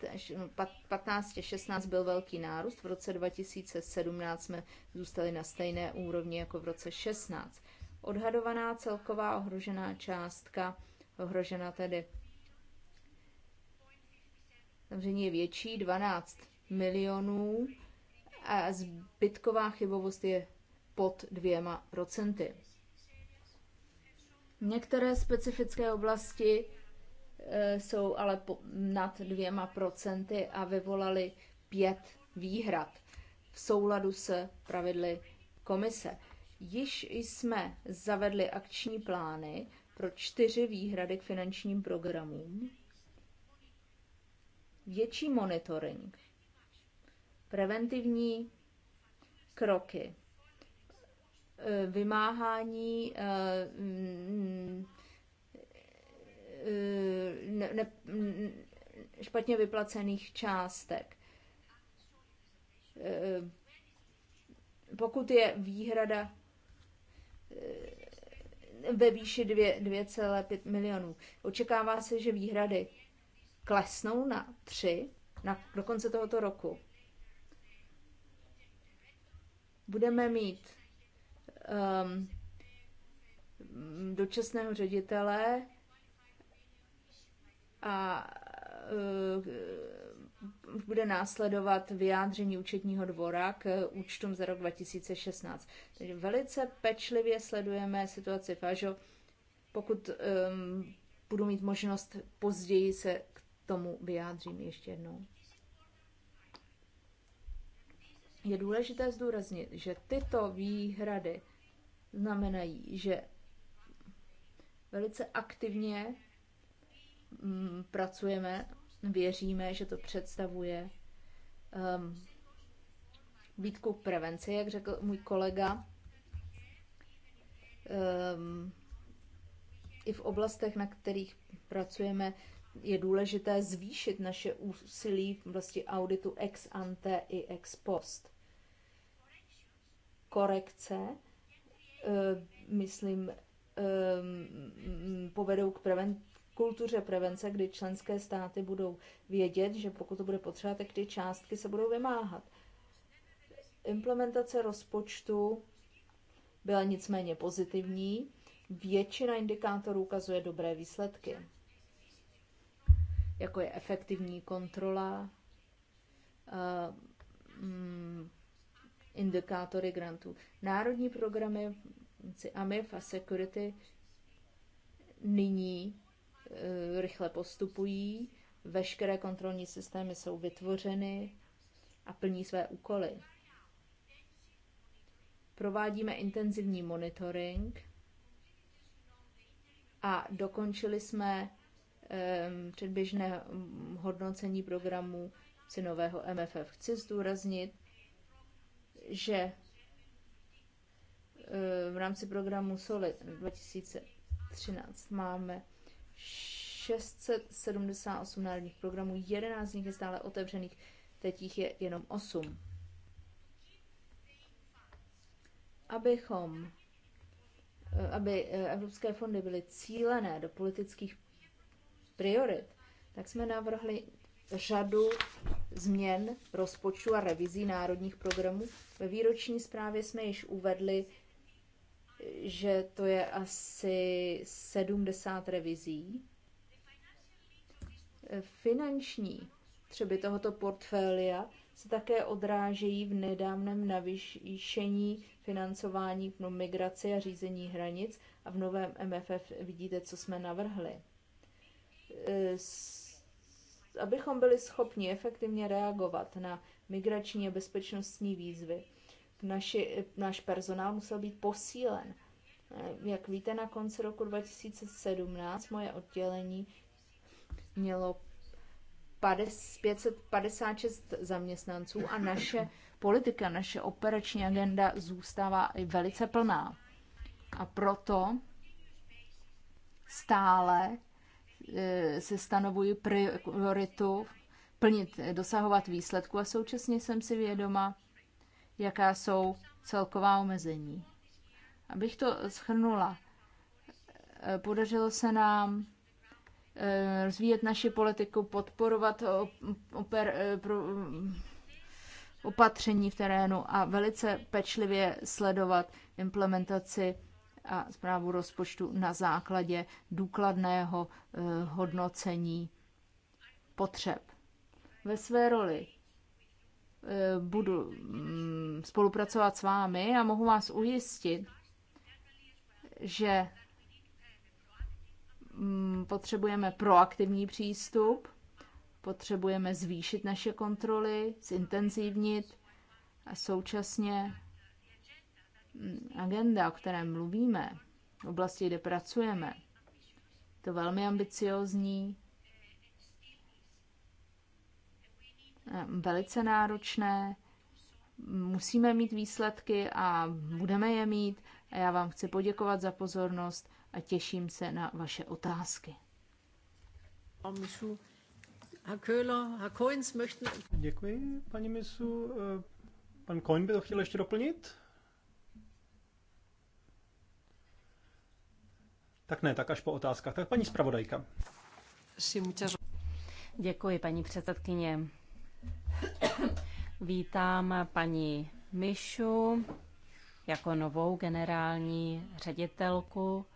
15 16 byl velký nárůst, v roce 2017 jsme zůstali na stejné úrovni jako v roce 16. Odhadovaná celková ohrožená částka, ohrožena tedy Samozřejmě je větší, 12 milionů a zbytková chybovost je pod dvěma procenty. Některé specifické oblasti e, jsou ale nad dvěma procenty a vyvolaly pět výhrad v souladu se pravidly komise. Již jsme zavedli akční plány pro čtyři výhrady k finančním programům větší monitoring, preventivní kroky, e, vymáhání e, mm, e, ne, ne, mm, špatně vyplacených částek. Pokud je výhrada ve výši 2,5 milionů, očekává se, že výhrady klesnou na 3 na, do konce tohoto roku. Budeme mít um, dočasného ředitele a uh, bude následovat vyjádření účetního dvora k účtům za rok 2016. Takže velice pečlivě sledujeme situaci Fažo. Pokud um, budu mít možnost později se tomu vyjádřím ještě jednou. Je důležité zdůraznit, že tyto výhrady znamenají, že velice aktivně mm, pracujeme, věříme, že to představuje um, výtku prevence, jak řekl můj kolega. Um, I v oblastech, na kterých pracujeme, je důležité zvýšit naše úsilí v oblasti auditu ex ante i ex post. Korekce, eh, myslím, eh, povedou k preven- kultuře prevence, kdy členské státy budou vědět, že pokud to bude potřeba, tak ty částky se budou vymáhat. Implementace rozpočtu byla nicméně pozitivní. Většina indikátorů ukazuje dobré výsledky jako je efektivní kontrola, eh, mm, indikátory grantů. Národní programy AMIF a Security nyní eh, rychle postupují, veškeré kontrolní systémy jsou vytvořeny a plní své úkoly. Provádíme intenzivní monitoring a dokončili jsme předběžné hodnocení programů si nového MFF. Chci zdůraznit, že v rámci programu SOLID 2013 máme 678 národních programů, 11 z nich je stále otevřených, teď jich je jenom 8. Abychom, aby eh, evropské fondy byly cílené do politických priorit, tak jsme navrhli řadu změn rozpočtu a revizí národních programů. Ve výroční zprávě jsme již uvedli, že to je asi 70 revizí. Finanční třeba tohoto portfolia se také odrážejí v nedávném navýšení financování pro migraci a řízení hranic a v novém MFF vidíte, co jsme navrhli abychom byli schopni efektivně reagovat na migrační a bezpečnostní výzvy. Naši, náš personál musel být posílen. Eh, jak víte, na konci roku 2017 moje oddělení mělo 556 zaměstnanců a naše politika, naše operační agenda zůstává i velice plná. A proto stále Eh, si stanovuji prioritu plnit, dosahovat výsledku a současně jsem si vědoma, jaká jsou celková omezení. Abych to schrnula, eh, podařilo se nám eh, rozvíjet naši politiku, podporovat oper, pro, opatření v terénu a velice pečlivě sledovat implementaci a zprávu rozpočtu na základě důkladného eh, hodnocení potřeb. Ve své roli eh, budu mm, spolupracovat s vámi a mohu vás ujistit, že mm, potřebujeme proaktivní přístup, potřebujeme zvýšit naše kontroly, zintenzívnit a současně agenda, o které mluvíme, oblasti, kde pracujeme, to velmi ambiciozní, eh, velice náročné, musíme mít výsledky a budeme je mít. A já vám chci poděkovat za pozornost a těším se na vaše otázky. Děkuji, paní Misu. Eh, pan Coin by to chtěl ještě doplnit? Tak ne, tak až po otázkách. Tak paní zpravodajka. Děkuji, paní předsedkyně. Vítám paní Mišu jako novou generální ředitelku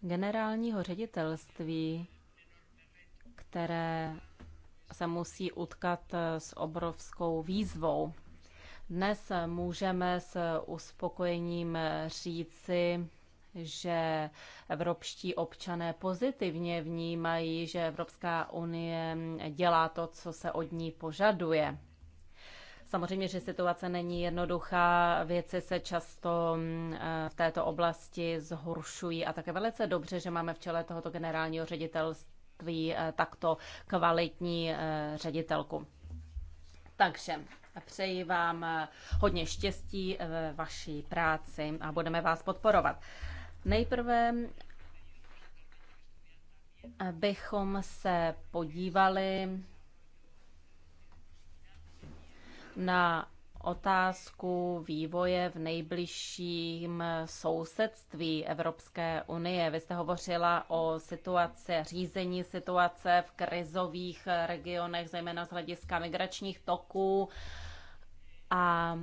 generálního ředitelství, které se musí utkat s obrovskou výzvou. Dnes můžeme s uspokojením říci, že evropští občané pozitivně vnímají, že Evropská unie dělá to, co se od ní požaduje. Samozřejmě, že situace není jednoduchá, věci se často mm, eh, v této oblasti zhoršují a také velice dobře, že máme v čele tohoto generálního ředitelství eh, takto kvalitní eh, ředitelku. Takže přeji vám hodně štěstí ve vaší práci a budeme vás podporovat. Nejprve bychom se podívali na otázku vývoje v nejbližším sousedství Evropské unie. Vy jste hovořila o situaci, řízení situace v krizových regionech, zejména z hlediska migračních toků a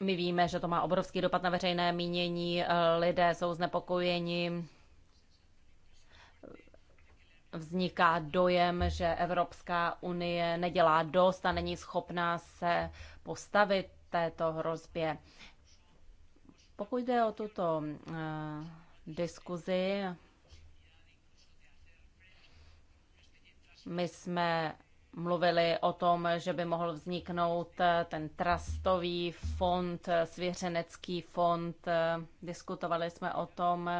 my víme, že to má obrovský dopad na veřejné mínění, eh, lidé jsou znepokojeni, vzniká dojem, že Evropská unie nedělá dost a není schopná se postavit této hrozbě. Pokud jde o tuto uh, diskuzi, my jsme mluvili o tom, že by mohl vzniknout eh, ten trastový fond, eh, svěřenecký fond. Eh, diskutovali jsme o tom.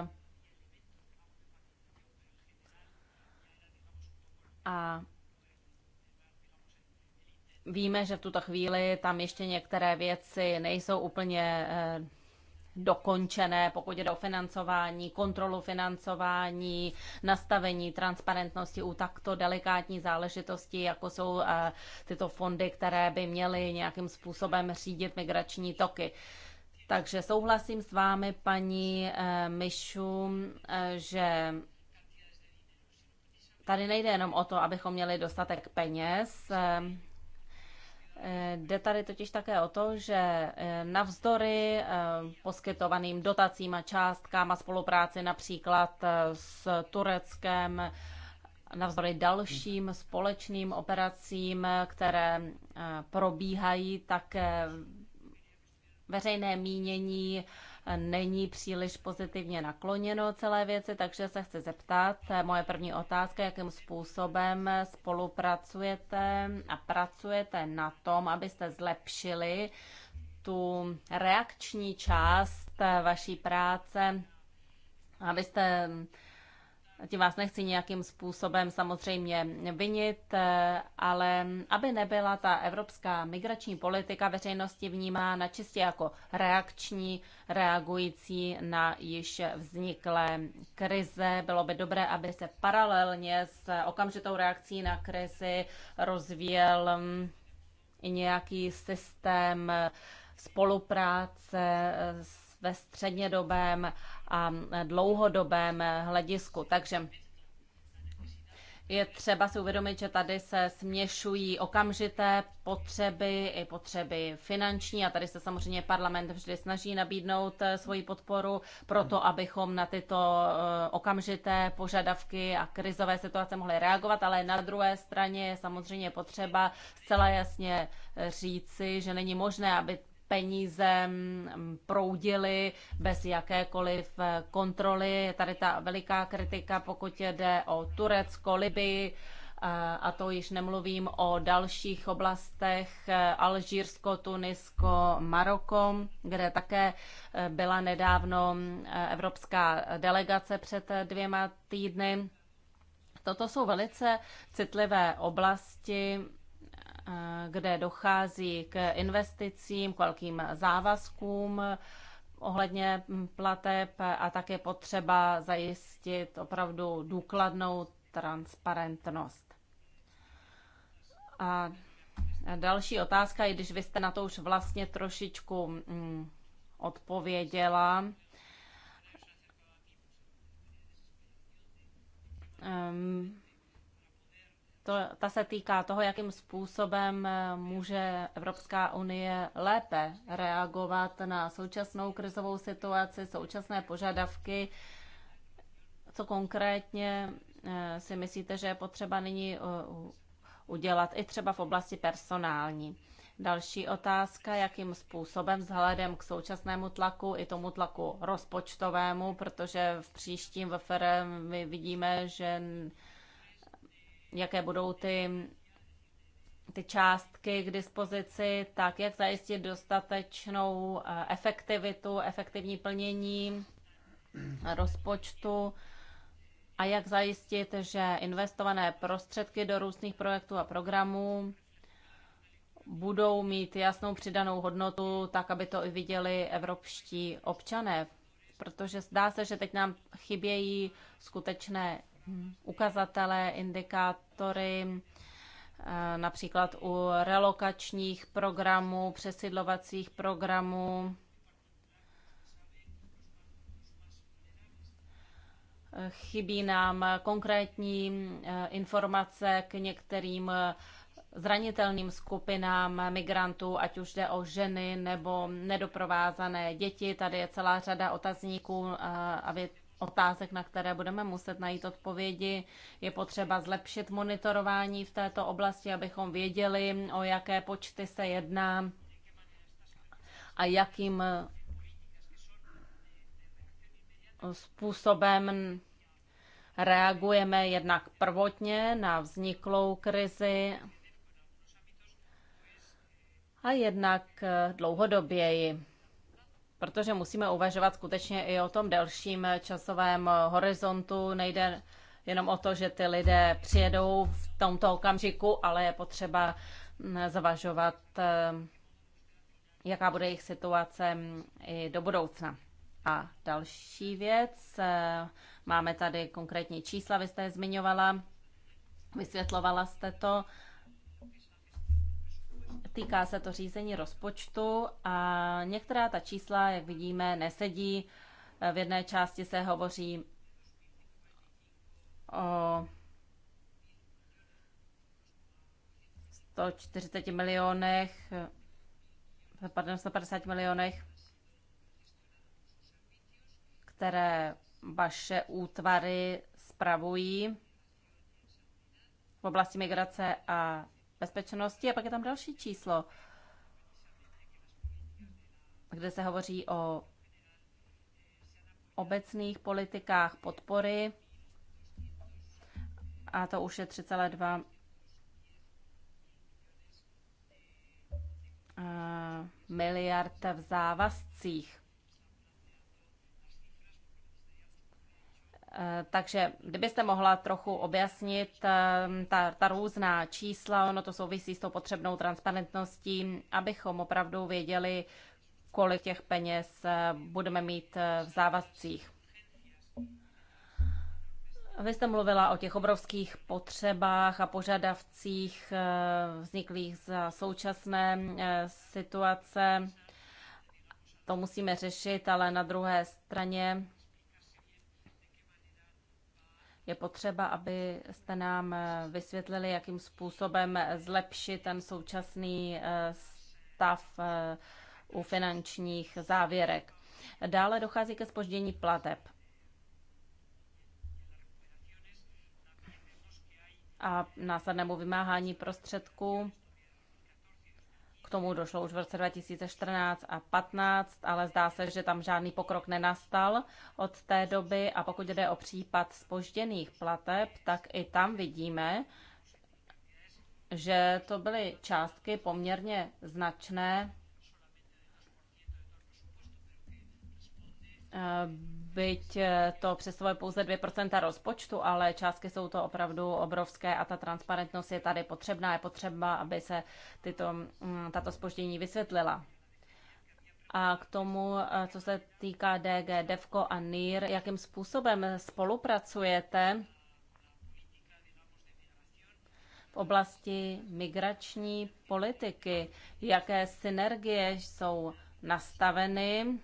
A víme, že v tuto chvíli tam ještě některé věci nejsou úplně dokončené, pokud jde o financování, kontrolu financování, nastavení transparentnosti u takto delikátní záležitosti, jako jsou eh, tyto fondy, které by měly nějakým způsobem řídit migrační toky. Takže souhlasím s vámi, paní eh, Myšu, eh, že tady nejde jenom o to, abychom měli dostatek peněz, Eh, jde tady totiž také o to, že eh, navzdory eh, poskytovaným dotacím a částkám a spolupráci například s Tureckem, navzdory dalším společným operacím, které probíhají, tak veřejné mínění není příliš pozitivně nakloněno celé věci, takže se chci zeptat, eh, moje první otázka, jakým způsobem spolupracujete a pracujete na tom, abyste zlepšili tu reakční část eh, vaší práce, abyste tím vás nechci nějakým způsobem samozřejmě vinit, eh, ale aby nebyla ta evropská migrační politika veřejnosti vnímána čistě jako reakční, reagující na již vzniklé krize, bylo by dobré, aby se paralelně s okamžitou reakcí na krizi rozvíjel mm, i nějaký systém eh, spolupráce eh, ve střednědobém a dlouhodobém hledisku. Takže je třeba si uvědomit, že tady se směšují okamžité potřeby i potřeby finanční a tady se samozřejmě parlament vždy snaží nabídnout eh, svoji podporu pro to, abychom na tyto eh, okamžité požadavky a krizové situace mohli reagovat, ale na druhé straně je samozřejmě potřeba zcela jasně říci, že není možné, aby peníze mm, proudily bez jakékoliv eh, kontroly. Je tady ta veliká kritika, pokud jde o Turecko, Libii, eh, a to již nemluvím o dalších oblastech eh, Alžírsko, Tunisko, Maroko, kde také byla nedávno mm, evropská delegace před dvěma týdny. Toto jsou velice citlivé oblasti, kde dochází k investicím, k velkým závazkům ohledně plateb a také potřeba zajistit opravdu důkladnou transparentnost. A další otázka, i když vy jste na to už vlastně trošičku mm, odpověděla, Um, to, ta se týká toho, jakým způsobem eh, může Evropská unie lépe reagovat na současnou krizovou situaci, současné požadavky, co konkrétně eh, si myslíte, že je potřeba nyní eh, udělat i třeba v oblasti personální. Další otázka, jakým způsobem vzhledem k současnému tlaku i tomu tlaku rozpočtovému, protože v příštím VFR my vidíme, že jaké budou ty, ty částky k dispozici, tak jak zajistit dostatečnou eh, efektivitu, efektivní plnění rozpočtu a jak zajistit, že investované prostředky do různých projektů a programů budou mít jasnou přidanou hodnotu, tak aby to i viděli evropští občané. Protože zdá se, že teď nám chybějí skutečné ukazatele, indikátory, eh, například u relokačních programů, přesidlovacích programů. Chybí nám konkrétní eh, informace k některým eh, zranitelným skupinám migrantů, ať už jde o ženy nebo nedoprovázané děti. Tady je celá řada otazníků a vy otázek, na které budeme muset najít odpovědi. Je potřeba zlepšit monitorování v této oblasti, abychom věděli, o jaké počty se jedná a jakým způsobem reagujeme jednak prvotně na vzniklou krizi a jednak dlouhodoběji protože musíme uvažovat skutečně i o tom delším časovém horizontu. Nejde jenom o to, že ty lidé přijedou v tomto okamžiku, ale je potřeba mm, zvažovat, eh, jaká bude jejich situace mm, i do budoucna. A další věc, eh, máme tady konkrétní čísla, vy jste je zmiňovala, vysvětlovala jste to. Týká se to řízení rozpočtu a některá ta čísla, jak vidíme, nesedí. V jedné části se hovoří o 140 milionech, pardon, 150 milionech, které vaše útvary spravují v oblasti migrace a bezpečnosti a pak je tam další číslo, kde se hovoří o obecných politikách podpory a to už je 3,2 miliard v závazcích. Eh, takže kdybyste mohla trochu objasnit eh, ta, ta různá čísla, ono to souvisí s tou potřebnou transparentností, abychom opravdu věděli, kolik těch peněz eh, budeme mít v závazcích. Vy jste mluvila o těch obrovských potřebách a požadavcích vzniklých za současné situace. To musíme řešit, ale na druhé straně je potřeba, abyste nám eh, vysvětlili, jakým způsobem zlepšit ten současný eh, stav eh, u finančních závěrek. Dále dochází ke spoždění plateb. A následnému vymáhání prostředků k tomu došlo už v roce 2014 a 15, ale zdá se, že tam žádný pokrok nenastal od té doby. A pokud jde o případ spožděných plateb, tak i tam vidíme, že to byly částky poměrně značné byť eh, to představuje pouze 2% rozpočtu, ale částky jsou to opravdu obrovské a ta transparentnost je tady potřebná. Je potřeba, aby se tyto, mm, tato spoždění vysvětlila. A k tomu, eh, co se týká DG, DEVCO a NIR, jakým způsobem spolupracujete v oblasti migrační politiky, jaké synergie jsou nastaveny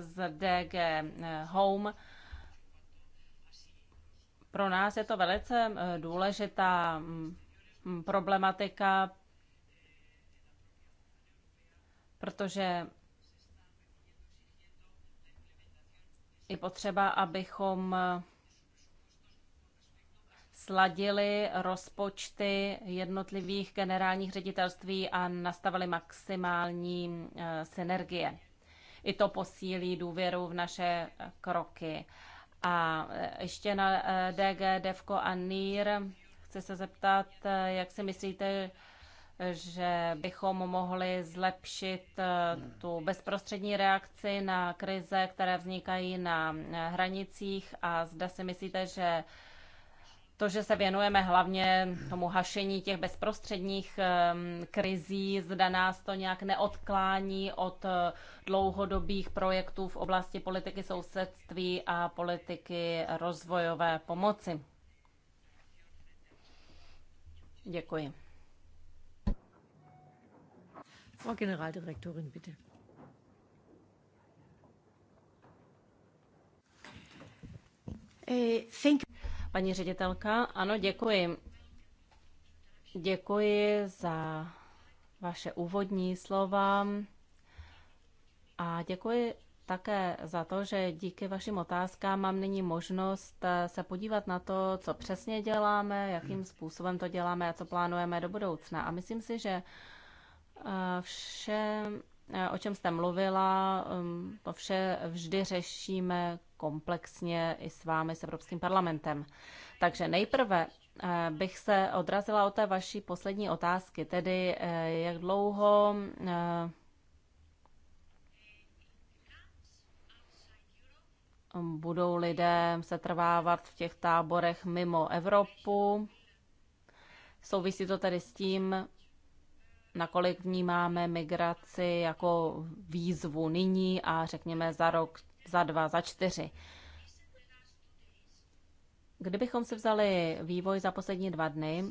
z DG eh, Home. Pro nás je to velice eh, důležitá mm, problematika, protože je potřeba, abychom eh, sladili rozpočty jednotlivých generálních ředitelství a nastavili maximální synergie i to posílí důvěru v naše eh, kroky. A eh, ještě na eh, DG, Devko a NIR chci se zeptat, jak si myslíte, že bychom mohli zlepšit tu bezprostřední reakci na krize, které vznikají na hranicích a zda si myslíte, že to, že se věnujeme hlavně tomu hašení těch bezprostředních krizí, zda nás to nějak neodklání od eh, dlouhodobých projektů v oblasti politiky sousedství a politiky rozvojové pomoci. Děkuji. Frau Generaldirektorin, bitte. Eh, thank you. Paní ředitelka, ano, děkuji. Děkuji za vaše úvodní slova a děkuji také za to, že díky vašim otázkám mám nyní možnost eh, se podívat na to, co přesně děláme, jakým způsobem to děláme a co plánujeme do budoucna. A myslím si, že eh, vše, eh, o čem jste mluvila, mm, to vše vždy řešíme komplexně i s vámi, s Evropským parlamentem. Takže nejprve eh, bych se odrazila od té vaší poslední otázky, tedy eh, jak dlouho eh, budou lidé se trvávat v těch táborech mimo Evropu. Souvisí to tedy s tím, nakolik vnímáme migraci jako výzvu nyní a řekněme za rok za dva, za čtyři. Kdybychom si vzali vývoj za poslední dva dny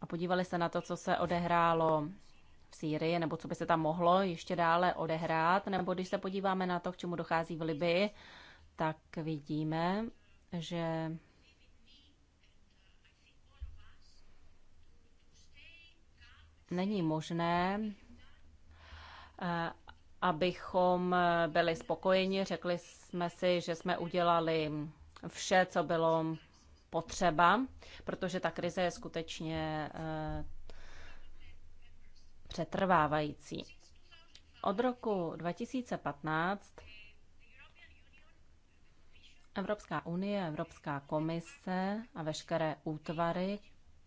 a podívali se na to, co se odehrálo v Sýrii, nebo co by se tam mohlo ještě dále odehrát, nebo když se podíváme na to, k čemu dochází v Libii, tak vidíme, že není možné eh, abychom byli spokojeni. Řekli jsme si, že jsme udělali vše, co bylo potřeba, protože ta krize je skutečně eh, přetrvávající. Od roku 2015 Evropská unie, Evropská komise a veškeré útvary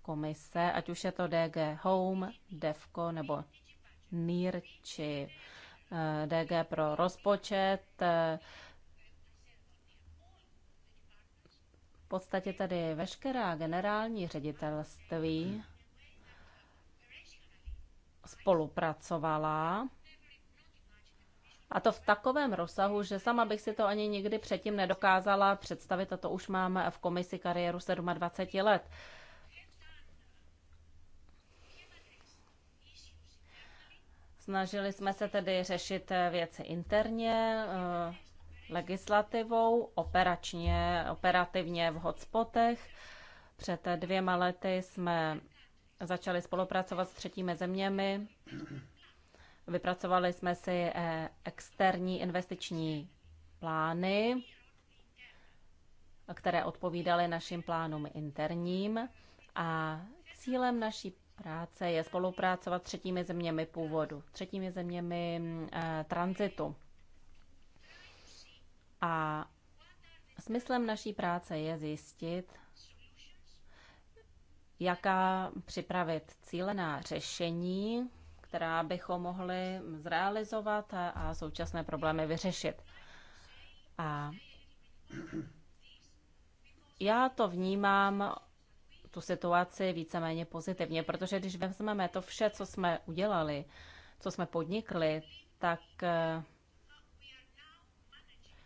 komise, ať už je to DG Home, DEFCO nebo NIR či Eh, DG pro rozpočet. Eh, v podstatě tady veškerá generální ředitelství spolupracovala a to v takovém rozsahu, že sama bych si to ani nikdy předtím nedokázala představit a to už máme v komisi kariéru 27 let. Snažili jsme se tedy řešit eh, věci interně, eh, legislativou, operačně, operativně v hotspotech. Před eh, dvěma lety jsme začali spolupracovat s třetími zeměmi. Vypracovali jsme si externí investiční plány, které odpovídaly našim plánům interním. A cílem naší práce je spolupracovat s třetími zeměmi původu, třetími zeměmi eh, tranzitu. A smyslem naší práce je zjistit, jaká připravit cílená řešení, která bychom mohli zrealizovat a, a současné problémy vyřešit. A já to vnímám tu situaci víceméně pozitivně, protože když vezmeme to vše, co jsme udělali, co jsme podnikli, tak eh,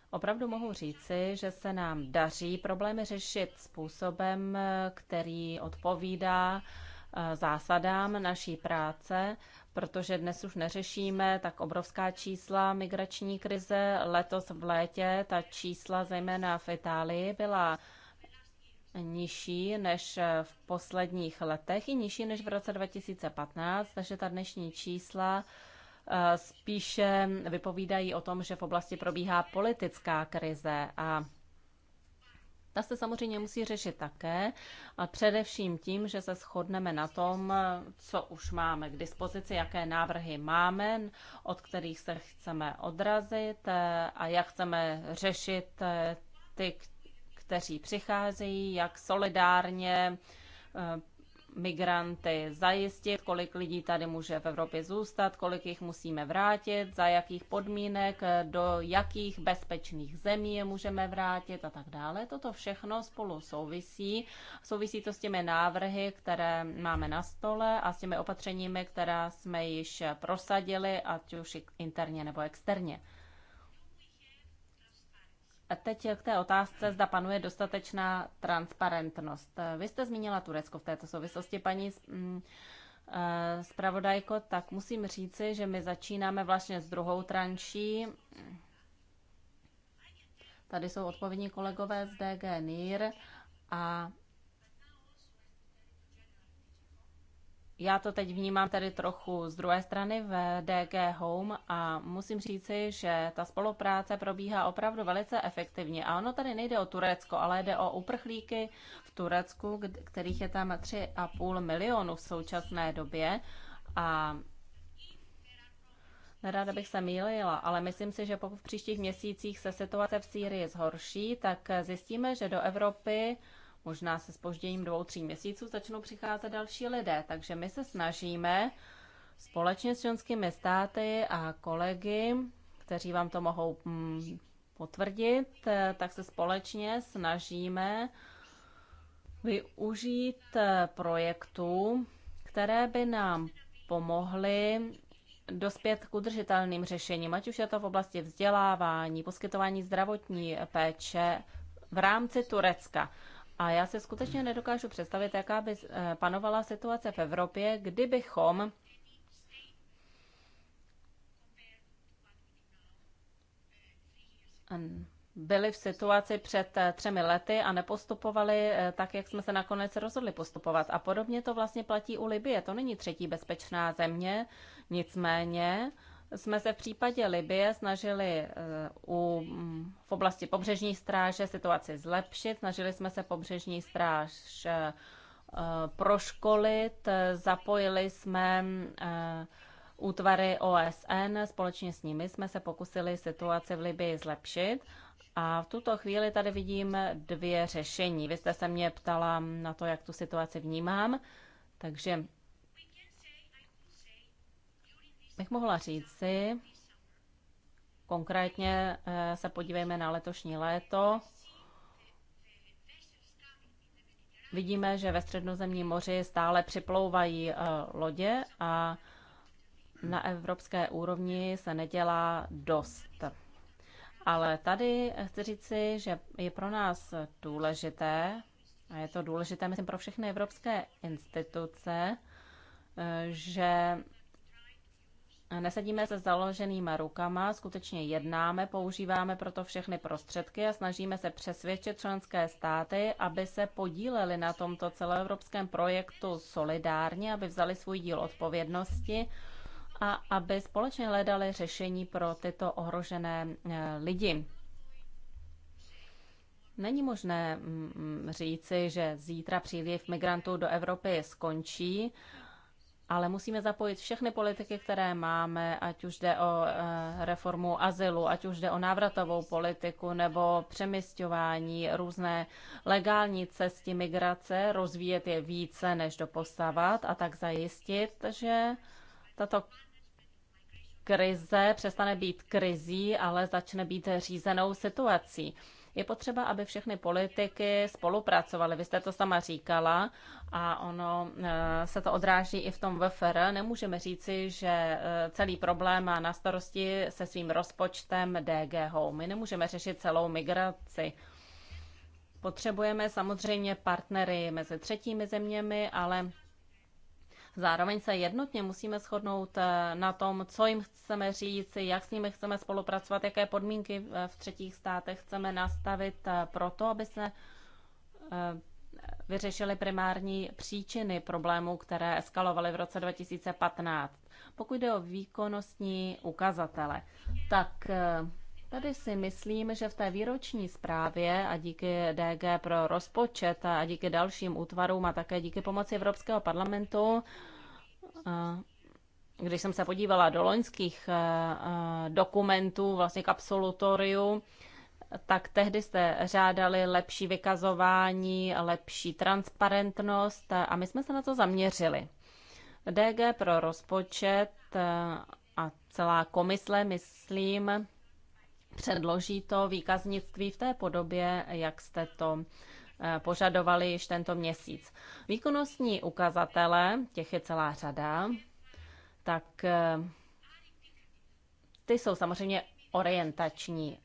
opravdu mohu říci, že se nám daří problémy řešit způsobem, eh, který odpovídá eh, zásadám naší práce, protože dnes už neřešíme tak obrovská čísla migrační krize. Letos v létě ta čísla, zejména v Itálii, byla nižší než v posledních letech i nižší než v roce 2015, takže ta dnešní čísla eh, spíše vypovídají o tom, že v oblasti probíhá politická krize a ta se samozřejmě musí řešit také, a především tím, že se shodneme na tom, co už máme k dispozici, jaké návrhy máme, od kterých se chceme odrazit eh, a jak chceme řešit eh, ty, kteří přicházejí, jak solidárně eh, migranty zajistit, kolik lidí tady může v Evropě zůstat, kolik jich musíme vrátit, za jakých podmínek, eh, do jakých bezpečných zemí je můžeme vrátit a tak dále. Toto všechno spolu souvisí. Souvisí to s těmi návrhy, které máme na stole a s těmi opatřeními, která jsme již prosadili, ať už interně nebo externě. A teď k té otázce, zda panuje dostatečná transparentnost. Eh, vy jste zmínila Turecko v této souvislosti, paní mm, eh, zpravodajko, tak musím říci, že my začínáme vlastně s druhou tranší. Tady jsou odpovědní kolegové z DG NIR a Já to teď vnímám tady trochu z druhé strany v DG Home a musím říci, že ta spolupráce probíhá opravdu velice efektivně. A ono tady nejde o Turecko, ale jde o uprchlíky v Turecku, kterých je tam 3,5 milionu v současné době. A Nerada bych se mýlila, ale myslím si, že pokud v příštích měsících se situace v Sýrii zhorší, tak zjistíme, že do Evropy možná se spožděním dvou, tří měsíců začnou přicházet další lidé. Takže my se snažíme společně s členskými státy a kolegy, kteří vám to mohou mm, potvrdit, tak se společně snažíme využít eh, projektů, které by nám pomohly dospět k udržitelným řešením, ať už je to v oblasti vzdělávání, poskytování zdravotní péče v rámci Turecka. A já se skutečně nedokážu představit, jaká by eh, panovala situace v Evropě, kdybychom byli v situaci před eh, třemi lety a nepostupovali eh, tak, jak jsme se nakonec rozhodli postupovat. A podobně to vlastně platí u Libie. To není třetí bezpečná země, nicméně jsme se v případě Libie snažili eh, u, v oblasti pobřežní stráže situaci zlepšit. Snažili jsme se pobřežní stráž eh, eh, proškolit, zapojili jsme útvary OSN, společně s nimi jsme se pokusili situaci v Libii zlepšit. A v tuto chvíli tady vidím dvě řešení. Vy jste se mě ptala na to, jak tu situaci vnímám, takže bych mohla říci, konkrétně eh, se podívejme na letošní léto, vidíme, že ve středozemním moři stále připlouvají eh, lodě a na evropské úrovni se nedělá dost. Ale tady chci říci, že je pro nás důležité, a je to důležité, myslím, pro všechny evropské instituce, eh, že Nesedíme se založenýma rukama, skutečně jednáme, používáme proto všechny prostředky a snažíme se přesvědčit členské státy, aby se podíleli na tomto celoevropském projektu solidárně, aby vzali svůj díl odpovědnosti a aby společně hledali řešení pro tyto ohrožené eh, lidi. Není možné mm, mm, říci, že zítra příliv migrantů do Evropy skončí ale musíme zapojit všechny politiky, které máme, ať už jde o eh, reformu azylu, ať už jde o návratovou politiku nebo přemysťování, různé legální cesty migrace, rozvíjet je více než doposavat a tak zajistit, že tato krize přestane být krizí, ale začne být řízenou situací. Je potřeba, aby všechny politiky spolupracovaly. Vy jste to sama říkala a ono eh, se to odráží i v tom VFR. Nemůžeme říci, že eh, celý problém má na starosti se svým rozpočtem DG Home. My nemůžeme řešit celou migraci. Potřebujeme samozřejmě partnery mezi třetími zeměmi, ale Zároveň se jednotně musíme shodnout eh, na tom, co jim chceme říct, jak s nimi chceme spolupracovat, jaké podmínky eh, v třetích státech chceme nastavit eh, pro to, aby se vyřešily primární příčiny problémů, které eskalovaly v roce 2015. Pokud jde o výkonnostní ukazatele, tak Tady si myslím, že v té výroční zprávě a díky DG pro rozpočet a díky dalším útvarům a také díky pomoci Evropského parlamentu, když jsem se podívala do loňských dokumentů, vlastně k absolutoriu, tak tehdy jste řádali lepší vykazování, lepší transparentnost a my jsme se na to zaměřili. DG pro rozpočet a celá komisle, myslím, předloží to výkaznictví v té podobě, jak jste to eh, požadovali již tento měsíc. Výkonnostní ukazatele, těch je celá řada, tak eh, ty jsou samozřejmě orientační.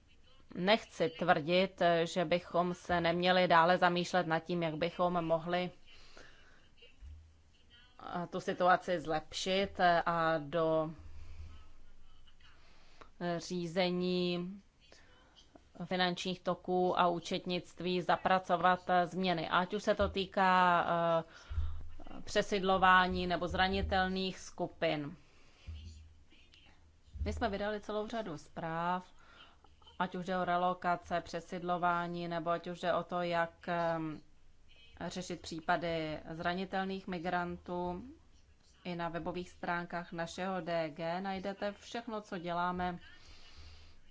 Nechci tvrdit, že bychom se neměli dále zamýšlet nad tím, jak bychom mohli eh, tu situaci zlepšit a do řízení finančních toků a účetnictví zapracovat eh, změny. Ať už se to týká eh, přesidlování nebo zranitelných skupin. My jsme vydali celou řadu zpráv, ať už jde o relokace, přesidlování, nebo ať už jde o to, jak eh, řešit případy zranitelných migrantů i na webových stránkách našeho DG najdete všechno, co děláme,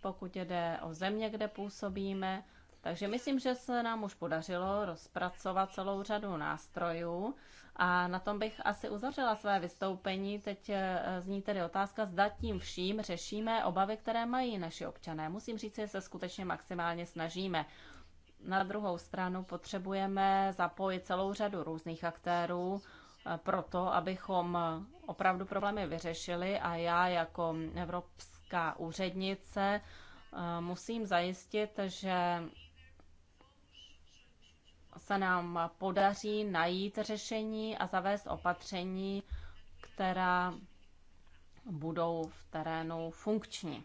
pokud jde o země, kde působíme. Takže myslím, že se nám už podařilo rozpracovat celou řadu nástrojů a na tom bych asi uzavřela své vystoupení. Teď eh, zní tedy otázka, zda tím vším řešíme obavy, které mají naši občané. Musím říct, že se skutečně maximálně snažíme. Na druhou stranu potřebujeme zapojit celou řadu různých aktérů, proto, abychom opravdu problémy vyřešili a já jako evropská úřednice eh, musím zajistit, že se nám podaří najít řešení a zavést opatření, která budou v terénu funkční.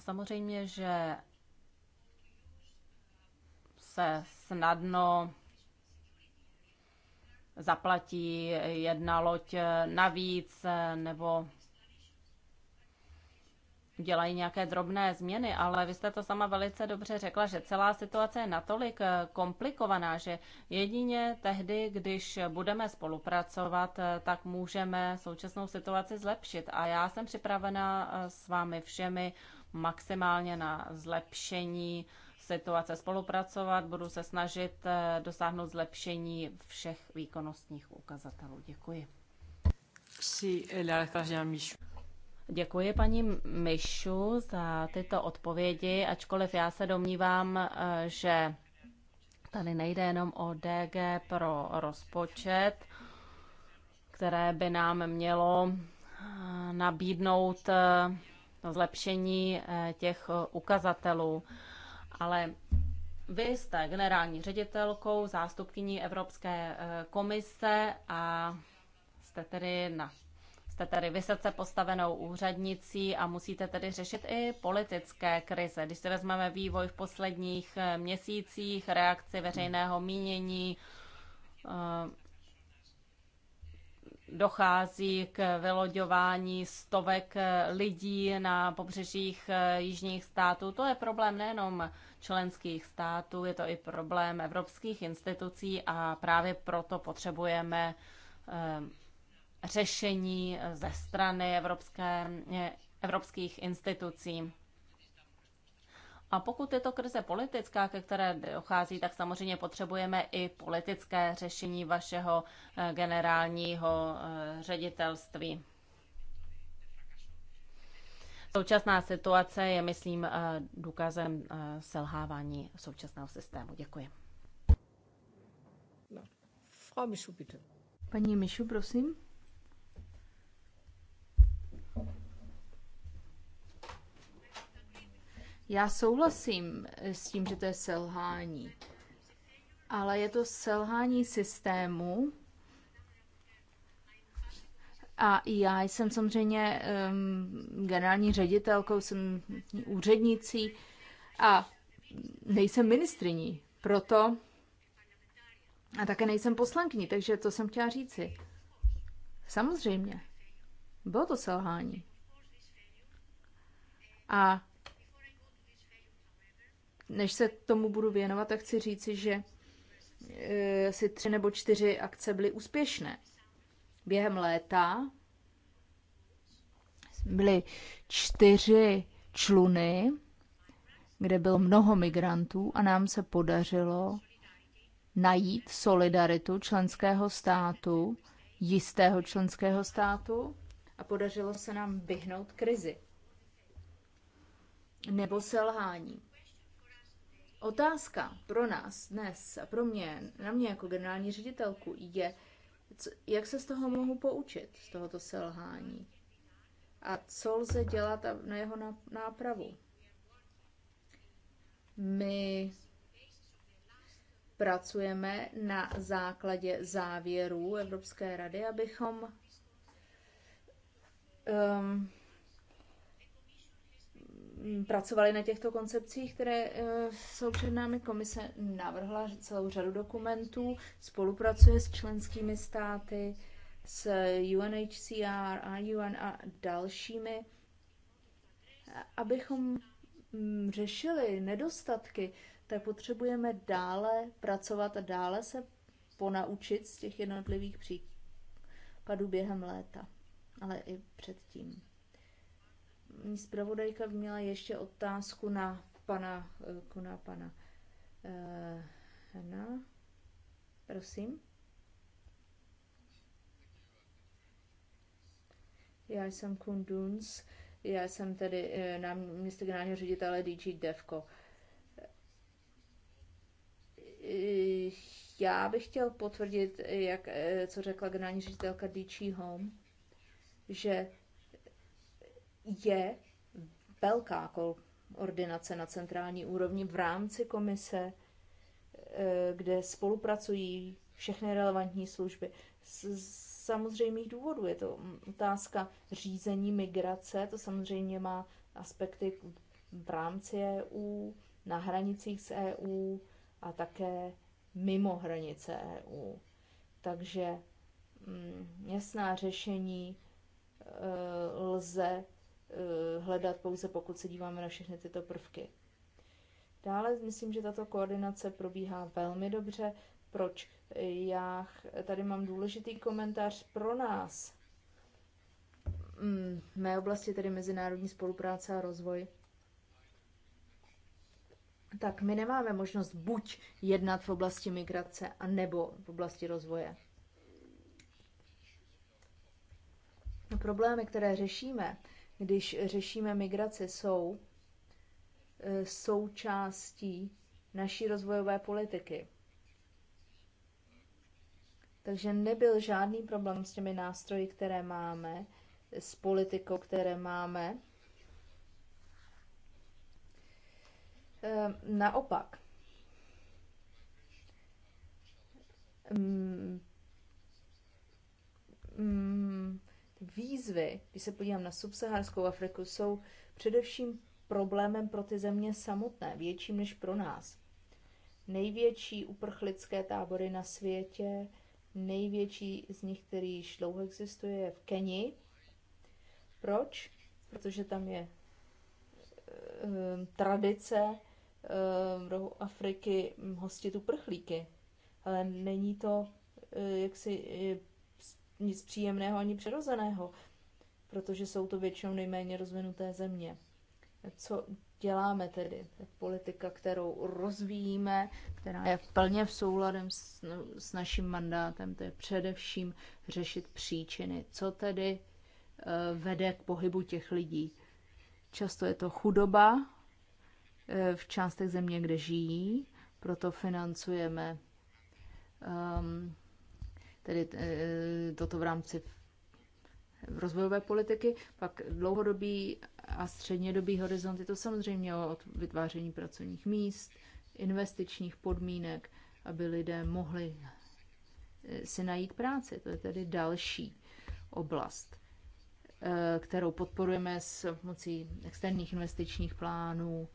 Samozřejmě, že se snadno zaplatí jedna loď navíc nebo dělají nějaké drobné změny, ale vy jste to sama velice dobře řekla, že celá situace je natolik komplikovaná, že jedině tehdy, když budeme spolupracovat, tak můžeme současnou situaci zlepšit. A já jsem připravena s vámi všemi maximálně na zlepšení situace spolupracovat, budu se snažit eh, dosáhnout zlepšení všech výkonnostních ukazatelů. Děkuji. Děkuji paní Myšu za tyto odpovědi, ačkoliv já se domnívám, eh, že tady nejde jenom o DG pro rozpočet, které by nám mělo eh, nabídnout zlepšení těch ukazatelů ale vy jste generální ředitelkou, zástupkyní Evropské eh, komise a jste tedy na jste tedy vysoce postavenou úřadnicí a musíte tedy řešit i politické krize. Když se vezmeme vývoj v posledních eh, měsících, reakci veřejného mínění, eh, dochází k vyloďování stovek lidí na pobřežích eh, jižních států. To je problém nejenom členských států, je to i problém evropských institucí a právě proto potřebujeme eh, řešení ze strany evropské, eh, evropských institucí. A pokud je to krize politická, ke které dochází, tak samozřejmě potřebujeme i politické řešení vašeho eh, generálního eh, ředitelství. Současná situace je, myslím, eh, důkazem selhávání současného systému. Děkuji. No. Paní Mišu, prosím. Já souhlasím eh, s tím, že to je selhání, ale je to selhání systému. A já jsem samozřejmě um, generální ředitelkou, jsem úřednicí a nejsem ministriní, proto a také nejsem poslankyní, takže to jsem chtěla říci. Samozřejmě, bylo to selhání. A než se tomu budu věnovat, tak chci říci, že eh, si tři nebo čtyři akce byly úspěšné. Během léta byly čtyři čluny, kde bylo mnoho migrantů a nám se podařilo najít solidaritu členského státu, jistého členského státu a podařilo se nám vyhnout krizi nebo selhání. Otázka pro nás dnes a pro mě, na mě jako generální ředitelku, je, co, jak se z toho mohu poučit, z tohoto selhání. A co lze dělat na jeho nápravu. My pracujeme na základě závěrů Evropské rady, abychom um, Mm, pracovali na těchto koncepcích, které eh, jsou před námi. Komise navrhla celou řadu dokumentů, spolupracuje s členskými státy, s UNHCR, IUN a dalšími, abychom mm, řešili nedostatky, tak potřebujeme dále pracovat a dále se ponaučit z těch jednotlivých případů během léta, ale i předtím. Zpravodajka měla ještě otázku na pana, eh, na pana eh, Hena. Prosím. Já jsem Kunduns, já jsem tedy eh, městě generálního ředitele DG Devco. Já bych chtěl potvrdit, jak, co řekla generální ředitelka DG Home, že je velká koordinace na centrální úrovni v rámci komise, eh, kde spolupracují všechny relevantní služby. Z samozřejmých důvodů je to otázka řízení migrace, to samozřejmě má aspekty v rámci EU, na hranicích s EU a také mimo hranice EU. Takže mm, jasná řešení eh, lze Eh, hledat pouze, pokud se díváme na všechny tyto prvky. Dále myslím, že tato koordinace probíhá velmi dobře. Proč? Já tady mám důležitý komentář pro nás. Mm, v mé oblasti tedy mezinárodní spolupráce a rozvoj. Tak my nemáme možnost buď jednat v oblasti migrace, a nebo v oblasti rozvoje. Problémy, které řešíme, když řešíme migraci, jsou eh, součástí naší rozvojové politiky. Takže nebyl žádný problém s těmi nástroji, které máme, s politikou, které máme. Eh, naopak, mm. Mm výzvy, když se podívám na subsaharskou Afriku, jsou především problémem pro ty země samotné, větším než pro nás. Největší uprchlické tábory na světě, největší z nich, který již dlouho existuje, je v Keni. Proč? Protože tam je e, tradice e, eh, v rohu Afriky hostit uprchlíky. Ale není to e, jaksi nic příjemného ani přirozeného, protože jsou to většinou nejméně rozvinuté země. Co děláme tedy? Politika, kterou rozvíjíme, která je plně v souladem s, s naším mandátem, to je především řešit příčiny. Co tedy eh, vede k pohybu těch lidí? Často je to chudoba eh, v částech země, kde žijí, proto financujeme um, tedy eh, toto v rámci rozvojové politiky, pak dlouhodobý a střednědobý horizont je to samozřejmě o vytváření pracovních míst, investičních podmínek, aby lidé mohli eh, si najít práci. To je tedy další oblast, eh, kterou podporujeme s pomocí externích investičních plánů,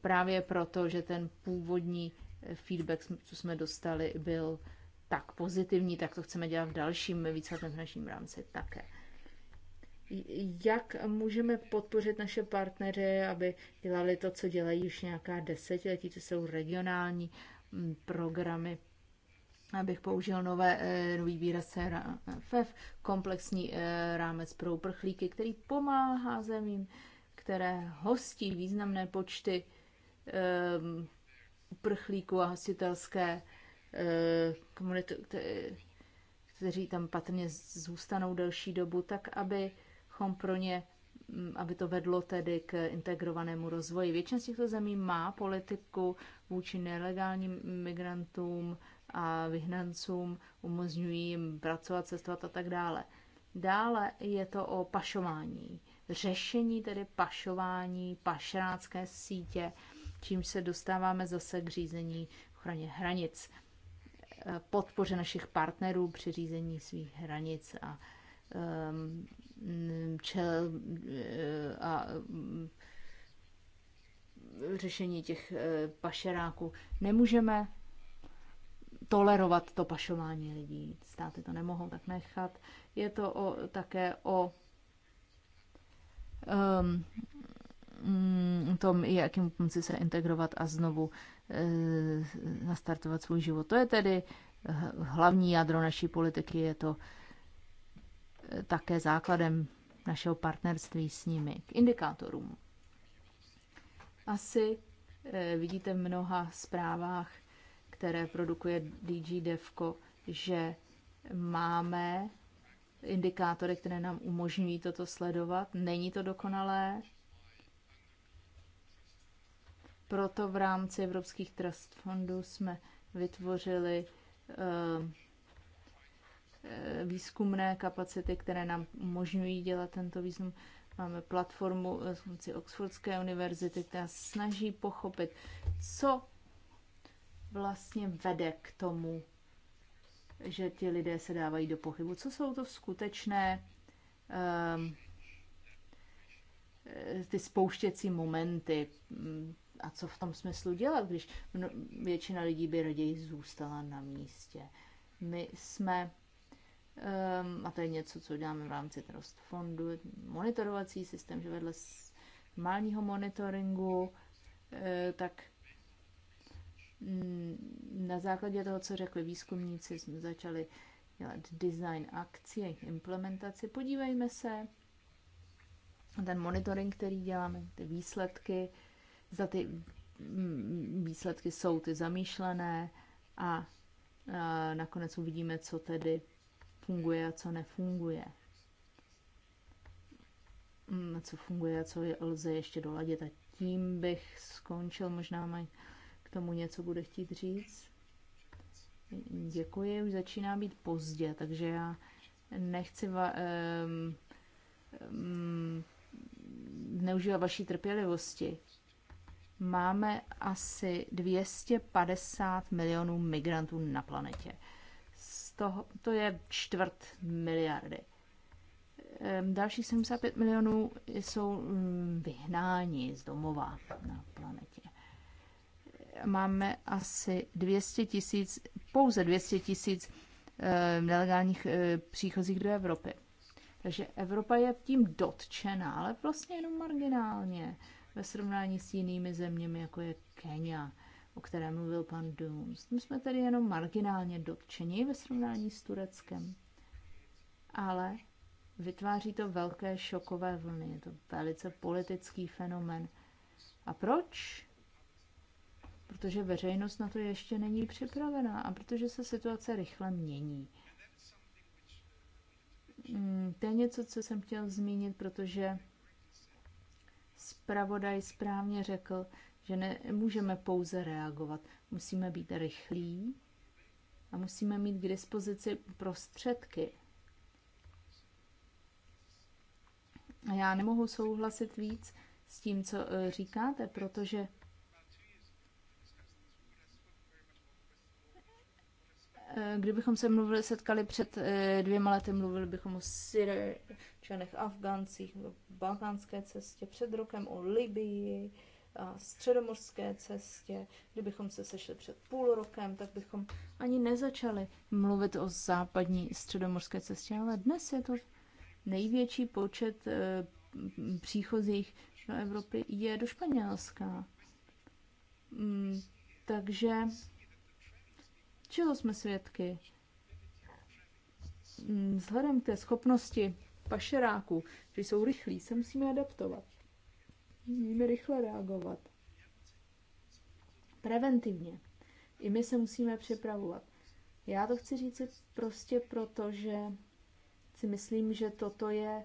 právě proto, že ten původní feedback, co jsme dostali, byl tak pozitivní, tak to chceme dělat v dalším víceletém finančním rámci také. Jak můžeme podpořit naše partnery, aby dělali to, co dělají už nějaká desetiletí, to jsou regionální mm, programy, abych použil nové, eh, nový výraz CRFF, eh, komplexní eh, rámec pro uprchlíky, který pomáhá zemím, které hostí významné počty uprchlíků a hostitelské Eh, komunitu, kteří tam patrně zůstanou delší dobu, tak abychom pro ně mm, aby to vedlo tedy k integrovanému rozvoji. Většina z těchto zemí má politiku vůči nelegálním migrantům a vyhnancům, umožňují jim pracovat, cestovat a tak dále. Dále je to o pašování. Řešení tedy pašování, pašrácké sítě, čím se dostáváme zase k řízení ochraně hranic podpoře našich partnerů při řízení svých hranic a, um, čel, uh, a um, řešení těch uh, pašeráků. Nemůžeme tolerovat to pašování lidí. Státy to nemohou tak nechat. Je to o, také o um, tom, jakým pomoci se integrovat a znovu eh, nastartovat svůj život. To je tedy hlavní jádro naší politiky, je to eh, také základem našeho partnerství s nimi k indikátorům. Asi eh, vidíte v mnoha zprávách, které produkuje DG Devco, že máme indikátory, které nám umožňují toto sledovat. Není to dokonalé, proto v rámci evropských trust fondů jsme vytvořili eh, eh, výzkumné kapacity, které nám umožňují dělat tento výzkum. Máme platformu z eh, Oxfordské univerzity, která snaží pochopit, co vlastně vede k tomu, že ti lidé se dávají do pochybu. Co jsou to skutečné ty spouštěcí momenty mm, a co v tom smyslu dělat, když většina lidí by raději zůstala na místě. My jsme, um, a to je něco, co děláme v rámci Trust Fondu, monitorovací systém, že vedle normálního monitoringu, eh, tak mm, na základě toho, co řekli výzkumníci, jsme začali dělat design akcí, jejich implementaci. Podívejme se, ten monitoring, který děláme, ty výsledky, za ty mm, výsledky jsou ty zamýšlené a nakonec uvidíme, co tedy funguje a co nefunguje. Mm, co funguje a co je lze ještě doladit. A tím bych skončil. Možná mají k tomu něco bude chtít říct. Děkuji, už začíná být pozdě, takže já nechci va- um, um, neužívat vaší trpělivosti máme asi 250 milionů migrantů na planetě. Z toho, to je čtvrt miliardy. Ehm, Dalších 75 milionů jsou mm, vyhnáni z domova na planetě. Máme asi 200 tisíc, pouze 200 tisíc ehm, nelegálních e, příchozích do Evropy. Takže Evropa je tím dotčená, ale vlastně jenom marginálně ve srovnání s jinými zeměmi, jako je Kenia, o které mluvil pan Dooms. My jsme tedy jenom marginálně dotčeni ve srovnání s Tureckem. Ale vytváří to velké šokové vlny. Je to velice politický fenomen. A proč? Protože veřejnost na to ještě není připravená a protože se situace rychle mění. Hmm, to je něco, co jsem chtěl zmínit, protože Spravodaj správně řekl, že nemůžeme pouze reagovat, musíme být rychlí a musíme mít k dispozici prostředky. A já nemohu souhlasit víc s tím, co eh, říkáte, protože Eh, kdybychom se mluvili, setkali před eh, dvěma lety, mluvili bychom o Syrčanech, Afgáncích, o balkánské cestě, před rokem o Libii, a středomorské cestě. Kdybychom se sešli před půl rokem, tak bychom ani nezačali mluvit o západní středomorské cestě, ale dnes je to největší počet eh, příchozích do Evropy je do Španělska. Mm, takže Čeho jsme svědky? Mm, vzhledem k té schopnosti pašeráků, že jsou rychlí, se musíme adaptovat. Musíme rychle reagovat. Preventivně. I my se musíme připravovat. Já to chci říct prostě proto, že si myslím, že toto je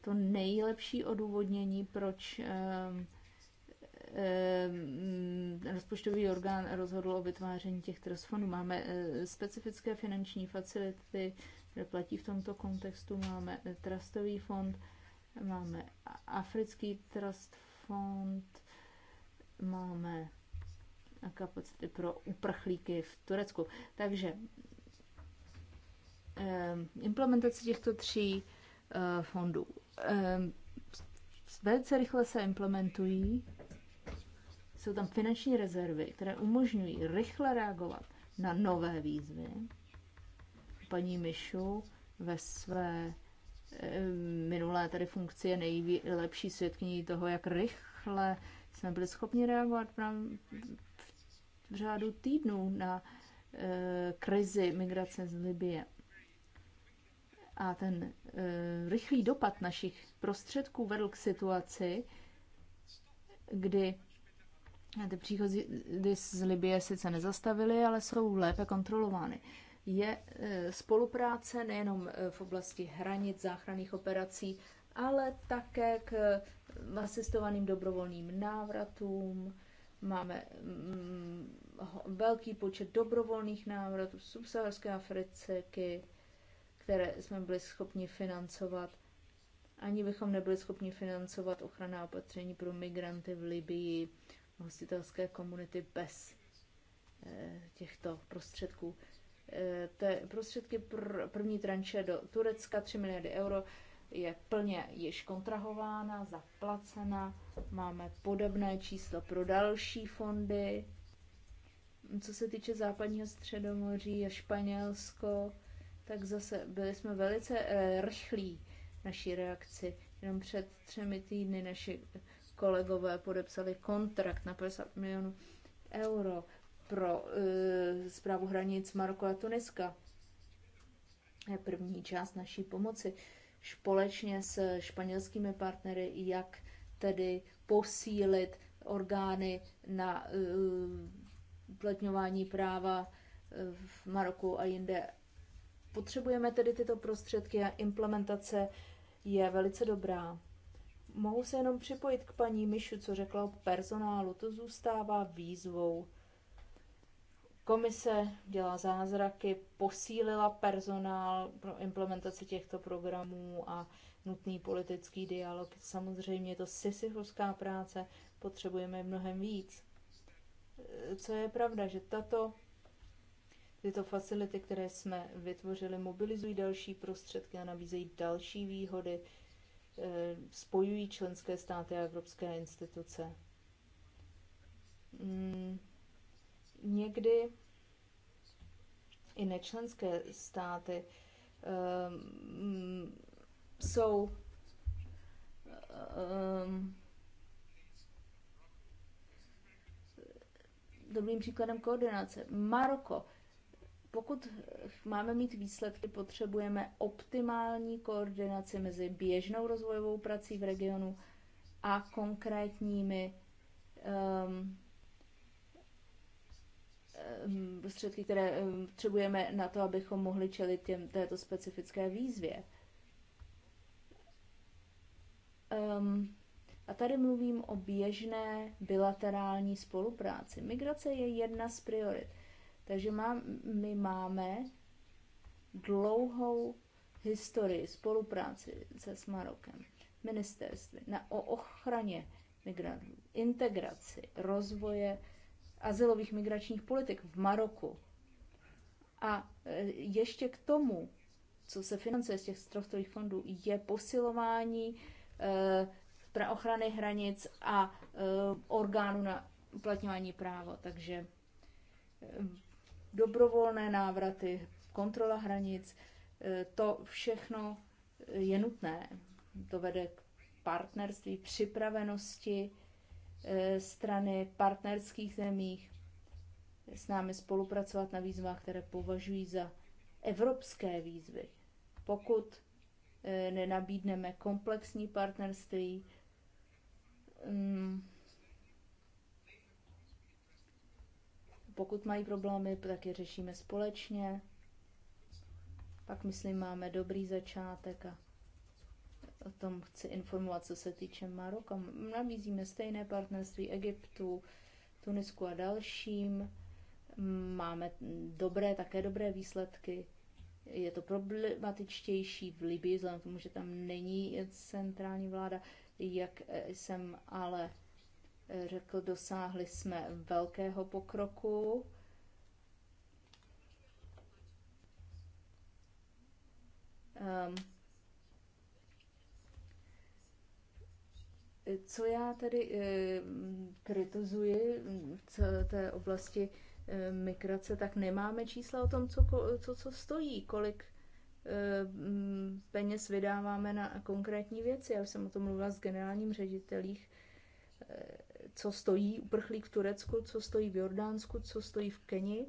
to nejlepší odůvodnění, proč ehm, Ehm, rozpočtový orgán rozhodl o vytváření těch trust fondů. Máme eh, specifické finanční facility, které platí v tomto kontextu. Máme eh, trustový fond, máme africký trust fond, máme kapacity pro uprchlíky v Turecku. Takže ehm, implementace těchto tří eh, fondů. Ehm, velice rychle se implementují jsou tam finanční rezervy, které umožňují rychle reagovat na nové výzvy. Paní Mišu ve své eh, minulé tady funkci je nejlepší světkyní toho, jak rychle jsme byli schopni reagovat v řádu týdnů na eh, krizi migrace z Libie. A ten eh, rychlý dopad našich prostředků vedl k situaci, kdy ty příchody z Libie sice nezastavily, ale jsou lépe kontrolovány. Je e, spolupráce nejenom e, v oblasti hranic, záchranných operací, ale také k e, asistovaným dobrovolným návratům. Máme mm, velký počet dobrovolných návratů v subsaharské Africe, které jsme byli schopni financovat. Ani bychom nebyli schopni financovat ochranná opatření pro migranty v Libii, hostitelské komunity bez eh, těchto prostředků. Eh, te prostředky pr- první tranše do Turecka 3 miliardy euro je plně již kontrahována, zaplacena. Máme podobné číslo pro další fondy. Co se týče západního středomoří a Španělsko, tak zase byli jsme velice eh, rychlí naší reakci. Jenom před třemi týdny naši kolegové podepsali kontrakt na 50 milionů euro pro e, zprávu hranic Maroko a Tuniska. Je první část naší pomoci společně s španělskými partnery, jak tedy posílit orgány na e, uplatňování e, práva v Maroku a jinde. Potřebujeme tedy tyto prostředky a implementace je velice dobrá. Mohu se jenom připojit k paní Mišu, co řekla o personálu. To zůstává výzvou. Komise dělá zázraky, posílila personál pro implementaci těchto programů a nutný politický dialog. Samozřejmě je to sisyfovská práce, potřebujeme mnohem víc. Co je pravda, že tato, tyto facility, které jsme vytvořili, mobilizují další prostředky a nabízejí další výhody Eh, spojují členské státy a evropské instituce. Hmm, někdy i nečlenské státy ehm, jsou ehm, dobrým příkladem koordinace. Maroko pokud máme mít výsledky, potřebujeme optimální koordinaci mezi běžnou rozvojovou prací v regionu a konkrétními um, prostředky, které ehm, potřebujeme na to, abychom mohli čelit těm, této specifické výzvě. Um, a tady mluvím o běžné bilaterální spolupráci. Migrace je jedna z priorit takže má, my máme dlouhou historii spolupráci se s Marokem, ministerství na, o ochraně migrantů, integraci, rozvoje azylových migračních politik v Maroku. A e, ještě k tomu, co se financuje z těch strostových fondů, je posilování e, ochrany hranic a e, orgánů na uplatňování práva. Takže e, dobrovolné návraty, kontrola hranic, eh, to všechno eh, je nutné. To vede k partnerství, připravenosti eh, strany partnerských zemích s námi spolupracovat na výzvách, které považují za evropské výzvy. Pokud nenabídneme komplexní partnerství, mm, Pokud mají problémy, tak je řešíme společně. Pak, myslím, máme dobrý začátek a o tom chci informovat, co se týče Maroka. Nabízíme stejné partnerství Egyptu, Tunisku a dalším. Máme dobré, také dobré výsledky. Je to problematičtější v Libii, vzhledem k tomu, že tam není centrální vláda, jak jsem ale řekl, dosáhli jsme velkého pokroku. Um, co já tedy e, kritizuji v té oblasti e, migrace, tak nemáme čísla o tom, co, co, co stojí, kolik e, peněz vydáváme na konkrétní věci. Já jsem o tom mluvila s generálním ředitelích e, co stojí uprchlík v Turecku, co stojí v Jordánsku, co stojí v Keni.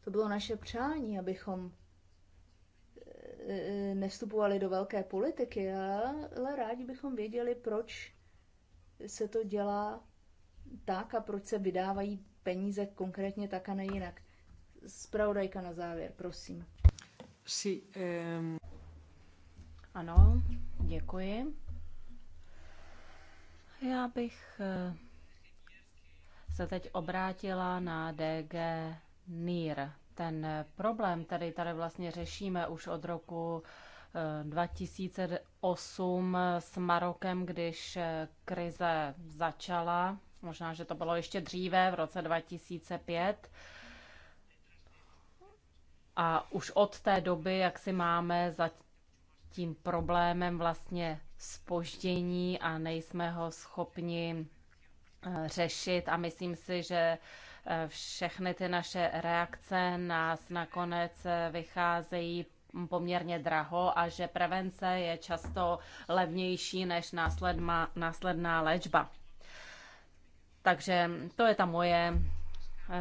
To bylo naše přání, abychom eh, eh, nestupovali do velké politiky, ale rádi bychom věděli, proč se to dělá tak a proč se vydávají peníze konkrétně tak a ne jinak. Spravodajka na závěr, prosím. Si. um... Ano, děkuji. Já bych eh, se teď obrátila na DG NIR. Ten eh, problém, který tady vlastně řešíme už od roku 2008 eh, s Marokem, když krize začala, možná, že to bylo ještě dříve, v roce 2005, a už od té doby, jak si máme za tím problémem vlastně spoždění a nejsme ho schopni eh, řešit a myslím si, že eh, všechny ty naše reakce nás nakonec eh, vycházejí poměrně draho a že prevence je často levnější než následma, následná léčba. Takže to je ta moje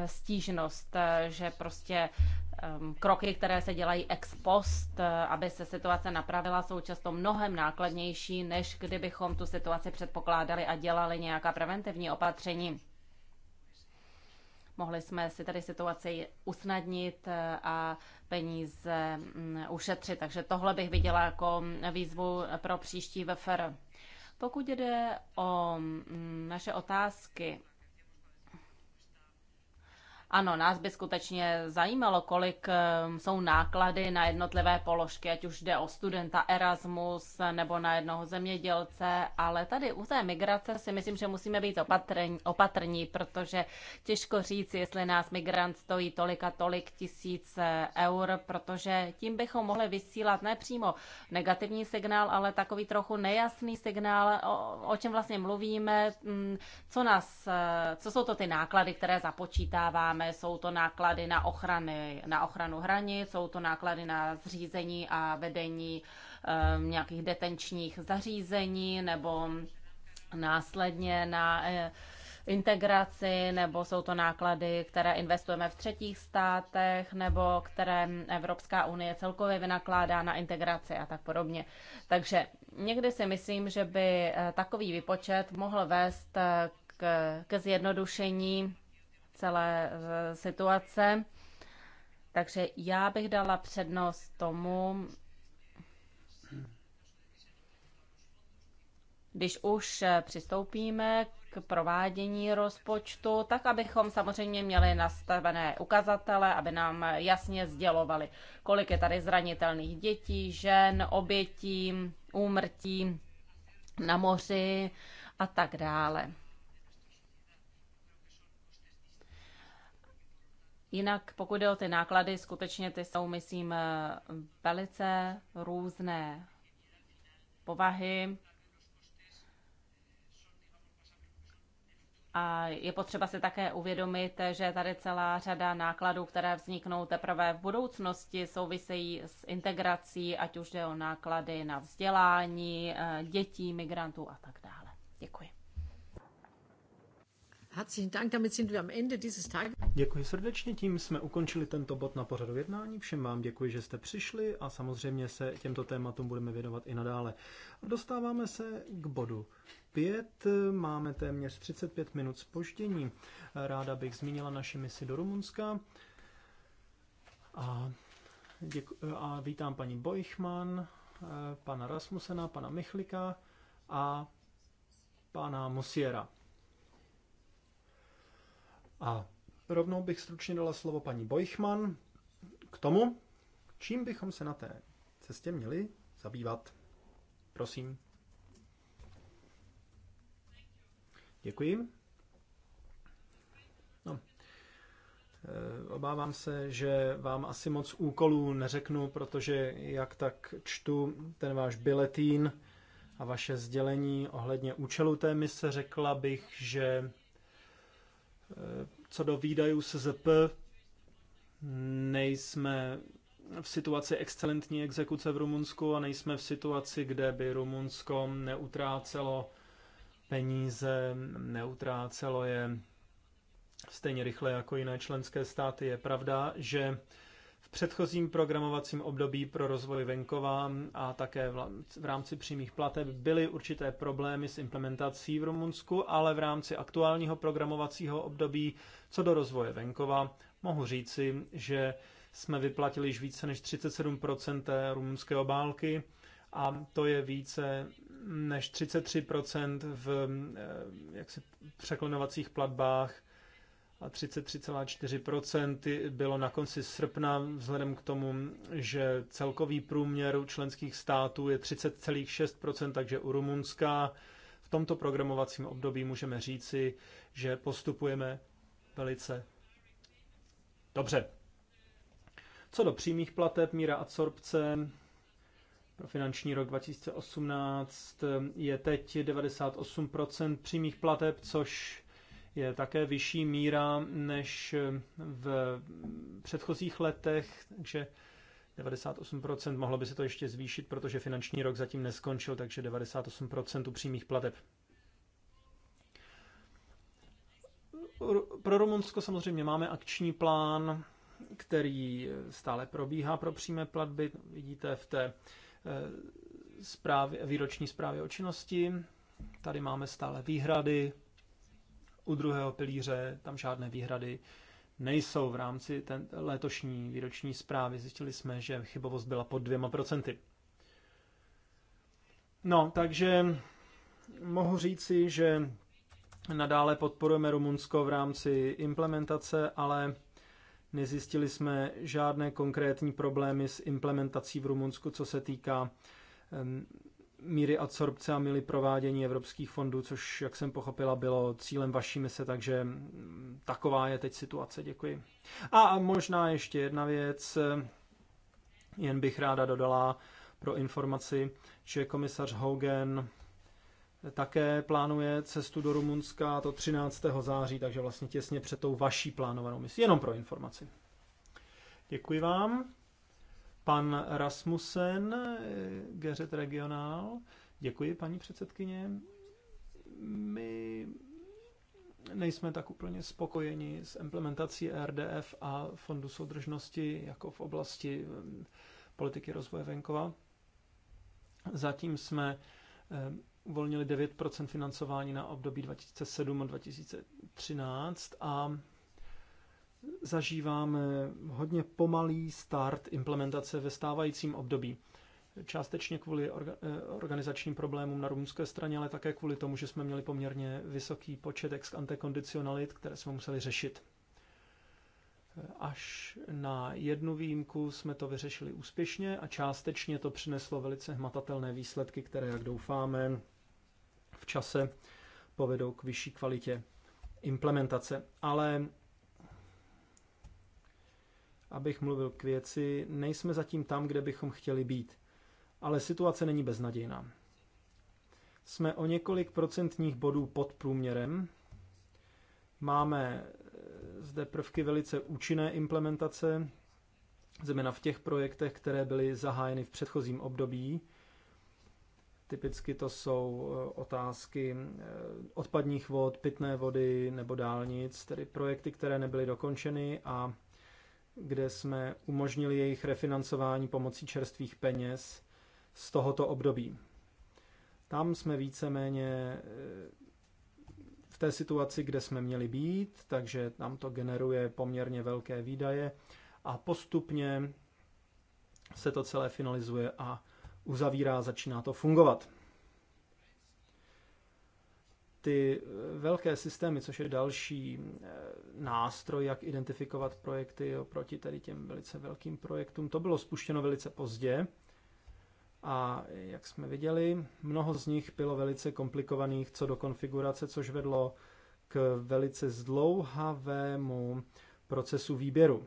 stížnost, že prostě Um, kroky, které se dělají ex post, eh, aby se situace napravila, jsou často mnohem nákladnější, než kdybychom tu situaci předpokládali a dělali nějaká preventivní opatření. Mohli jsme si tady situaci usnadnit eh, a peníze mm, ušetřit, takže tohle bych viděla jako mm, výzvu pro příští VFR. Pokud jde o mm, naše otázky, ano, nás by skutečně zajímalo, kolik um, jsou náklady na jednotlivé položky, ať už jde o studenta Erasmus nebo na jednoho zemědělce, ale tady u té migrace si myslím, že musíme být opatrní, opatrní protože těžko říct, jestli nás migrant stojí tolik a tolik tisíc eh, eur, protože tím bychom mohli vysílat nepřímo negativní signál, ale takový trochu nejasný signál, o, o čem vlastně mluvíme, mm, co, nás, eh, co jsou to ty náklady, které započítáváme máme, jsou to náklady na, ochrany, na ochranu hranic, jsou to náklady na zřízení a vedení um, nějakých detenčních zařízení nebo následně na eh, integraci, nebo jsou to náklady, které investujeme v třetích státech, nebo které Evropská unie celkově vynakládá na integraci a tak podobně. Takže někdy si myslím, že by eh, takový výpočet mohl vést eh, k, ke zjednodušení celé eh, situace. Takže já bych dala přednost tomu, když už eh, přistoupíme k provádění rozpočtu, tak abychom samozřejmě měli nastavené ukazatele, aby nám jasně sdělovali, kolik je tady zranitelných dětí, žen, obětí, úmrtí na moři a tak dále. Jinak pokud jde o ty náklady, skutečně ty jsou, myslím, eh, velice různé povahy. A je potřeba si také uvědomit, že tady celá řada nákladů, které vzniknou teprve v budoucnosti, souvisejí s integrací, ať už jde o náklady na vzdělání eh, dětí, migrantů a tak dále. Děkuji. Děkuji srdečně, tím jsme ukončili tento bod na pořadu jednání. Všem vám děkuji, že jste přišli a samozřejmě se těmto tématům budeme věnovat i nadále. Dostáváme se k bodu 5. Máme téměř 35 minut spoždění. Ráda bych zmínila naši misi do Rumunska. A, děku- a vítám paní Bojchman, eh, pana Rasmusena, pana Michlika a pana Mosiera. A rovnou bych stručně dala slovo paní Bojchman k tomu, čím bychom se na té cestě měli zabývat. Prosím. Děkuji. No. Eh, obávám se, že vám asi moc úkolů neřeknu, protože jak tak čtu ten váš biletín a vaše sdělení ohledně účelu té mise, řekla bych, že co do výdajů SZP, nejsme v situaci excelentní exekuce v Rumunsku a nejsme v situaci, kde by Rumunsko neutrácelo peníze, neutrácelo je stejně rychle jako jiné členské státy. Je pravda, že předchozím programovacím období pro rozvoj venkova a také v rámci přímých plateb byly určité problémy s implementací v Rumunsku, ale v rámci aktuálního programovacího období co do rozvoje venkova mohu říci, že jsme vyplatili již více než 37% rumunské obálky a to je více než 33% v eh, jaksi, překlenovacích platbách a 33,4 bylo na konci srpna vzhledem k tomu, že celkový průměr u členských států je 30,6 takže u Rumunska v tomto programovacím období můžeme říci, že postupujeme velice dobře. Co do přímých plateb, míra adsorpce pro finanční rok 2018 je teď 98 přímých plateb, což je také vyšší míra než v předchozích letech, takže 98% mohlo by se to ještě zvýšit, protože finanční rok zatím neskončil, takže 98% u přímých plateb. Pro Rumunsko samozřejmě máme akční plán, který stále probíhá pro přímé platby. Vidíte v té eh, zprávě, výroční zprávě o činnosti. Tady máme stále výhrady, u druhého pilíře tam žádné výhrady nejsou. V rámci ten letošní výroční zprávy zjistili jsme, že chybovost byla pod dvěma procenty. No, takže mohu říci, že nadále podporujeme Rumunsko v rámci implementace, ale nezjistili jsme žádné konkrétní problémy s implementací v Rumunsku, co se týká míry adsorbce a míry provádění evropských fondů, což, jak jsem pochopila, bylo cílem vaší mise, takže mm, taková je teď situace. Děkuji. A možná ještě jedna věc, jen bych ráda dodala pro informaci, že komisař Hogan také plánuje cestu do Rumunska to 13. září, takže vlastně těsně před tou vaší plánovanou misí. Jenom pro informaci. Děkuji vám. Pan Rasmussen, Geřet Regionál. Děkuji, paní předsedkyně. My nejsme tak úplně spokojeni s implementací RDF a Fondu soudržnosti jako v oblasti eh, politiky rozvoje venkova. Zatím jsme eh, uvolnili 9 financování na období 2007 a 2013 a zažíváme hodně pomalý start implementace ve stávajícím období. Částečně kvůli orga, eh, organizačním problémům na rumunské straně, ale také kvůli tomu, že jsme měli poměrně vysoký počet ex ante kondicionalit, které jsme museli řešit. Až na jednu výjimku jsme to vyřešili úspěšně a částečně to přineslo velice hmatatelné výsledky, které, jak doufáme, v čase povedou k vyšší kvalitě implementace. Ale abych mluvil k věci, nejsme zatím tam, kde bychom chtěli být. Ale situace není beznadějná. Jsme o několik procentních bodů pod průměrem. Máme e, zde prvky velice účinné implementace, zejména v těch projektech, které byly zahájeny v předchozím období. Typicky to jsou e, otázky e, odpadních vod, pitné vody nebo dálnic, tedy projekty, které nebyly dokončeny a kde jsme umožnili jejich refinancování pomocí čerstvých peněz z tohoto období. Tam jsme víceméně eh, v té situaci, kde jsme měli být, takže tam to generuje poměrně velké výdaje a postupně se to celé finalizuje a uzavírá, začíná to fungovat ty eh, velké systémy, což je další eh, nástroj, jak identifikovat projekty oproti tady těm velice velkým projektům, to bylo spuštěno velice pozdě. A jak jsme viděli, mnoho z nich bylo velice komplikovaných co do konfigurace, což vedlo k velice zdlouhavému procesu výběru.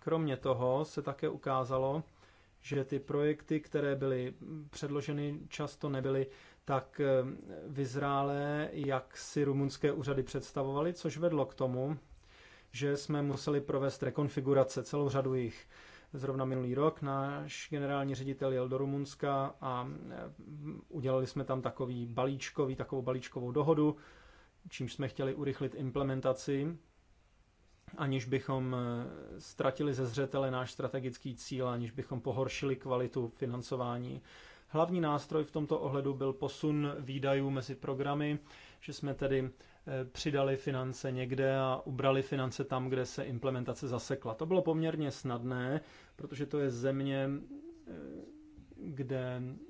Kromě toho se také ukázalo, že ty projekty, které byly předloženy, často nebyly tak eh, vyzrálé, jak si rumunské úřady představovaly, což vedlo k tomu, že jsme museli provést rekonfigurace, celou řadu jich. Zrovna minulý rok náš generální ředitel jel do Rumunska a eh, udělali jsme tam takový balíčkový, takovou balíčkovou dohodu, čímž jsme chtěli urychlit implementaci, aniž bychom eh, ztratili ze zřetele náš strategický cíl, aniž bychom pohoršili kvalitu financování Hlavní nástroj v tomto ohledu byl posun výdajů mezi programy, že jsme tedy eh, přidali finance někde a ubrali finance tam, kde se implementace zasekla. To bylo poměrně snadné, protože to je země, eh, kde eh,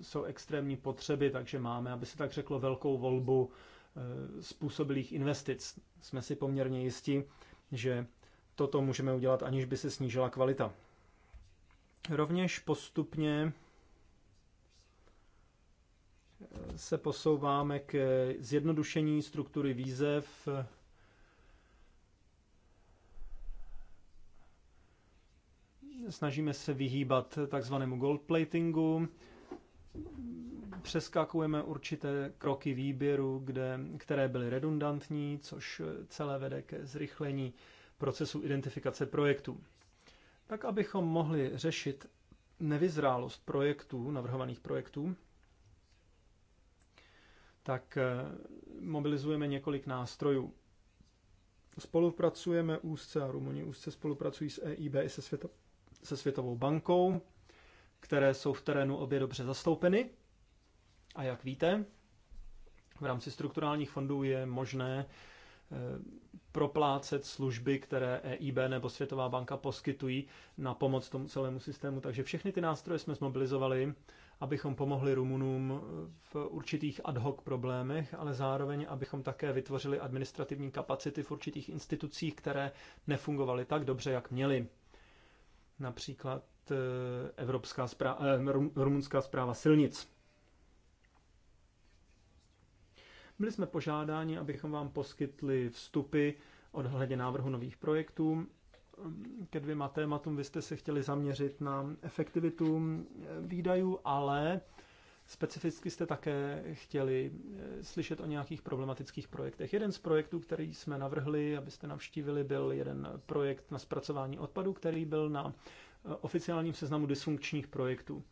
jsou extrémní potřeby, takže máme, aby se tak řeklo, velkou volbu způsobilých investic. Jsme si poměrně jisti, že toto můžeme udělat, aniž by se snížila kvalita. Rovněž postupně se posouváme k zjednodušení struktury výzev. Snažíme se vyhýbat takzvanému goldplatingu. Přeskakujeme určité kroky výběru, kde, které byly redundantní, což celé vede ke zrychlení procesu identifikace projektů. Tak, abychom mohli řešit nevyzrálost projektů, navrhovaných projektů, tak eh, mobilizujeme několik nástrojů. Spolupracujeme úzce a Rumuni úzce spolupracují s EIB i se, světo, se Světovou bankou, které jsou v terénu obě dobře zastoupeny. A jak víte, v rámci strukturálních fondů je možné eh, proplácet služby, které EIB nebo Světová banka poskytují na pomoc tomu celému systému. Takže všechny ty nástroje jsme zmobilizovali abychom pomohli Rumunům v určitých ad hoc problémech, ale zároveň, abychom také vytvořili administrativní kapacity v určitých institucích, které nefungovaly tak dobře, jak měly. Například eh, Evropská zpráva, eh, rumunská zpráva silnic. Byli jsme požádáni, abychom vám poskytli vstupy odhledně návrhu nových projektů ke dvěma tématům. Vy jste se chtěli zaměřit na efektivitu výdajů, ale specificky jste také chtěli eh, slyšet o nějakých problematických projektech. Jeden z projektů, který jsme navrhli, abyste navštívili, byl jeden projekt na zpracování odpadu, který byl na eh, oficiálním seznamu dysfunkčních projektů.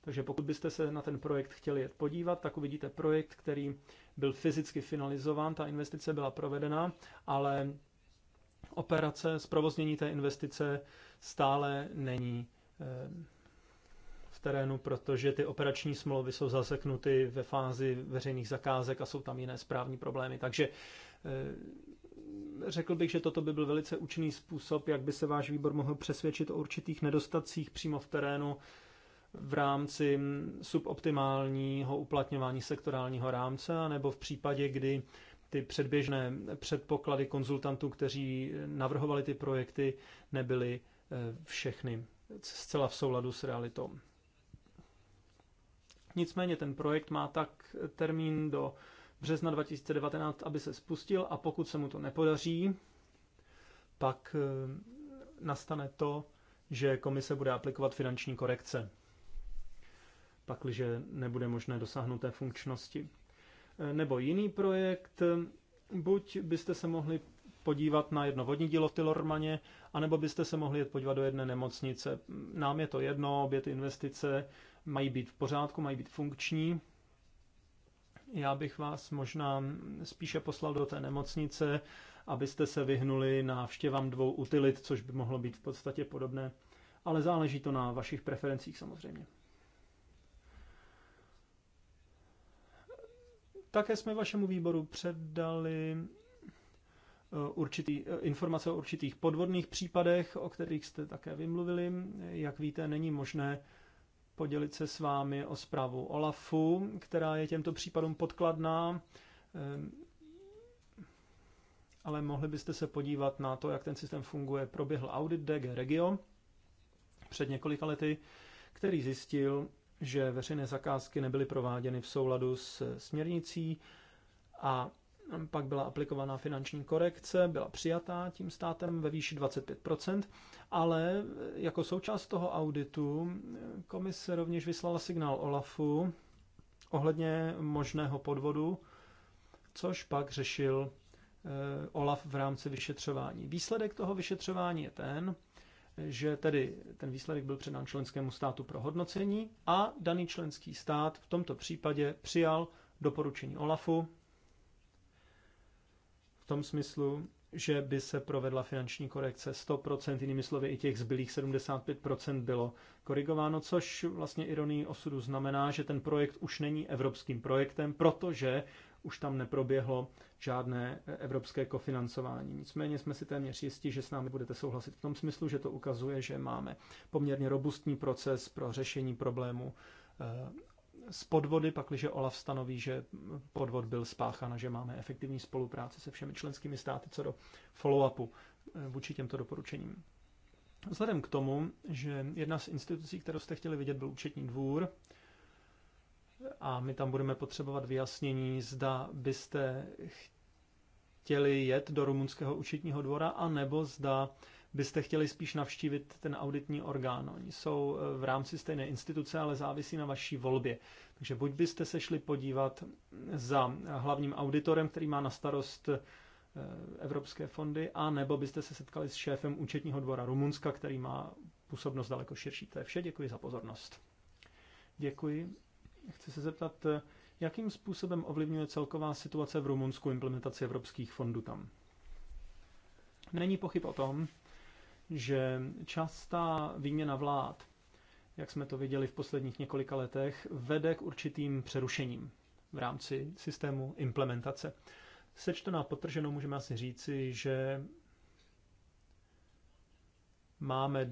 Takže pokud byste se na ten projekt chtěli jet podívat, tak uvidíte projekt, který byl fyzicky finalizován, ta investice byla provedena, ale operace, zprovoznění té investice stále není eh, v terénu, protože ty operační smlouvy jsou zaseknuty ve fázi veřejných zakázek a jsou tam jiné správní problémy. Takže eh, řekl bych, že toto by byl velice účinný způsob, jak by se váš výbor mohl přesvědčit o určitých nedostacích přímo v terénu v rámci suboptimálního uplatňování sektorálního rámce, nebo v případě, kdy ty předběžné předpoklady konzultantů, kteří navrhovali ty projekty, nebyly eh, všechny zcela v souladu s realitou. Nicméně ten projekt má tak termín do března 2019, aby se spustil a pokud se mu to nepodaří, pak eh, nastane to, že komise bude aplikovat finanční korekce, pakliže nebude možné dosáhnout té funkčnosti. Eh, nebo jiný projekt, buď byste se mohli podívat na jedno vodní dílo v a anebo byste se mohli jet podívat do jedné nemocnice. Nám je to jedno, obě ty investice mají být v pořádku, mají být funkční. Já bych vás možná spíše poslal do té nemocnice, abyste se vyhnuli návštěvám dvou utilit, což by mohlo být v podstatě podobné. Ale záleží to na vašich preferencích samozřejmě. Také jsme vašemu výboru předali eh, určitý, eh, informace o určitých podvodných případech, o kterých jste také vymluvili. Jak víte, není možné podělit se s vámi o zprávu OLAFu, která je těmto případům podkladná, eh, ale mohli byste se podívat na to, jak ten systém funguje. Proběhl audit DG Regio před několika lety, který zjistil, že veřejné zakázky nebyly prováděny v souladu s eh, směrnicí a pak byla aplikovaná finanční korekce, byla přijatá tím státem ve výši 25%, ale eh, jako součást toho auditu eh, komise rovněž vyslala signál OLAFu ohledně možného podvodu, což pak řešil OLAF v rámci vyšetřování. Výsledek toho vyšetřování je ten, že tedy ten výsledek byl předán členskému státu pro hodnocení a daný členský stát v tomto případě přijal doporučení OLAFu v tom smyslu, že by se provedla finanční korekce 100%, jinými slovy i těch zbylých 75% bylo korigováno, což vlastně ironii osudu znamená, že ten projekt už není evropským projektem, protože už tam neproběhlo žádné e, evropské kofinancování. Nicméně jsme si téměř jistí, že s námi budete souhlasit v tom smyslu, že to ukazuje, že máme poměrně robustní proces pro řešení problému e, z podvody, pakliže Olaf stanoví, že podvod byl spáchan a že máme efektivní spolupráci se všemi členskými státy co do follow-upu e, vůči těmto doporučením. Vzhledem k tomu, že jedna z institucí, kterou jste chtěli vidět, byl účetní dvůr, a my tam budeme potřebovat vyjasnění, zda byste chtěli jet do rumunského účetního dvora, anebo zda byste chtěli spíš navštívit ten auditní orgán. Oni jsou eh, v rámci stejné instituce, ale závisí na vaší volbě. Takže buď byste se šli podívat za hlavním auditorem, který má na starost eh, evropské fondy, a nebo byste se setkali s šéfem účetního dvora Rumunska, který má působnost daleko širší. To je vše, děkuji za pozornost. Děkuji Chci se zeptat, eh, jakým způsobem ovlivňuje celková situace v Rumunsku implementaci evropských fondů tam? Není pochyb o tom, že častá výměna vlád, jak jsme to viděli v posledních několika letech, vede k určitým přerušením v rámci systému implementace. Sečto na potrženou můžeme asi říci, že máme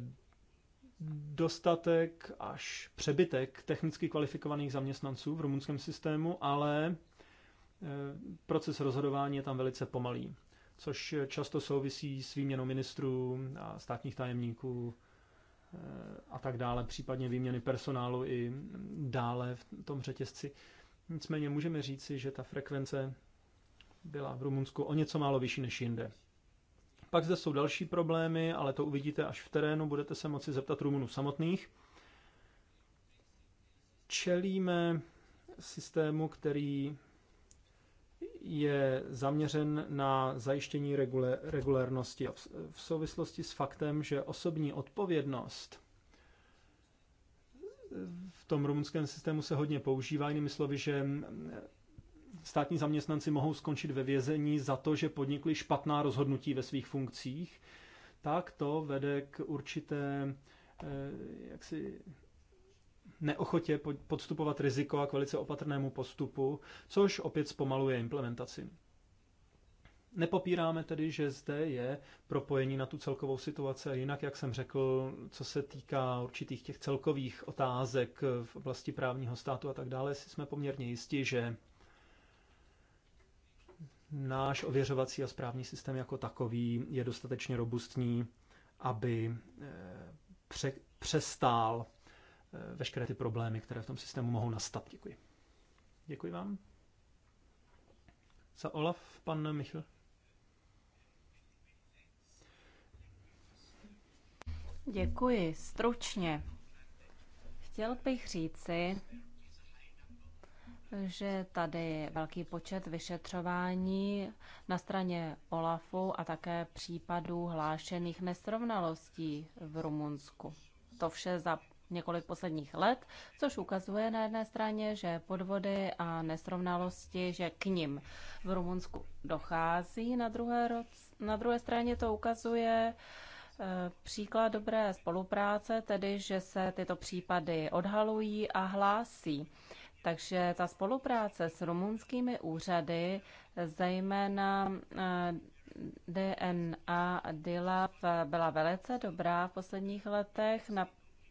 dostatek až přebytek technicky kvalifikovaných zaměstnanců v rumunském systému, ale e, proces rozhodování je tam velice pomalý, což často souvisí s výměnou ministrů a státních tajemníků e, a tak dále, případně výměny personálu i dále v tom řetězci. Nicméně můžeme říci, že ta frekvence byla v Rumunsku o něco málo vyšší než jinde. Pak zde jsou další problémy, ale to uvidíte až v terénu, budete se moci zeptat Rumunů samotných. Čelíme systému, který je zaměřen na zajištění regulérnosti v souvislosti s faktem, že osobní odpovědnost v tom rumunském systému se hodně používá, jinými slovy, že státní zaměstnanci mohou skončit ve vězení za to, že podnikli špatná rozhodnutí ve svých funkcích, tak to vede k určité eh, jaksi neochotě podstupovat riziko a k velice opatrnému postupu, což opět zpomaluje implementaci. Nepopíráme tedy, že zde je propojení na tu celkovou situaci a jinak, jak jsem řekl, co se týká určitých těch celkových otázek v oblasti právního státu a tak dále, si jsme poměrně jistí, že náš ověřovací a správní systém jako takový je dostatečně robustní, aby eh, pře- přestál eh, veškeré ty problémy, které v tom systému mohou nastat. Děkuji. Děkuji vám. Za Olaf, pan Michal. Děkuji, stručně. Chtěl bych říci, že tady je velký počet vyšetřování na straně OLAFu a také případů hlášených nesrovnalostí v Rumunsku. To vše za několik posledních let, což ukazuje na jedné straně, že podvody a nesrovnalosti, že k nim v Rumunsku dochází, na druhé, roc, na druhé straně to ukazuje eh, příklad dobré spolupráce, tedy že se tyto případy odhalují a hlásí. Takže ta spolupráce s rumunskými úřady, zejména eh, DNA DILAV, byla velice dobrá v posledních letech.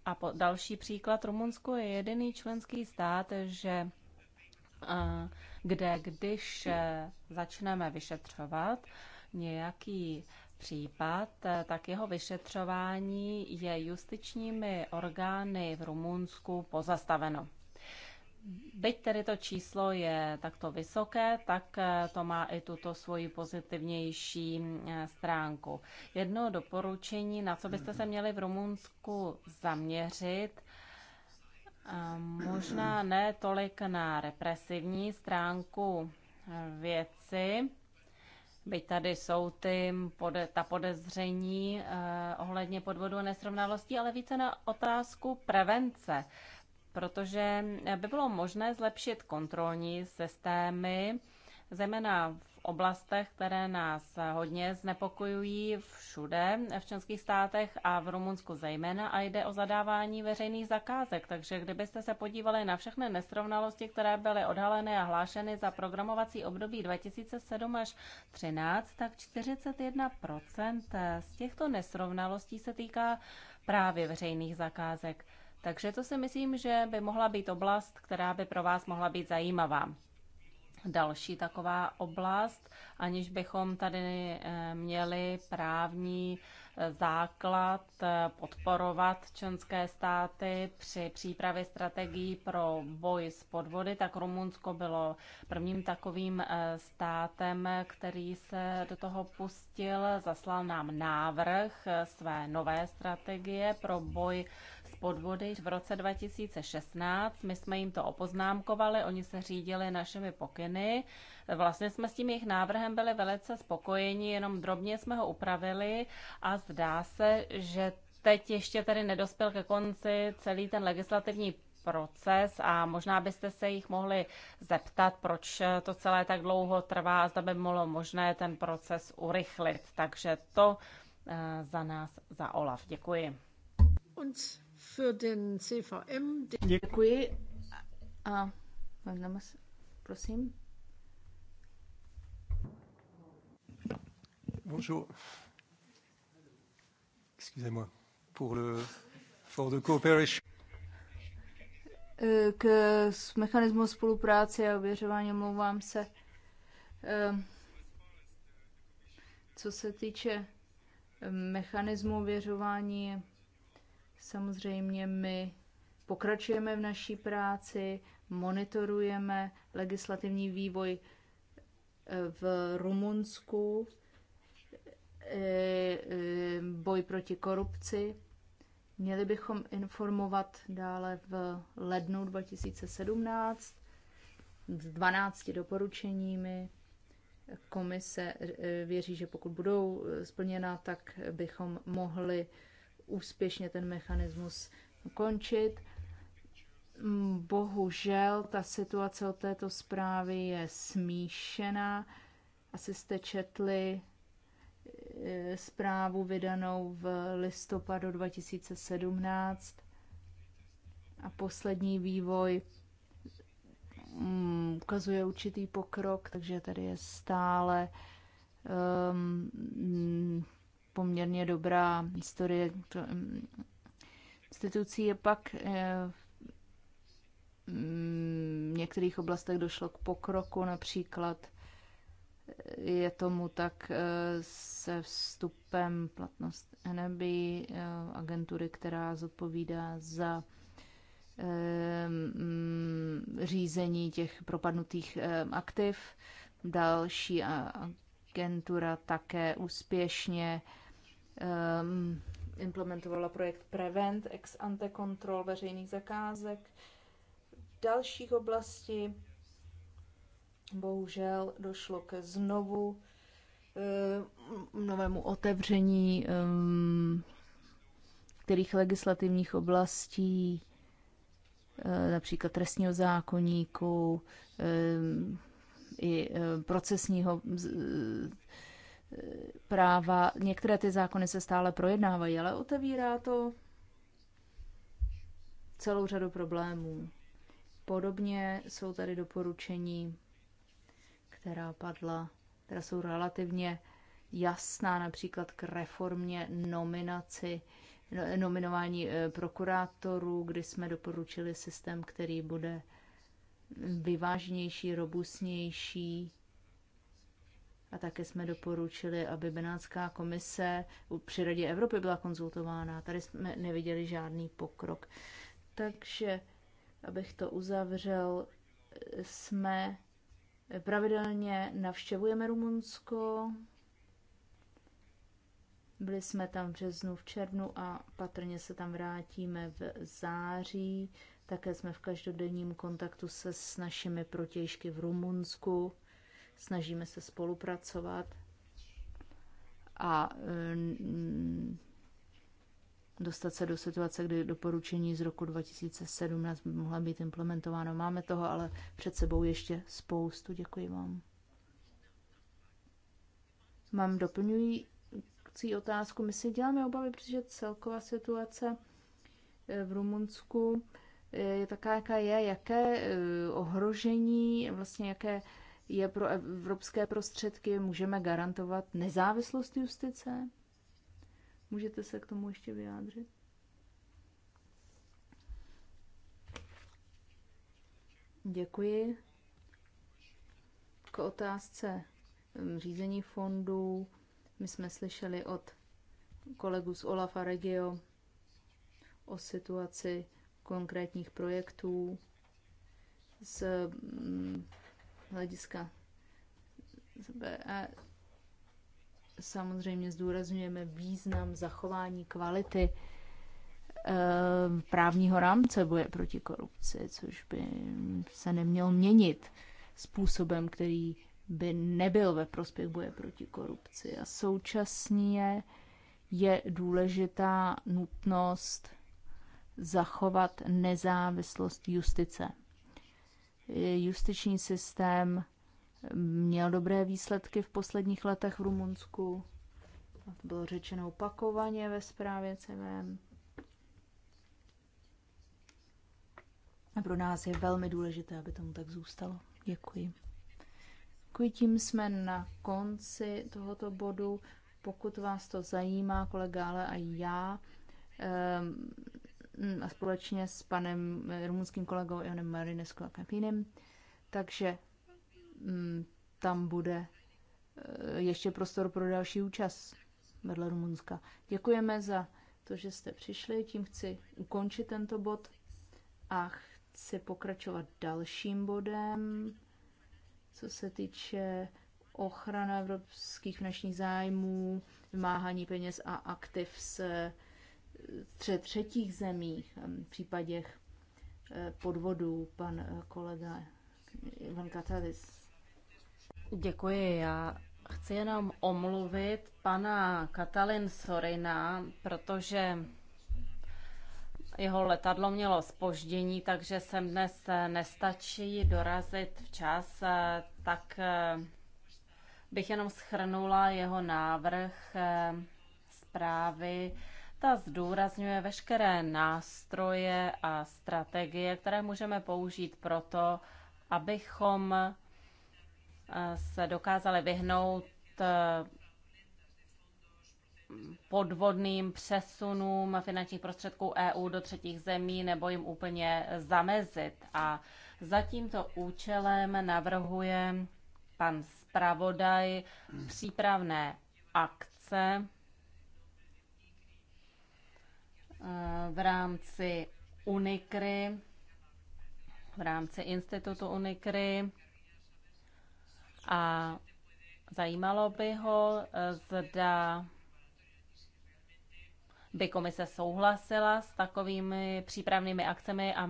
A další příklad, Rumunsko je jediný členský stát, že eh, kde když eh, začneme vyšetřovat nějaký případ, tak jeho vyšetřování je justičními orgány v Rumunsku pozastaveno byť tedy to číslo je takto vysoké, tak eh, to má i tuto svoji pozitivnější eh, stránku. Jedno doporučení, na co byste se měli v Rumunsku zaměřit, eh, možná ne tolik na represivní stránku věci, byť tady jsou ty, ta podezření ohledně podvodu a nesrovnalostí, ale více na otázku prevence protože by bylo možné zlepšit kontrolní systémy, zejména v oblastech, které nás hodně znepokojují všude v členských státech a v Rumunsku zejména a jde o zadávání veřejných zakázek. Takže kdybyste se podívali na všechny nesrovnalosti, které byly odhaleny a hlášeny za programovací období 2007 až 2013, tak 41% z těchto nesrovnalostí se týká právě veřejných zakázek. Takže to si myslím, že by mohla být oblast, která by pro vás mohla být zajímavá. Další taková oblast, aniž bychom tady eh, měli právní eh, základ eh, podporovat členské státy při přípravě strategií pro boj s podvody, tak Rumunsko bylo prvním takovým státem, který se do toho pustil, zaslal nám návrh své nové strategie pro boj podvody v roce 2016. My jsme jim to opoznámkovali, oni se řídili našimi pokyny. Vlastně jsme s tím jejich návrhem byli velice spokojeni, jenom drobně jsme ho upravili a zdá se, že teď ještě tady nedospěl ke konci celý ten legislativní proces a možná byste se jich mohli zeptat, proč to celé tak dlouho trvá a zda by bylo možné ten proces urychlit. Takže to eh, za nás, za OLAF. Děkuji für den CVM. Děkuji. A, prosím. Bonjour. Excusez-moi. Pour le for de coopération. K mechanismu spolupráce a ověřování omlouvám se. Ehm, co se týče ehm, mechanismu ověřování Samozřejmě my pokračujeme v naší práci, monitorujeme legislativní vývoj eh, v Rumunsku, eh, eh, boj proti korupci. Měli bychom informovat dále v lednu 2017 s 12 doporučeními. Komise věří, že pokud budou splněna, tak bychom mohli úspěšně ten mechanismus končit. Bohužel ta situace od této zprávy je smíšená. Asi jste četli eh, zprávu vydanou v listopadu 2017 a poslední vývoj mm, ukazuje určitý pokrok, takže tady je stále um, poměrně dobrá historie institucí. A pak eh, mm, v některých oblastech došlo k pokroku, například eh, je tomu tak eh, se vstupem platnost NB, agentury, která zodpovídá za mm, řízení těch propadnutých aktiv. Další agentura také úspěšně um, implementovala projekt Prevent, ex ante kontrol veřejných zakázek. V dalších oblasti bohužel došlo ke znovu um, novému otevření um, kterých legislativních oblastí, například trestního zákoníku, i procesního práva. Některé ty zákony se stále projednávají, ale otevírá to celou řadu problémů. Podobně jsou tady doporučení, která padla, která jsou relativně jasná, například k reformě nominaci, nominování eh, prokurátorů, kdy jsme doporučili systém, který bude vyvážnější, robustnější, a také jsme doporučili, aby Benátská komise při Radě Evropy byla konzultována. Tady jsme neviděli žádný pokrok. Takže, abych to uzavřel, jsme pravidelně navštěvujeme Rumunsko. Byli jsme tam v březnu, v červnu a patrně se tam vrátíme v září. Také jsme v každodenním kontaktu se s našimi protějšky v Rumunsku snažíme se spolupracovat a dostat se do situace, kdy doporučení z roku 2017 by mohla být implementováno. Máme toho ale před sebou ještě spoustu. Děkuji vám. Mám doplňující otázku. My si děláme obavy, protože celková situace e, v Rumunsku e, je taká, jaká je, jaké e, ohrožení, vlastně jaké je pro evropské prostředky, můžeme garantovat nezávislost justice? Můžete se k tomu ještě vyjádřit? Děkuji. K otázce hm, řízení fondů. My jsme slyšeli od kolegů z Olafa Regio o situaci konkrétních projektů z hlediska samozřejmě zdůrazňujeme význam zachování kvality ehm, právního rámce boje proti korupci, což by se neměl měnit způsobem, který by nebyl ve prospěch boje proti korupci. A současně je důležitá nutnost zachovat nezávislost justice justiční systém měl dobré výsledky v posledních letech v Rumunsku. A to bylo řečeno opakovaně ve zprávě CVM. A pro nás je velmi důležité, aby tomu tak zůstalo. Děkuji. Děkuji, tím jsme na konci tohoto bodu. Pokud vás to zajímá, kolegále a já, ehm, a společně s panem eh, rumunským kolegou Ionem Marinescu a Campinem. Takže mm, tam bude eh, ještě prostor pro další účast vedle Rumunska. Děkujeme za to, že jste přišli. Tím chci ukončit tento bod a chci pokračovat dalším bodem, co se týče ochrany evropských finančních zájmů, vymáhání peněz a aktiv se třetích zemích, v případech podvodů, pan eh, kolega Ivan Katalis. Děkuji. Já chci jenom omluvit pana Katalin Sorina, protože jeho letadlo mělo spoždění, takže sem dnes eh, nestačí dorazit včas, eh, tak bych jenom schrnula jeho návrh zprávy ta zdůrazňuje veškeré nástroje a strategie, které můžeme použít proto, abychom eh, se dokázali vyhnout eh, podvodným přesunům finančních prostředků EU do třetích zemí nebo jim úplně zamezit. A za tímto účelem navrhuje pan zpravodaj přípravné akce v rámci Unikry, v rámci institutu Unikry a zajímalo by ho, zda by komise souhlasila s takovými přípravnými akcemi a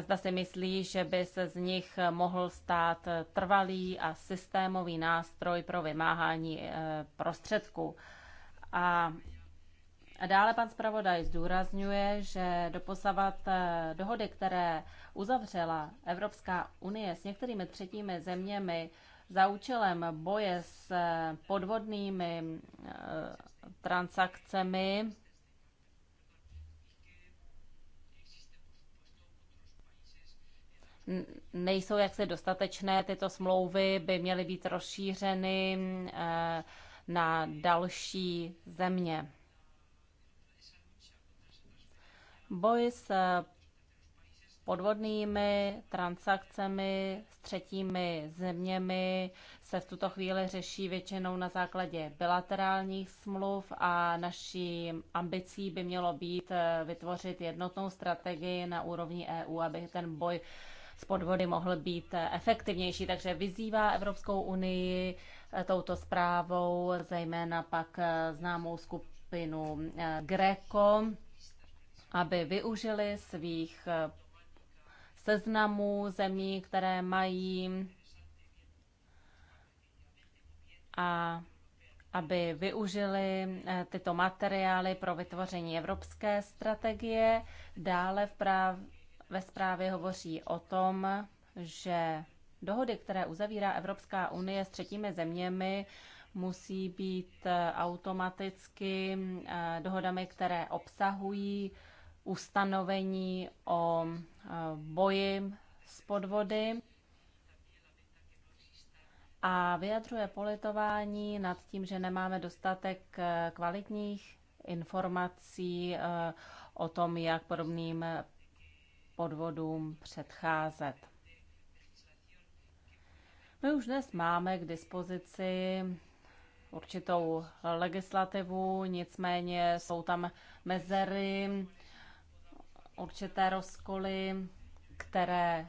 zda si myslí, že by se z nich mohl stát trvalý a systémový nástroj pro vymáhání eh, prostředků. A a dále pan zpravodaj zdůrazňuje, že doposavat eh, dohody, které uzavřela Evropská unie s některými třetími zeměmi za účelem boje s eh, podvodnými eh, transakcemi, nejsou jaksi dostatečné. Tyto smlouvy by měly být rozšířeny na další země. Boj s podvodnými transakcemi s třetími zeměmi se v tuto chvíli řeší většinou na základě bilaterálních smluv a naší ambicí by mělo být eh, vytvořit jednotnou strategii na úrovni EU, aby ten boj s podvody mohl být eh, efektivnější. Takže vyzývá Evropskou unii eh, touto zprávou, zejména pak známou skupinu Greco, aby využili svých eh, seznamů zemí, které mají a aby využili eh, tyto materiály pro vytvoření evropské strategie. Dále v práv- ve zprávě hovoří o tom, že dohody, které uzavírá Evropská unie s třetími zeměmi, musí být eh, automaticky dohodami, které obsahují ustanovení o eh, boji s podvody a vyjadřuje politování nad tím, že nemáme dostatek eh, kvalitních informací eh, o tom, jak podobným podvodům předcházet. My už dnes máme k dispozici určitou legislativu, nicméně jsou tam mezery, určité rozkoly, které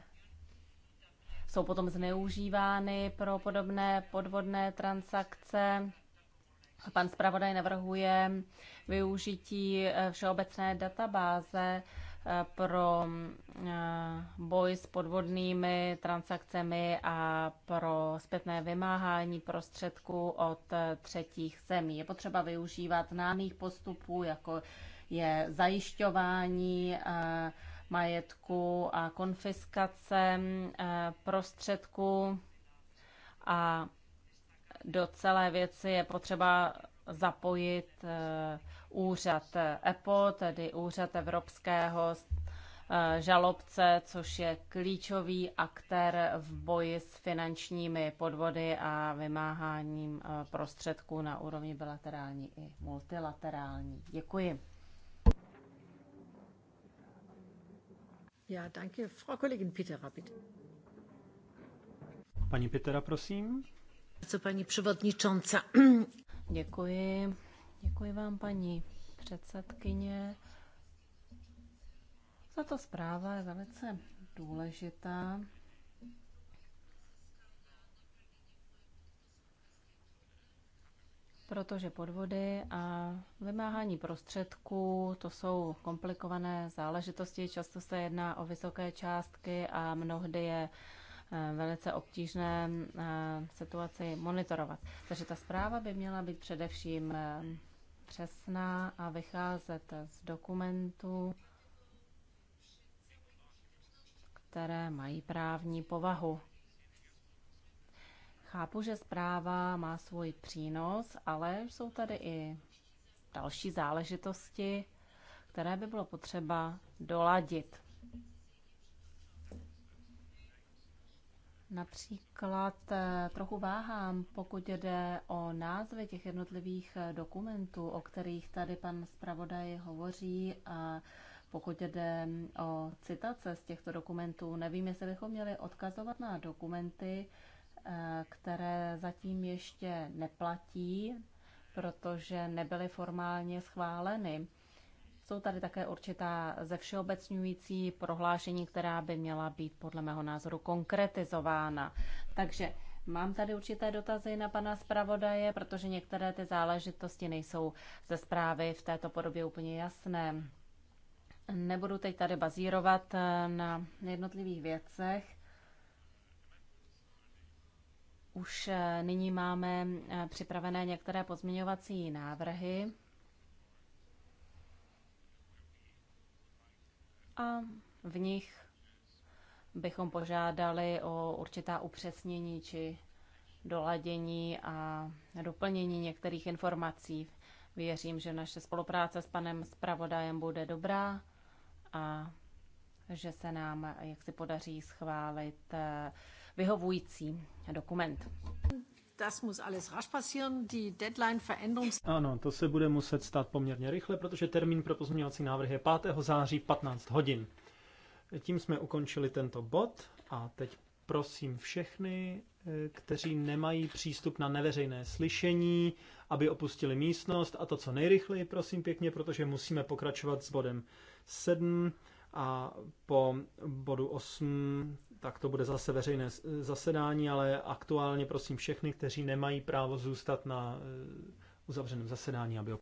jsou potom zneužívány pro podobné podvodné transakce. Pan zpravodaj navrhuje využití eh, všeobecné databáze eh, pro eh, boj s podvodnými transakcemi a pro zpětné vymáhání prostředků od třetích zemí. Je potřeba využívat známých postupů, jako je zajišťování eh, majetku a konfiskace eh, prostředků a do celé věci je potřeba zapojit eh, úřad EPO, tedy úřad Evropského žalobce, což je klíčový aktér v boji s finančními podvody a vymáháním prostředků na úrovni bilaterální i multilaterální. Děkuji. Já danke. Frau Kollegin Pitera, bitte. Paní Pitera, prosím. Co paní převodničonce? Děkuji. Děkuji vám, paní předsedkyně. Tato zpráva je velice důležitá. protože podvody a vymáhání prostředků to jsou komplikované záležitosti. Často se jedná o vysoké částky a mnohdy je eh, velice obtížné eh, situaci monitorovat. Takže ta zpráva by měla být především eh, přesná a vycházet z dokumentů, které mají právní povahu. Chápu, že zpráva má svůj přínos, ale jsou tady i další záležitosti, které by bylo potřeba doladit. Například eh, trochu váhám, pokud jde o názvy těch jednotlivých eh, dokumentů, o kterých tady pan zpravodaj hovoří. A pokud jde mm, o citace z těchto dokumentů, nevím, jestli bychom měli odkazovat na dokumenty, Eh, které zatím ještě neplatí, protože nebyly formálně schváleny. Jsou tady také určitá ze všeobecňující prohlášení, která by měla být podle mého názoru konkretizována. Takže mám tady určité dotazy na pana zpravodaje, protože některé ty záležitosti nejsou ze zprávy v této podobě úplně jasné. Nebudu teď tady bazírovat eh, na jednotlivých věcech, už eh, nyní máme eh, připravené některé pozměňovací návrhy. A v nich bychom požádali o určitá upřesnění či doladění a doplnění některých informací. Věřím, že naše spolupráce s panem zpravodajem bude dobrá a že se nám eh, jaksi podaří schválit vyhovující dokument. Das muss alles rasch passieren. Die Deadline Ano, to se bude muset stát poměrně rychle, protože termín pro pozměňovací návrh je 5. září 15 hodin. Tím jsme ukončili tento bod a teď prosím všechny, eh, kteří nemají přístup na neveřejné slyšení, aby opustili místnost a to co nejrychleji, prosím pěkně, protože musíme pokračovat s bodem 7 a po bodu 8, tak to bude zase veřejné zasedání, ale aktuálně prosím všechny, kteří nemají právo zůstat na eh, uzavřeném zasedání, aby